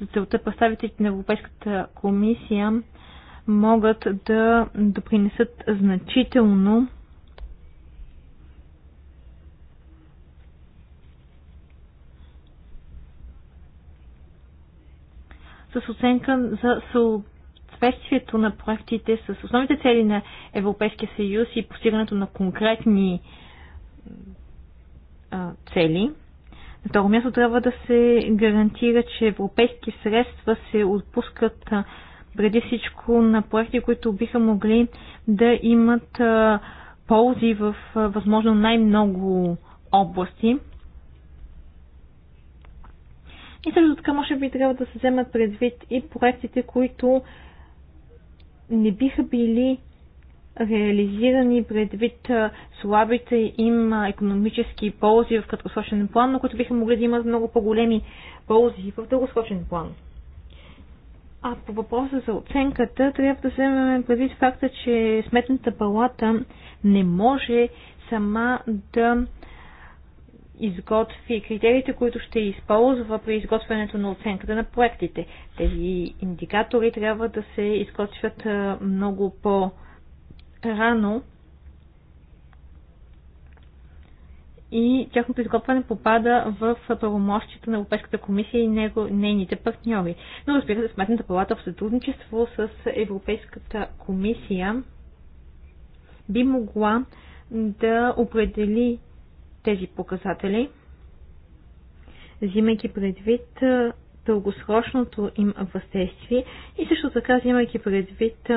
За целта представителите на Европейската комисия могат да допринесат значително с оценка за съответствието на проектите с основните цели на Европейския съюз и постигането на конкретни цели. На второ място трябва да се гарантира, че европейски средства се отпускат преди всичко на проекти, които биха могли да имат ползи в възможно най-много области. И също така, може би трябва да се вземат предвид и проектите, които не биха били реализирани предвид слабите им економически ползи в краткосрочен план, но които биха могли да имат много по-големи ползи в дългосрочен план. А по въпроса за оценката, трябва да вземем предвид факта, че Сметната палата не може сама да изготви критериите, които ще използва при изготвянето на оценката на проектите. Тези индикатори трябва да се изготвят много по-рано и тяхното изготвяне попада в правомощията на Европейската комисия и него, нейните партньори. Но разбира се, Сметната палата в сътрудничество с Европейската комисия би могла да определи тези показатели, взимайки предвид дългосрочното им въздействие и също така взимайки предвид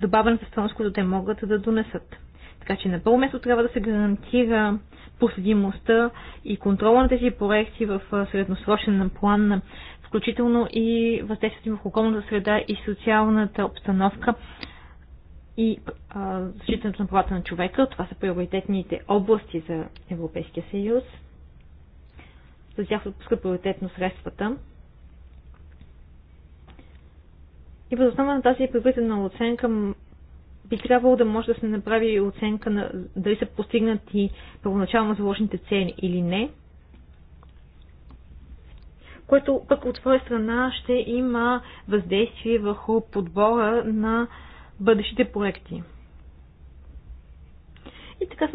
добавената стойност, която те могат да донесат. Така че на първо място трябва да се гарантира проследимостта и контрола на тези проекти в средносрочен план, включително и въздействието им в околната среда и социалната обстановка, и защитането на правата на човека. Това са приоритетните области за Европейския съюз. За тях се отпуска приоритетно средствата. И въз основа на тази предварителна оценка би трябвало да може да се направи оценка на дали са постигнати първоначално заложените цели или не, което пък от своя страна ще има въздействие върху подбора на бъдещите проекти. И така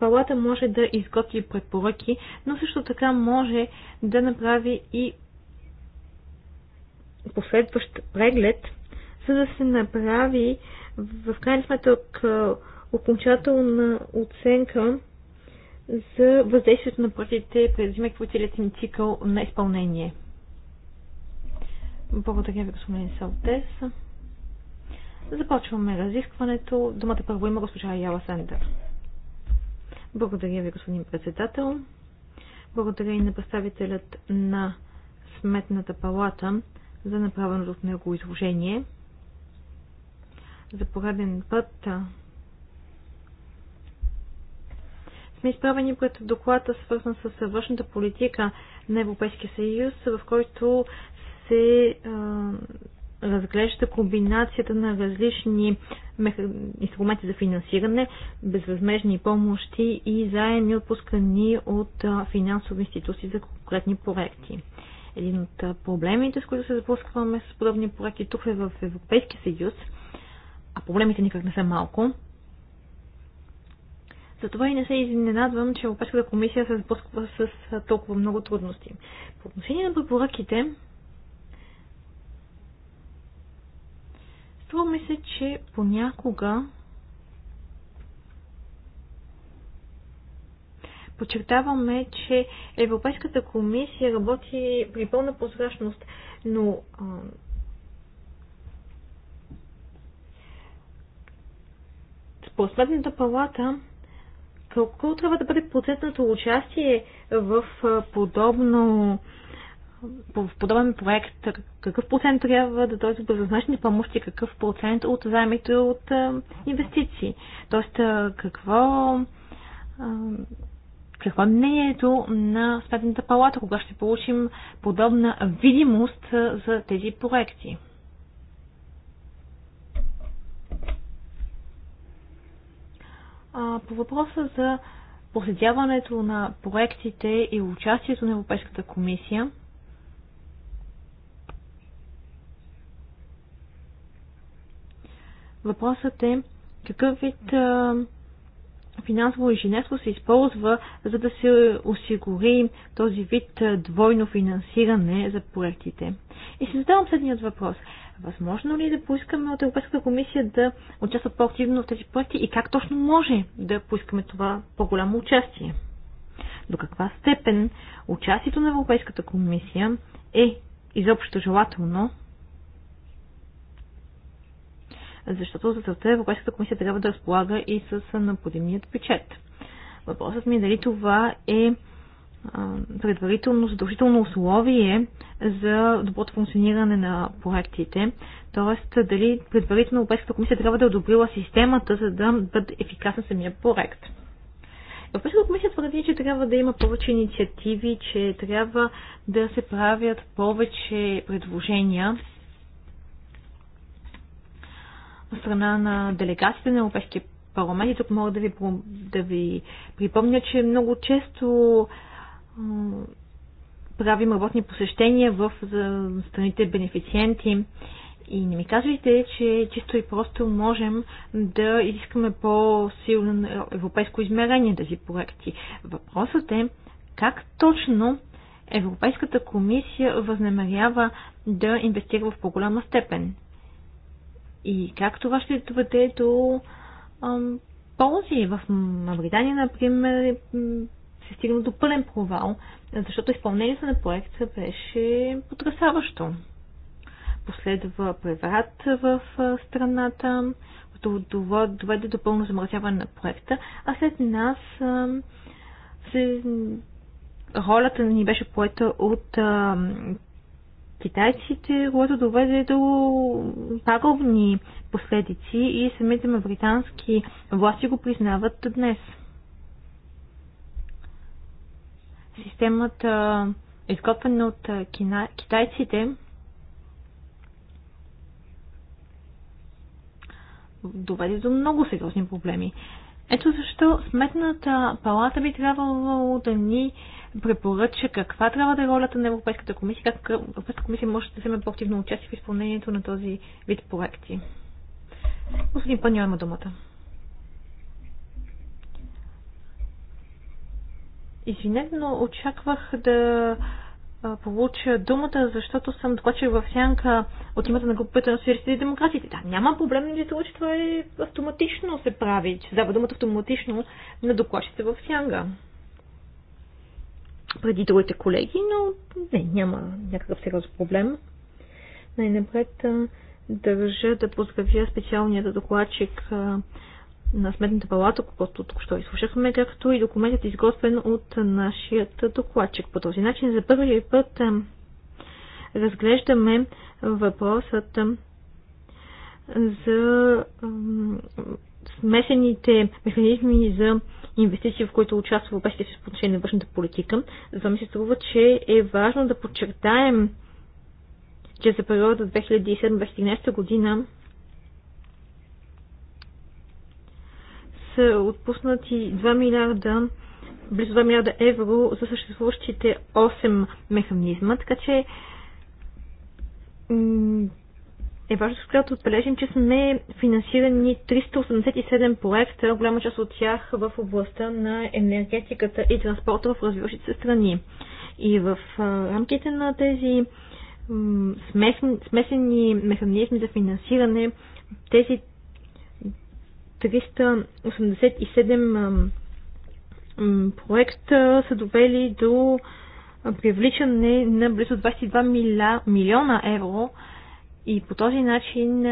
палата може да изготви препоръки, но също така може да направи и последващ преглед, за да се направи в крайна сметък окончателна оценка за въздействието на проектите през зимеквателят цикъл на изпълнение. Благодаря ви, господин Салтес. Започваме разискването. Думата първо има госпожа Яла Сендер. Благодаря ви, господин председател. Благодаря и на представителят на Сметната палата за направеното от него изложение. За пореден път сме изправени пред доклада, свързан с външната политика на Европейския съюз, в който се разглежда комбинацията на различни инструменти за финансиране, безвъзмежни помощи и заеми отпускани от финансови институции за конкретни проекти. Един от проблемите, с които се запускваме с подобни проекти тук е в Европейския съюз, а проблемите никак не са малко, затова и не се изненадвам, че Европейската комисия се сблъсква с толкова много трудности. По отношение на препоръките, Струва ми се, че понякога подчертаваме, че Европейската комисия работи при пълна прозрачност, но а, според Сметната палата колко трябва да бъде процентното участие в подобно в подобен проект какъв процент трябва да дойде от безвъзмежни помощи, какъв процент от заемите от инвестиции. Тоест, какво, какво е мнението на Сметната палата, кога ще получим подобна видимост за тези проекти? по въпроса за проследяването на проектите и участието на Европейската комисия – Въпросът е какъв вид а, финансово инженерство се използва, за да се осигури този вид двойно финансиране за проектите. И си задавам следният въпрос. Възможно ли е да поискаме от Европейската комисия да участва по-активно в тези проекти и как точно може да поискаме това по-голямо участие? До каква степен участието на Европейската комисия е изобщо желателно защото за целта Европейската комисия трябва да разполага и с необходимият бюджет. Въпросът ми е дали това е предварително задължително условие за доброто функциониране на проектите. Тоест, дали предварително Европейската комисия трябва да е одобрила системата, за да бъде ефикасен самия проект. Европейската комисия твърди, че трябва да има повече инициативи, че трябва да се правят повече предложения от страна на делегациите на Европейския парламент. И тук мога да ви, да ви припомня, че много често правим работни посещения в страните бенефициенти. И не ми казвайте, че чисто и просто можем да искаме по-силно европейско измерение тези проекти. Въпросът е как точно Европейската комисия възнамерява да инвестира в по-голяма степен и как това ще доведе до ам, ползи. В Мавритания, например, е, се стигна до пълен провал, защото изпълнението на проекта беше потрясаващо. Последва преврат в страната, което доведе до пълно замразяване на проекта, а след нас ам, се, ролята ни беше поета от ам, китайците, което доведе до пагубни последици и самите мавритански власти го признават днес. Системата, изготвена от китайците, доведе до много сериозни проблеми. Ето защо сметната палата би трябвало да ни препоръча каква трябва да е ролята на Европейската комисия, как Европейската комисия може да вземе по-активно участие в изпълнението на този вид проекти. Господин Паньо има думата. Извинете, но очаквах да получа думата, защото съм докладчик в сянка от името на групата на социалистите и демократите. Да, няма проблем, не нали, това, че това е автоматично се прави, че дава думата автоматично на докладчите в сянга преди другите колеги, но не, няма някакъв сериозен проблем. Най-напред държа да поздравя специалният докладчик на Сметната палата, когато току-що изслушахме, както и документът изготвен от нашият докладчик. По този начин за първи път разглеждаме въпросът за смесените механизми за инвестиции, в които участва Европейския съюз по отношение на външната политика. За ми се струва, че е важно да подчертаем, че за периода 2007-2013 година са отпуснати 2 милиарда близо 2 милиарда евро за съществуващите 8 механизма, така че е важно с която отбележим, че сме финансирани 387 проекта, голяма част от тях в областта на енергетиката и транспорта в развиващите се страни. И в рамките на тези смесени механизми за финансиране, тези 387 проекта са довели до привличане на близо 22 милиона евро и по този начин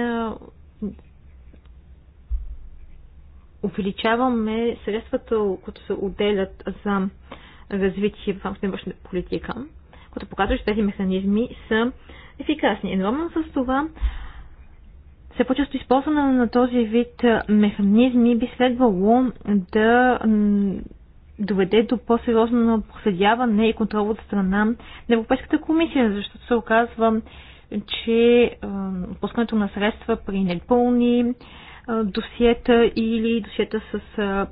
увеличаваме средствата, които се отделят за развитие в рамките на външната политика, които показва, че тези механизми са ефикасни. Едновременно с това, все по-често използване на този вид механизми би следвало да доведе до по-сериозно проследяване и контрол от страна на Европейската комисия, защото се оказва, че отпускането на средства при непълни досиета или досиета с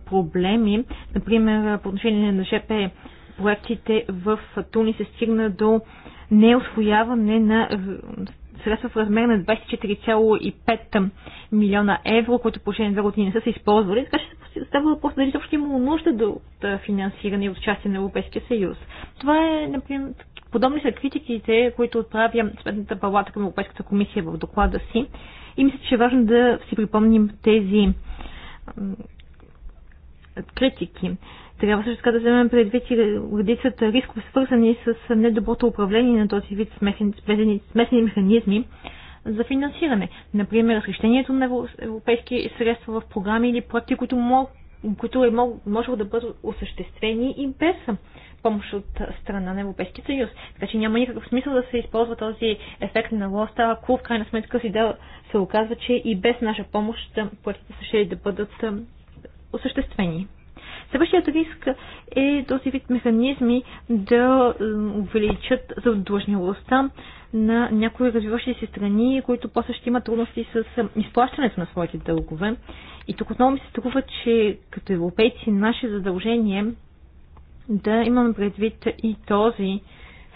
проблеми, например по отношение на ЖП проектите в Туни се стигна до неосвояване на средства в размер на 24,5 милиона евро, които по 2 години не са се използвали. Така че става въпрос дали изобщо има нужда от финансиране от участие на Европейския съюз. Това е, например, подобни са критиките, които отправя Сметната палата към Европейската комисия в доклада си. И мисля, че е важно да си припомним тези критики. Трябва също така да вземем предвид и редицата рискове, свързани с недоброто управление на този вид смесени, смесени механизми, за финансиране. Например, разхищението на европейски средства в програми или проекти, които, мог, които е мог, можело да бъдат осъществени и без помощ от страна на Европейския съюз. Така че няма никакъв смисъл да се използва този ефект на лоста, ако в крайна сметка си да се оказва, че и без наша помощ проектите са ще да бъдат осъществени. Следващият риск е този вид механизми да увеличат задлъжнялостта на някои развиващи се страни, които после ще имат трудности с изплащането на своите дългове. И тук отново ми се струва, че като европейци наше задължение е да имаме предвид и този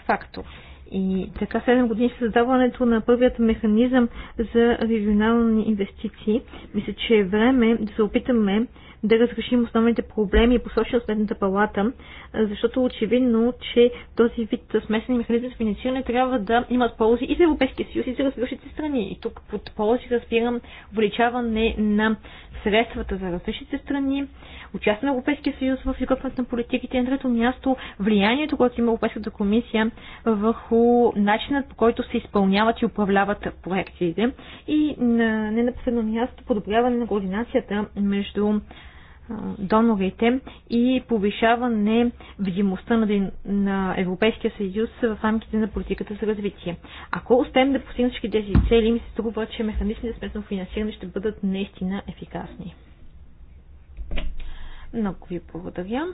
фактор. И така 7 години с създаването на първият механизъм за регионални инвестиции, мисля, че е време да се опитаме да разрешим основните проблеми, и посочи Сметната палата, защото очевидно, че този вид смесени механизми за финансиране трябва да имат ползи и за Европейския съюз, и за развиващите страни. И тук под ползи разбирам увеличаване на средствата за развиващите страни, участие на Европейския съюз в изготвянето на политиките, на трето място влиянието, което има Европейската комисия върху начинът по който се изпълняват и управляват проектите и на, не на последно място подобряване на координацията между донорите и повишаване видимостта на, на Европейския съюз в рамките на политиката за развитие. Ако успеем да постигнем всички тези цели, ми се струва, че механизмите за финансиране ще бъдат наистина ефикасни. Много ви благодаря.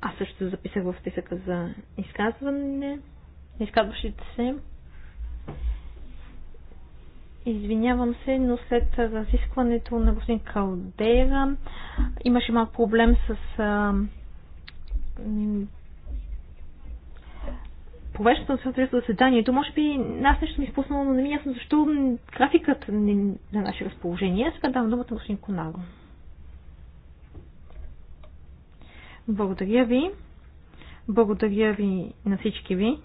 Аз също записах в списъка за изказване. Изказващите се. Извинявам се, но след разискването на господин Калдера имаше малко проблем с а, повечето на съответствие заседанието. Може би аз нещо ми изпуснало, е но не ми е ясно защо графикът не е на наше разположение. Сега давам думата на господин Конаго. Благодаря ви. Благодаря ви на всички ви.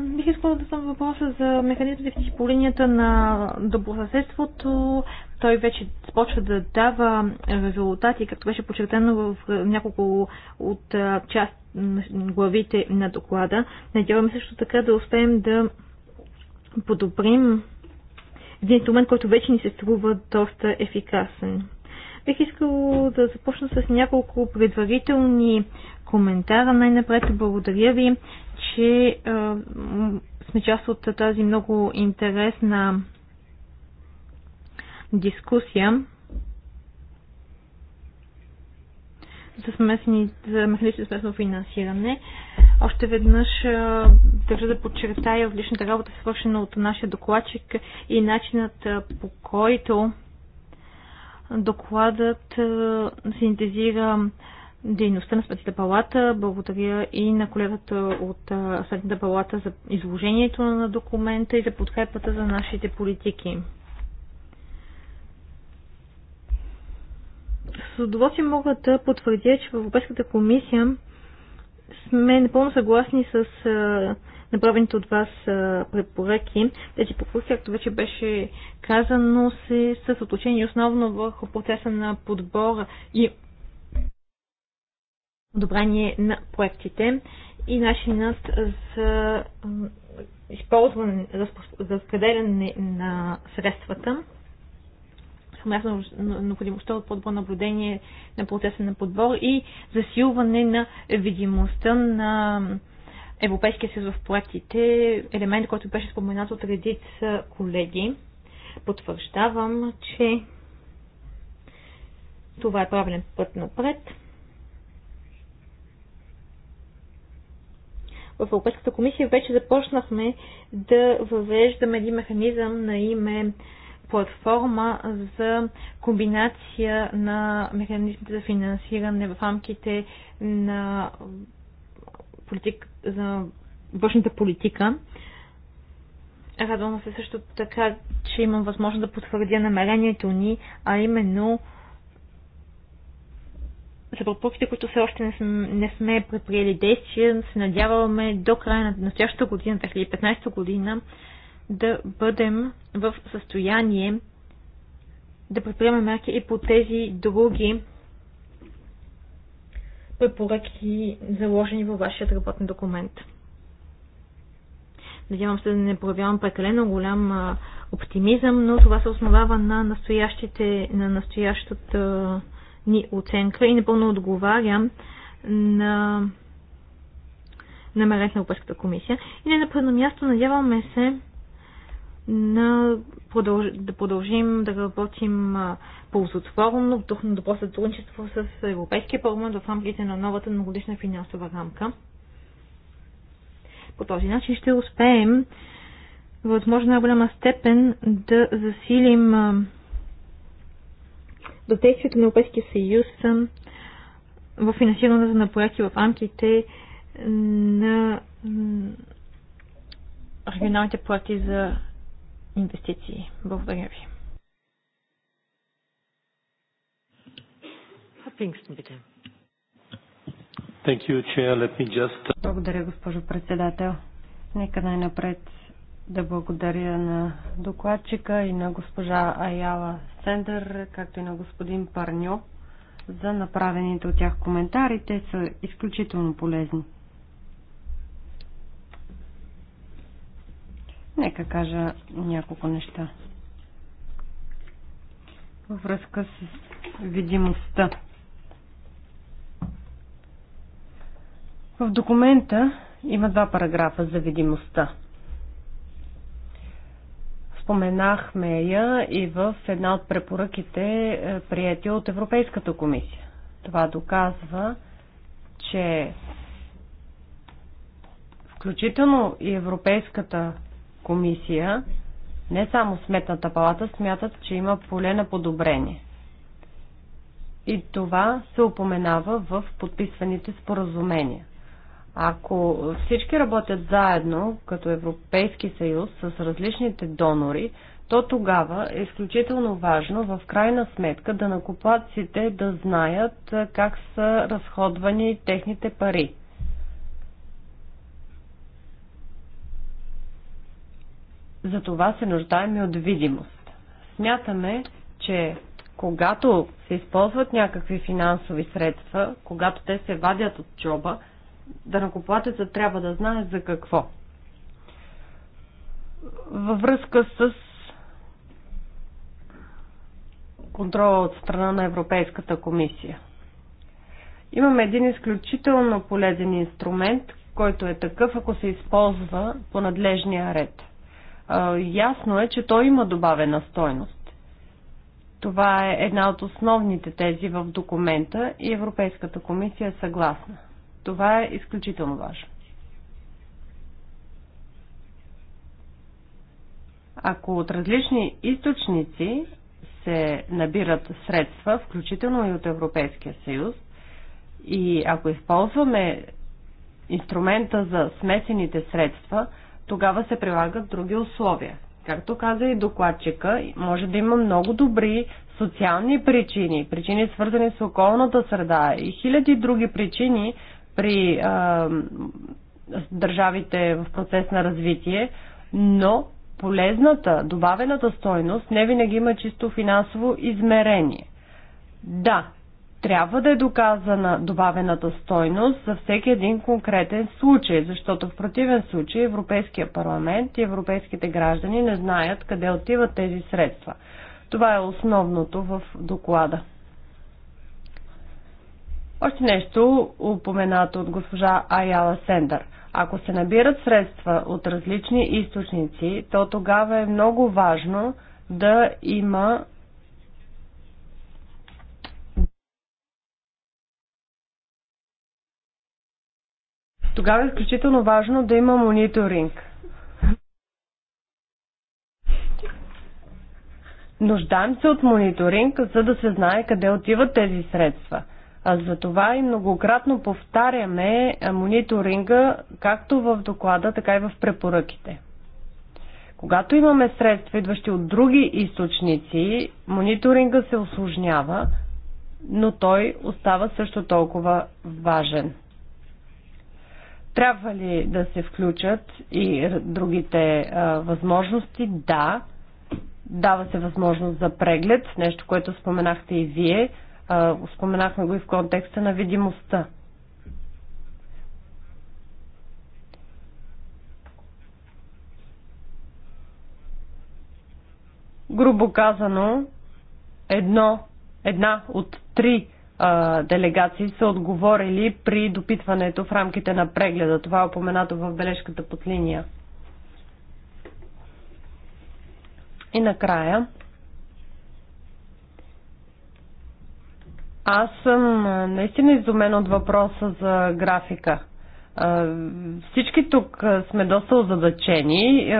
Бих искала да съм въпроса за механизмите по линията на добросъседството. Той вече започва да дава резултати, както беше подчертано в няколко от част главите на доклада. Надяваме също така да успеем да подобрим един инструмент, който вече ни се струва доста ефикасен. Бих искала да започна с няколко предварителни коментара. Най-напред благодаря ви, че а, сме част от тази много интересна дискусия за, смесени, за механично смесно финансиране. Още веднъж държа да подчертая отличната работа, свършена от нашия докладчик и начинът по който докладът синтезира дейността на Сметната палата. Благодаря и на колегата от Сметната палата за изложението на документа и за подкрепата за нашите политики. С удоволствие мога да потвърдя, че в Европейската комисия сме напълно съгласни с направените от вас препоръки. Тези препоръки, както вече беше казано, са съсоточени основно върху процеса на подбора и одобрение на проектите и начинът за използване, за разпределяне на средствата. Съмясно необходимостта от по-добро наблюдение на процеса на подбор и засилване на видимостта на Европейския съюз в проектите, елемент, който беше споменат от редица колеги. Потвърждавам, че това е правилен път напред. в Европейската комисия вече започнахме да въвеждаме един механизъм на име платформа за комбинация на механизмите за финансиране в рамките на политик, за външната политика. Радвам се също така, че имам възможност да потвърдя намерението ни, а именно за покупките, които все още не сме, не сме предприели действия, се надяваме до края на настоящата година, 2015 година, да бъдем в състояние да предприемем мерки и по тези други препоръки, заложени във вашия работен документ. Надявам се да не проявявам прекалено голям оптимизъм, но това се основава на, настоящите, на настоящата ни оценка и напълно отговаря на намерението на Европейската комисия. И не на първо място надяваме се на продълж... да продължим да работим ползотворно в дух на добро сътрудничество с Европейския парламент в рамките на новата многодишна финансова рамка. По този начин ще успеем възможно на голяма степен да засилим въздействието на Европейския съюз в финансирането на проекти в рамките на регионалните проекти за инвестиции. Благодаря ви. Благодаря, госпожо председател. Нека най-напред да благодаря на докладчика и на госпожа Аяла Сендър, както и на господин Парньо за направените от тях коментари. Те са изключително полезни. Нека кажа няколко неща във връзка с видимостта. В документа има два параграфа за видимостта – Споменахме я и в една от препоръките, е, прияти от Европейската комисия. Това доказва, че включително и Европейската комисия, не само Сметната палата, смятат, че има поле на подобрение. И това се упоменава в подписваните споразумения. Ако всички работят заедно, като Европейски съюз, с различните донори, то тогава е изключително важно в крайна сметка да накоплаците да знаят как са разходвани техните пари. За това се нуждаем и от видимост. Смятаме, че когато се използват някакви финансови средства, когато те се вадят от джоба, Данакоплатецът трябва да знае за какво. Във връзка с контрола от страна на Европейската комисия. Имаме един изключително полезен инструмент, който е такъв, ако се използва по надлежния ред. Ясно е, че той има добавена стойност. Това е една от основните тези в документа и Европейската комисия е съгласна. Това е изключително важно. Ако от различни източници се набират средства, включително и от Европейския съюз, и ако използваме инструмента за смесените средства, тогава се прилагат други условия. Както каза и докладчика, може да има много добри социални причини, причини свързани с околната среда и хиляди други причини, при а, държавите в процес на развитие, но полезната, добавената стойност не винаги има чисто финансово измерение. Да, трябва да е доказана добавената стойност за всеки един конкретен случай, защото в противен случай Европейския парламент и европейските граждани не знаят къде отиват тези средства. Това е основното в доклада. Още нещо, упоменато от госпожа Аяла Сендър. Ако се набират средства от различни източници, то тогава е много важно да има Тогава е изключително важно да има мониторинг. Нуждаем се от мониторинг, за да се знае къде отиват тези средства – затова и многократно повтаряме е, мониторинга както в доклада, така и в препоръките. Когато имаме средства, идващи от други източници, мониторинга се осложнява, но той остава също толкова важен. Трябва ли да се включат и другите а, е, възможности? Да. Дава се възможност за преглед, нещо, което споменахте и вие. Споменахме го и в контекста на видимостта. грубо казано, едно, една от три а, делегации са отговорили при допитването в рамките на прегледа. Това е опоменато в бележката под линия. И накрая, Аз съм наистина изумен от въпроса за графика. Всички тук сме доста озадачени.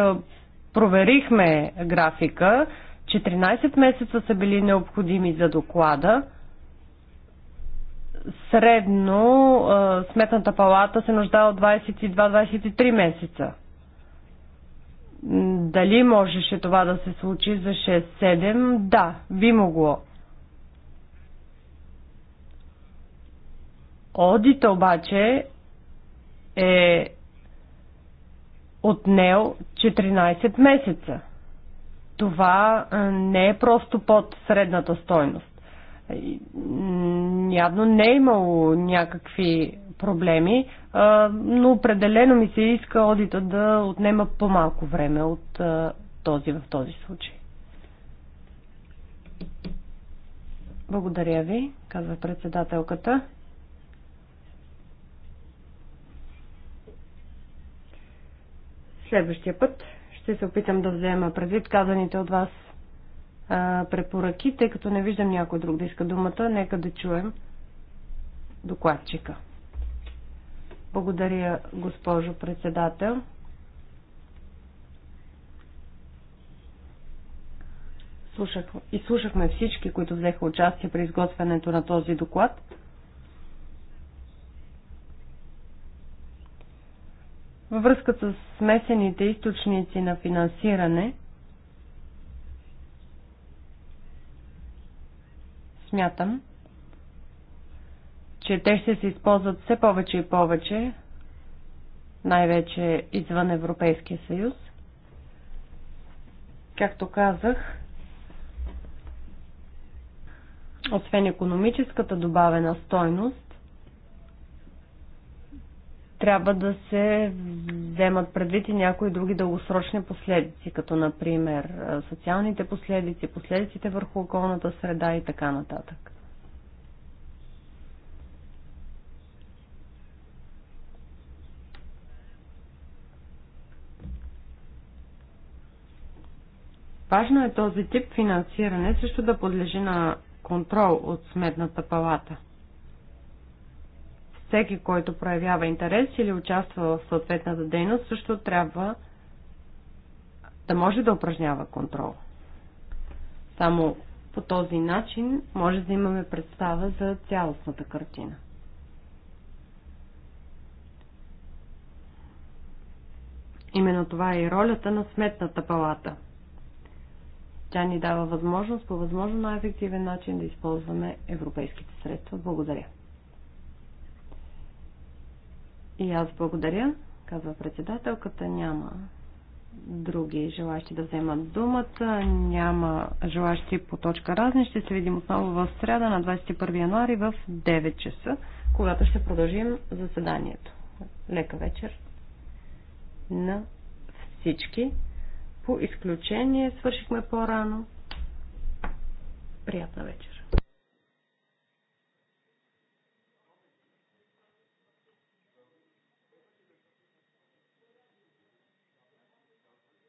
Проверихме графика. 14 месеца са били необходими за доклада. Средно сметната палата се нуждае от 22-23 месеца. Дали можеше това да се случи за 6-7? Да, би могло. Одита обаче е отнел 14 месеца. Това не е просто под средната стойност. Явно не е имало някакви проблеми, но определено ми се иска одита да отнема по-малко време от този в този случай. Благодаря ви, казва председателката. Следващия път ще се опитам да взема предвид казаните от вас а, препоръки, тъй като не виждам някой друг да иска думата. Нека да чуем докладчика. Благодаря, госпожо председател. Слушах, и слушахме всички, които взеха участие при изготвянето на този доклад. Във връзка с смесените източници на финансиране, смятам, че те ще се използват все повече и повече, най-вече извън Европейския съюз. Както казах, освен економическата добавена стойност, трябва да се вземат предвид и някои други дългосрочни последици, като например социалните последици, последиците върху околната среда и така нататък. Важно е този тип финансиране също да подлежи на контрол от сметната палата – всеки, който проявява интерес или участва в съответната дейност, също трябва да може да упражнява контрол. Само по този начин може да имаме представа за цялостната картина. Именно това е и ролята на сметната палата. Тя ни дава възможност по възможно най-ефективен начин да използваме европейските средства. Благодаря. И аз благодаря, казва председателката. Няма други желащи да вземат думата. Няма желащи по точка разни. Ще се видим отново в среда на 21 януари в 9 часа, когато ще продължим заседанието. Лека вечер на всички. По изключение свършихме по-рано. Приятна вечер.